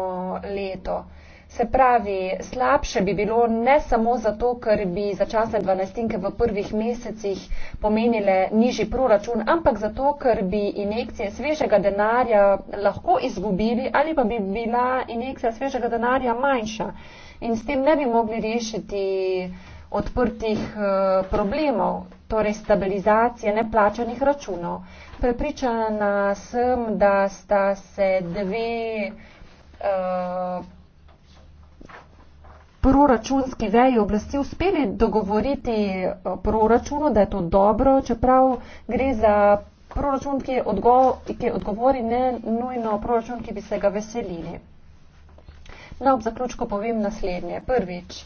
leto. Se pravi, slabše bi bilo ne samo zato, ker bi začasne dvanajstinke v prvih mesecih pomenile nižji proračun, ampak zato, ker bi injekcije svežega denarja lahko izgubili ali pa bi bila injekcija svežega denarja manjša in s tem ne bi mogli rešiti uh, odprtih eh, problemov, torej stabilizacije neplačanih računov. Prepričana sem, da sta se dve uh, proračunski veji oblasti uspeli dogovoriti eh, proračunu, da je to dobro, čeprav gre za proračun, ki, odgo ki odgovori ne nujno proračun, ki bi se ga veselili. Na no, ob zaključku povem naslednje. Prvič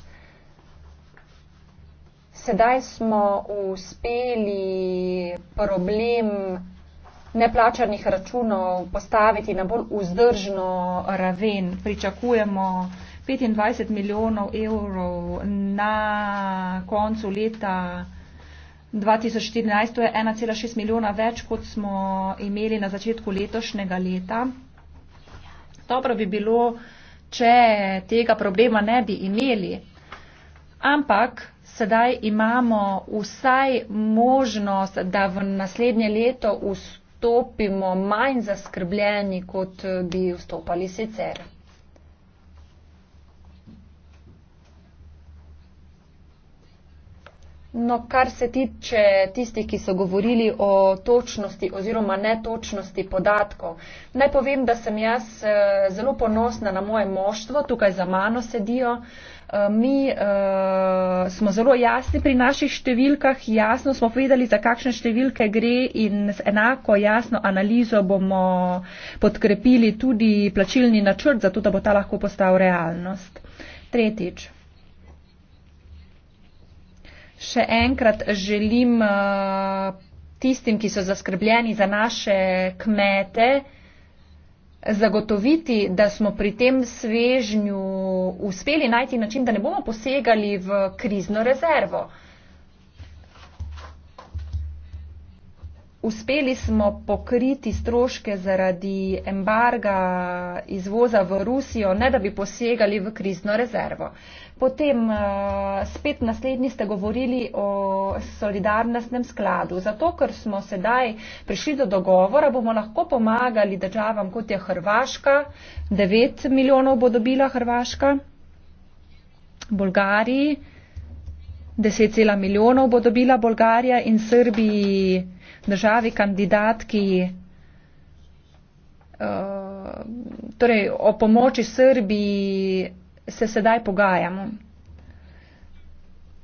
sedaj smo uspeli problem neplačanih računov postaviti na bolj vzdržno raven. Pričakujemo 25 milijonov evrov na koncu leta 2014, to je 1,6 milijona več, kot smo imeli na začetku letošnjega leta. Dobro bi bilo, če tega problema ne bi imeli. Ampak sedaj imamo vsaj možnost, da v naslednje leto vstopimo manj zaskrbljeni, kot bi vstopali sicer. No, kar se tiče tistih, ki so govorili o točnosti oziroma netočnosti podatkov, naj povem, da sem jaz eh, zelo ponosna na moje moštvo, tukaj za mano sedijo. Eh, mi uh, smo zelo jasni pri naših številkah, jasno smo povedali, za kakšne številke gre in z enako jasno analizo bomo podkrepili tudi plačilni načrt, zato da bo ta lahko postal realnost. Tretjič. Še enkrat želim eh, tistim, ki so zaskrbljeni za naše kmete, zagotoviti, da smo pri tem svežnju uspeli najti način, da ne bomo posegali v krizno rezervo. Uspeli smo pokriti stroške zaradi embarga izvoza v Rusijo, ne da bi posegali v krizno rezervo. Potem eh, spet naslednji ste govorili o solidarnostnem skladu. Zato, ker smo sedaj prišli do dogovora, bomo lahko pomagali državam, kot je Hrvaška, 9 milijonov bo dobila Hrvaška, Bolgariji, 10 milijonov bo dobila Bolgarija in Srbiji, državi kandidatki. Uh, torej, o pomoči Srbiji se sedaj pogajamo.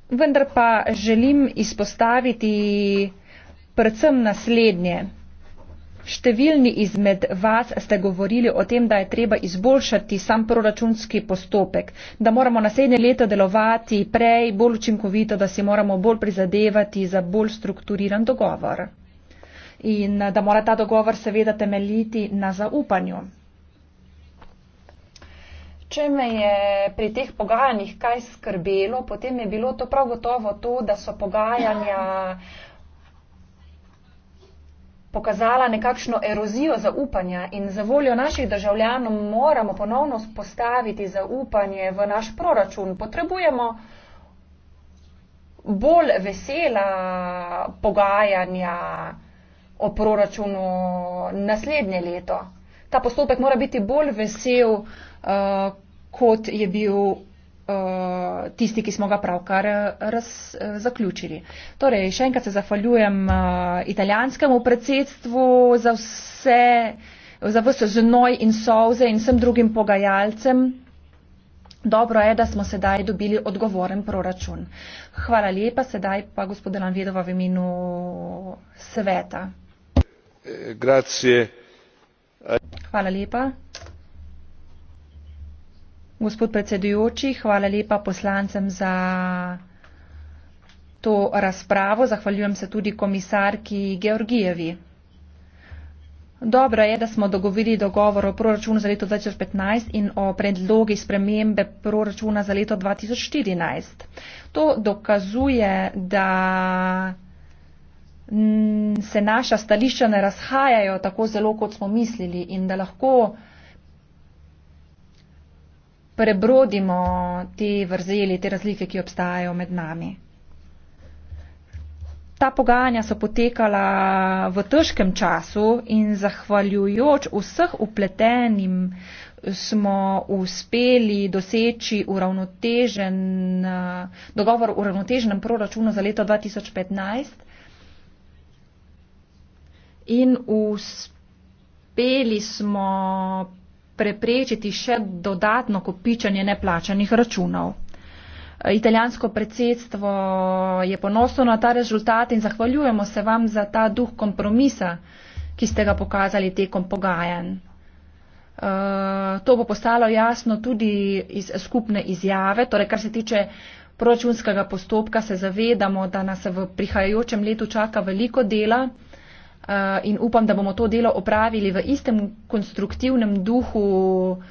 Vendar pa želim izpostaviti predvsem naslednje. Številni izmed vas ste govorili o tem, da je treba izboljšati sam proračunski postopek, da moramo naslednje leto delovati prej, bolj učinkovito, da si moramo bolj prizadevati za bolj strukturiran dogovor. In da mora ta dogovor seveda temeljiti na zaupanju. Če me je pri teh pogajanjih kaj skrbelo, potem je bilo to prav gotovo to, da so pogajanja pokazala nekakšno erozijo zaupanja in za voljo naših državljanov moramo ponovno spostaviti zaupanje v naš proračun. Potrebujemo bolj vesela pogajanja o proračunu naslednje leto. Ta postopek mora biti bolj vesel. Eh, kot je bil eh, tisti, ki smo ga pravkar eh, raz, zaključili. Torej, še enkrat se zahvaljujem italijanskemu predsedstvu za vse, za vse znoj in solze in vsem drugim pogajalcem. Dobro je, da smo sedaj dobili odgovoren proračun. Hvala lepa, sedaj pa gospod Lanvedova v imenu sveta. Grazie. Hvala lepa. Gospod predsedujoči, hvala lepa poslancem za to razpravo. Zahvaljujem se tudi komisarki Georgijevi. Dobro je, da smo dogovorili dogovor o proračunu za leto 2015 in o predlogi spremembe proračuna za leto 2014. To dokazuje, da se naša stališča ne razhajajo tako zelo, kot smo mislili in da lahko prebrodimo te vrzeli, te razlike, ki obstajajo med nami. Ta pogajanja so potekala v težkem času in zahvaljujoč vseh upletenim smo uspeli doseči uravnotežen, dogovor o uravnoteženem proračunu za leto 2015 in uspeli smo preprečiti še dodatno kopičanje neplačanih računov. Italijansko predsedstvo je ponosno na ta rezultat in zahvaljujemo se vam za ta duh kompromisa, ki ste ga pokazali tekom pogajanj. Uh, to bo postalo jasno tudi iz skupne izjave, torej kar se tiče proračunskega postopka, se zavedamo, da nas v prihajajočem letu čaka veliko dela. Eh, in upam, da bomo to delo opravili v istem konstruktivnem duhu,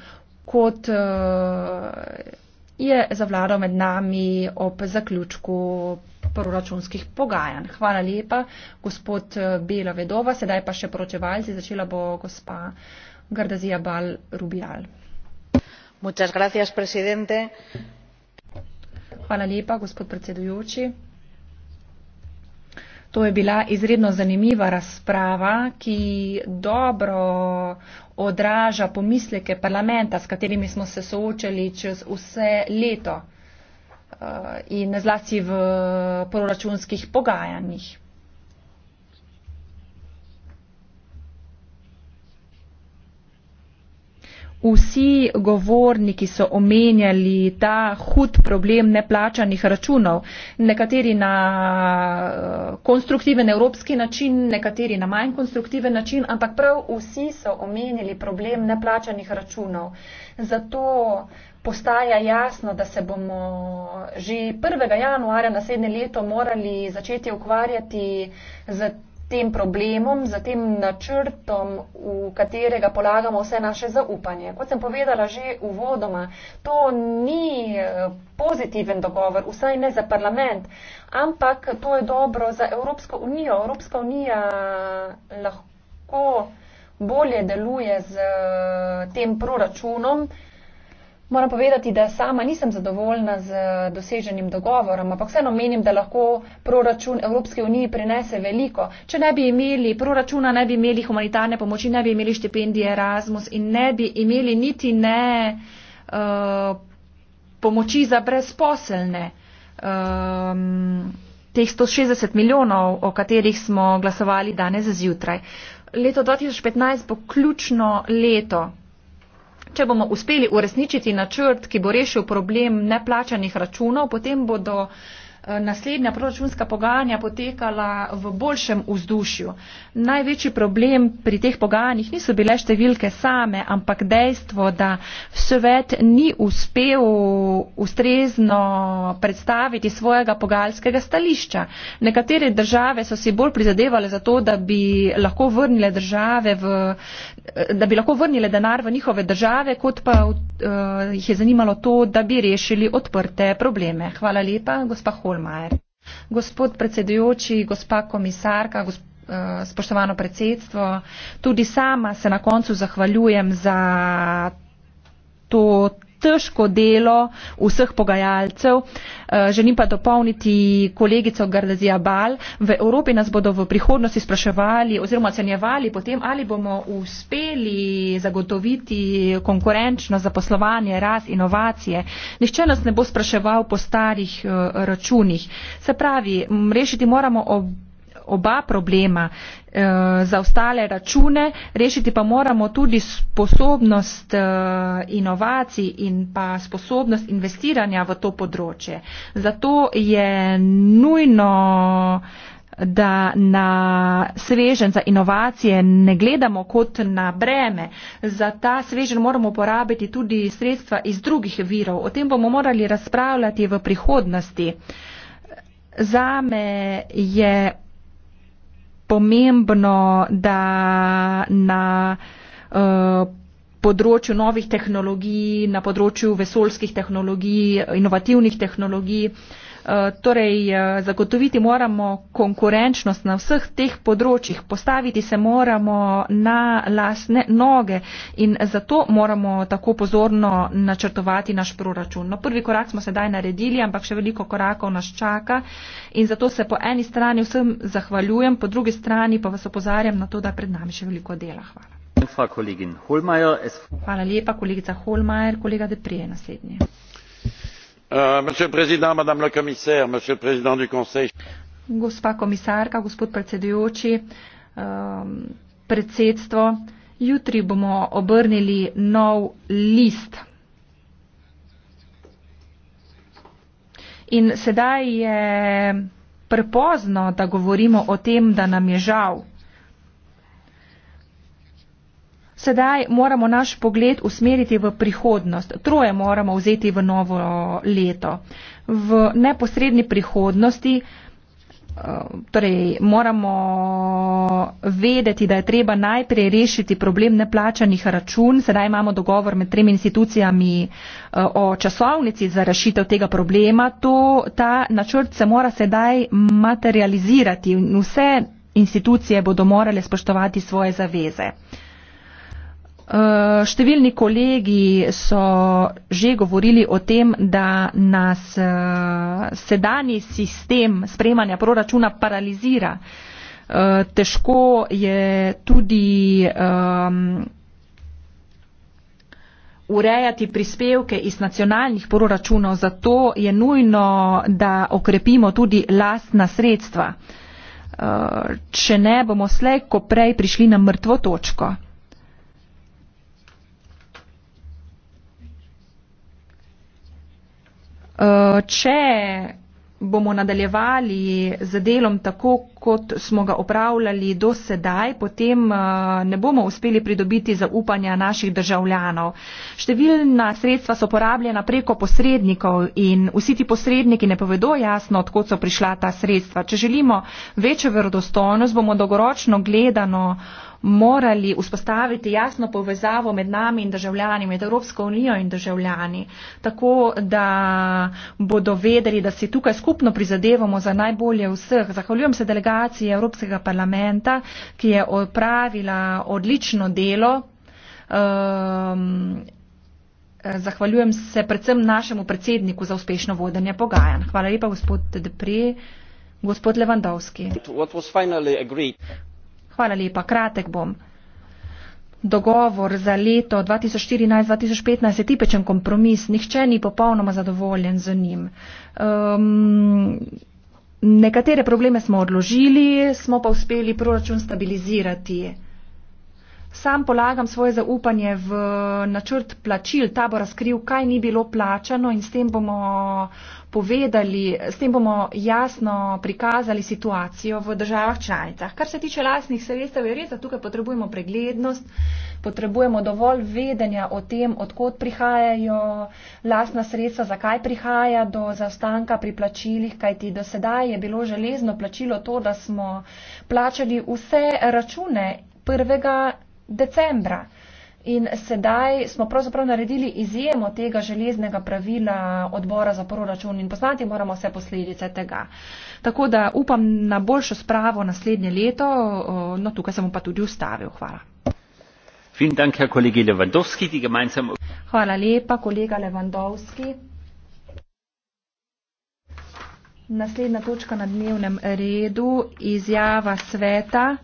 kot eh, je zavladal med nami ob zaključku proračunskih pogajanj. Hvala lepa, gospod eh, Bela Vedova, sedaj pa še poročevalci, začela bo gospa Gardazija Bal Rubial. Hvala lepa, gospod predsedujoči. To je bila izredno zanimiva razprava, ki dobro odraža pomisleke parlamenta, s katerimi smo se soočali čez vse leto eh, in zlasti v proračunskih pogajanjih. vsi govorniki so omenjali ta hud problem neplačanih računov, nekateri na eh, konstruktiven evropski način, nekateri na manj konstruktiven način, ampak prav vsi so omenjali problem neplačanih računov. Zato postaja jasno, da se bomo že 1. januarja naslednje leto morali začeti ukvarjati z tem problemom, za tem načrtom, v katerega polagamo vse naše zaupanje. Kot sem povedala že uvodoma, to ni eh, pozitiven dogovor, vsaj ne za parlament, ampak to je dobro za Evropsko unijo. Evropska unija eh, lahko bolje deluje z eh, tem proračunom, Moram povedati, da sama nisem zadovoljna z eh, doseženim dogovorom, ampak vseeno menim, da lahko proračun Evropske unije prinese veliko. Če ne bi imeli proračuna, ne bi imeli humanitarne pomoči, ne bi imeli štipendije Erasmus in ne bi imeli niti ne uh, pomoči za brezposelne. Um, teh 160 milijonov, o katerih smo glasovali danes zjutraj. Leto 2015 bo ključno leto Če bomo uspeli uresničiti načrt, ki bo rešil problem neplačanih računov, potem bodo uh, Eh, naslednja proračunska pogajanja potekala v boljšem vzdušju. Največji problem pri teh pogajanjih niso bile številke same, ampak dejstvo, da svet ni uspel ustrezno predstaviti svojega pogajalskega stališča. Nekatere države so si bolj prizadevale za to, da bi lahko vrnile države v eh, da bi lahko vrnile denar v njihove države, kot pa uh, jih je zanimalo to, da bi rešili odprte probleme. Hvala lepa, gospa Hol. Olmajer. Gospod predsedujoči, gospa komisarka, gospod eh, spoštovano predsedstvo. Tudi sama se na koncu zahvaljujem za to težko delo vseh pogajalcev. Eh, želim pa dopolniti kolegico Gardazija Bal. V Evropi nas bodo v prihodnosti spraševali oziroma ocenjevali potem, ali bomo uspeli zagotoviti konkurenčno zaposlovanje, raz, inovacije. Nihče nas ne bo spraševal po starih eh, računih. Se pravi, rešiti moramo ob oba problema eh, za ostale račune, rešiti pa moramo tudi sposobnost eh, inovacij in pa sposobnost investiranja v to področje. Zato je nujno, da na svežen za inovacije ne gledamo kot na breme. Za ta svežen moramo uporabiti tudi sredstva iz drugih virov. O tem bomo morali razpravljati v prihodnosti. Zame je pomembno, da na uh, področju novih tehnologij, na področju vesolskih tehnologij, inovativnih tehnologij, uh, Eh, torej eh, zagotoviti moramo konkurenčnost na vseh teh področjih, postaviti se moramo na lasne noge in zato moramo tako pozorno načrtovati naš proračun. No, prvi korak smo sedaj naredili, ampak še veliko korakov nas čaka in zato se po eni strani vsem zahvaljujem, po drugi strani pa vas opozarjam na to, da pred nami še veliko dela. Hvala. Hvala lepa, kolegica Holmajer, kolega Deprije naslednji. Euh, monsieur le président madame la commissaire monsieur le président du conseil gospa komisarka gospod predsedujoči um, predsedstvo jutri bomo obrnili nov list in sedaj je prepozno da govorimo o tem da nam je žal Sedaj moramo naš pogled usmeriti v prihodnost. Troje moramo vzeti v novo leto. V neposrednji prihodnosti eh, torej, moramo vedeti, da je treba najprej rešiti problem neplačanih račun. Sedaj imamo dogovor med tremi institucijami eh, o časovnici za rešitev tega problema. To, ta načrt se mora sedaj materializirati in vse institucije bodo morale spoštovati svoje zaveze. Eh, številni kolegi so že govorili o tem, da nas eh, sedani sistem sprejemanja proračuna paralizira. Eh, težko je tudi ehm, urejati prispevke iz nacionalnih proračunov, zato je nujno, da okrepimo tudi lastna sredstva, če ne bomo slej, ko prej prišli na mrtvo točko. Eh, če bomo nadaljevali z delom tako, kot smo ga opravljali do sedaj, potem eh, ne bomo uspeli pridobiti zaupanja naših državljanov. Številna sredstva so porabljena preko posrednikov in vsi ti posredniki ne povedo jasno, odkot so prišla ta sredstva. Če želimo večjo verodostojnost, bomo dolgoročno gledano morali vzpostaviti jasno povezavo med nami in državljani, med Evropsko unijo in državljani, tako da bodo vedeli, da si tukaj skupno prizadevamo za najbolje vseh. Zahvaljujem se delegaciji Evropskega parlamenta, ki je opravila odlično delo. Um, zahvaljujem se predvsem našemu predsedniku za uspešno vodenje pogajanj. Hvala lepa, gospod Depri. Gospod Levandovski. Hvala lepa, kratek bom. Dogovor za leto 2014-2015 je tipečen kompromis, nihče ni popolnoma zadovoljen z njim. Um, nekatere probleme smo odložili, smo pa uspeli proračun stabilizirati. Sam polagam svoje zaupanje v načrt plačil, ta bo razkril, kaj ni bilo plačano in s tem bomo povedali, s tem bomo jasno prikazali situacijo v državah članicah. Kar se tiče lasnih sredstev, je res, da tukaj potrebujemo preglednost, potrebujemo dovolj vedenja o tem, odkot prihajajo lasna sredstva, zakaj prihaja do zaostanka pri plačilih, kajti do sedaj je bilo železno plačilo to, da smo plačali vse račune 1. decembra. In sedaj smo pravzaprav naredili izjemo tega železnega pravila odbora za proračun in poznati moramo vse posledice tega. Tako da upam na boljšo spravo naslednje leto, no tukaj sem pa tudi ustavil. Hvala. Hvala lepa, kolega Levandovski. Naslednja točka na dnevnem redu, izjava sveta.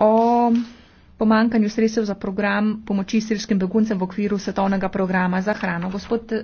o pomankanju sredstev za program pomoči sirskim beguncem v okviru svetovnega programa za hrano. Gospod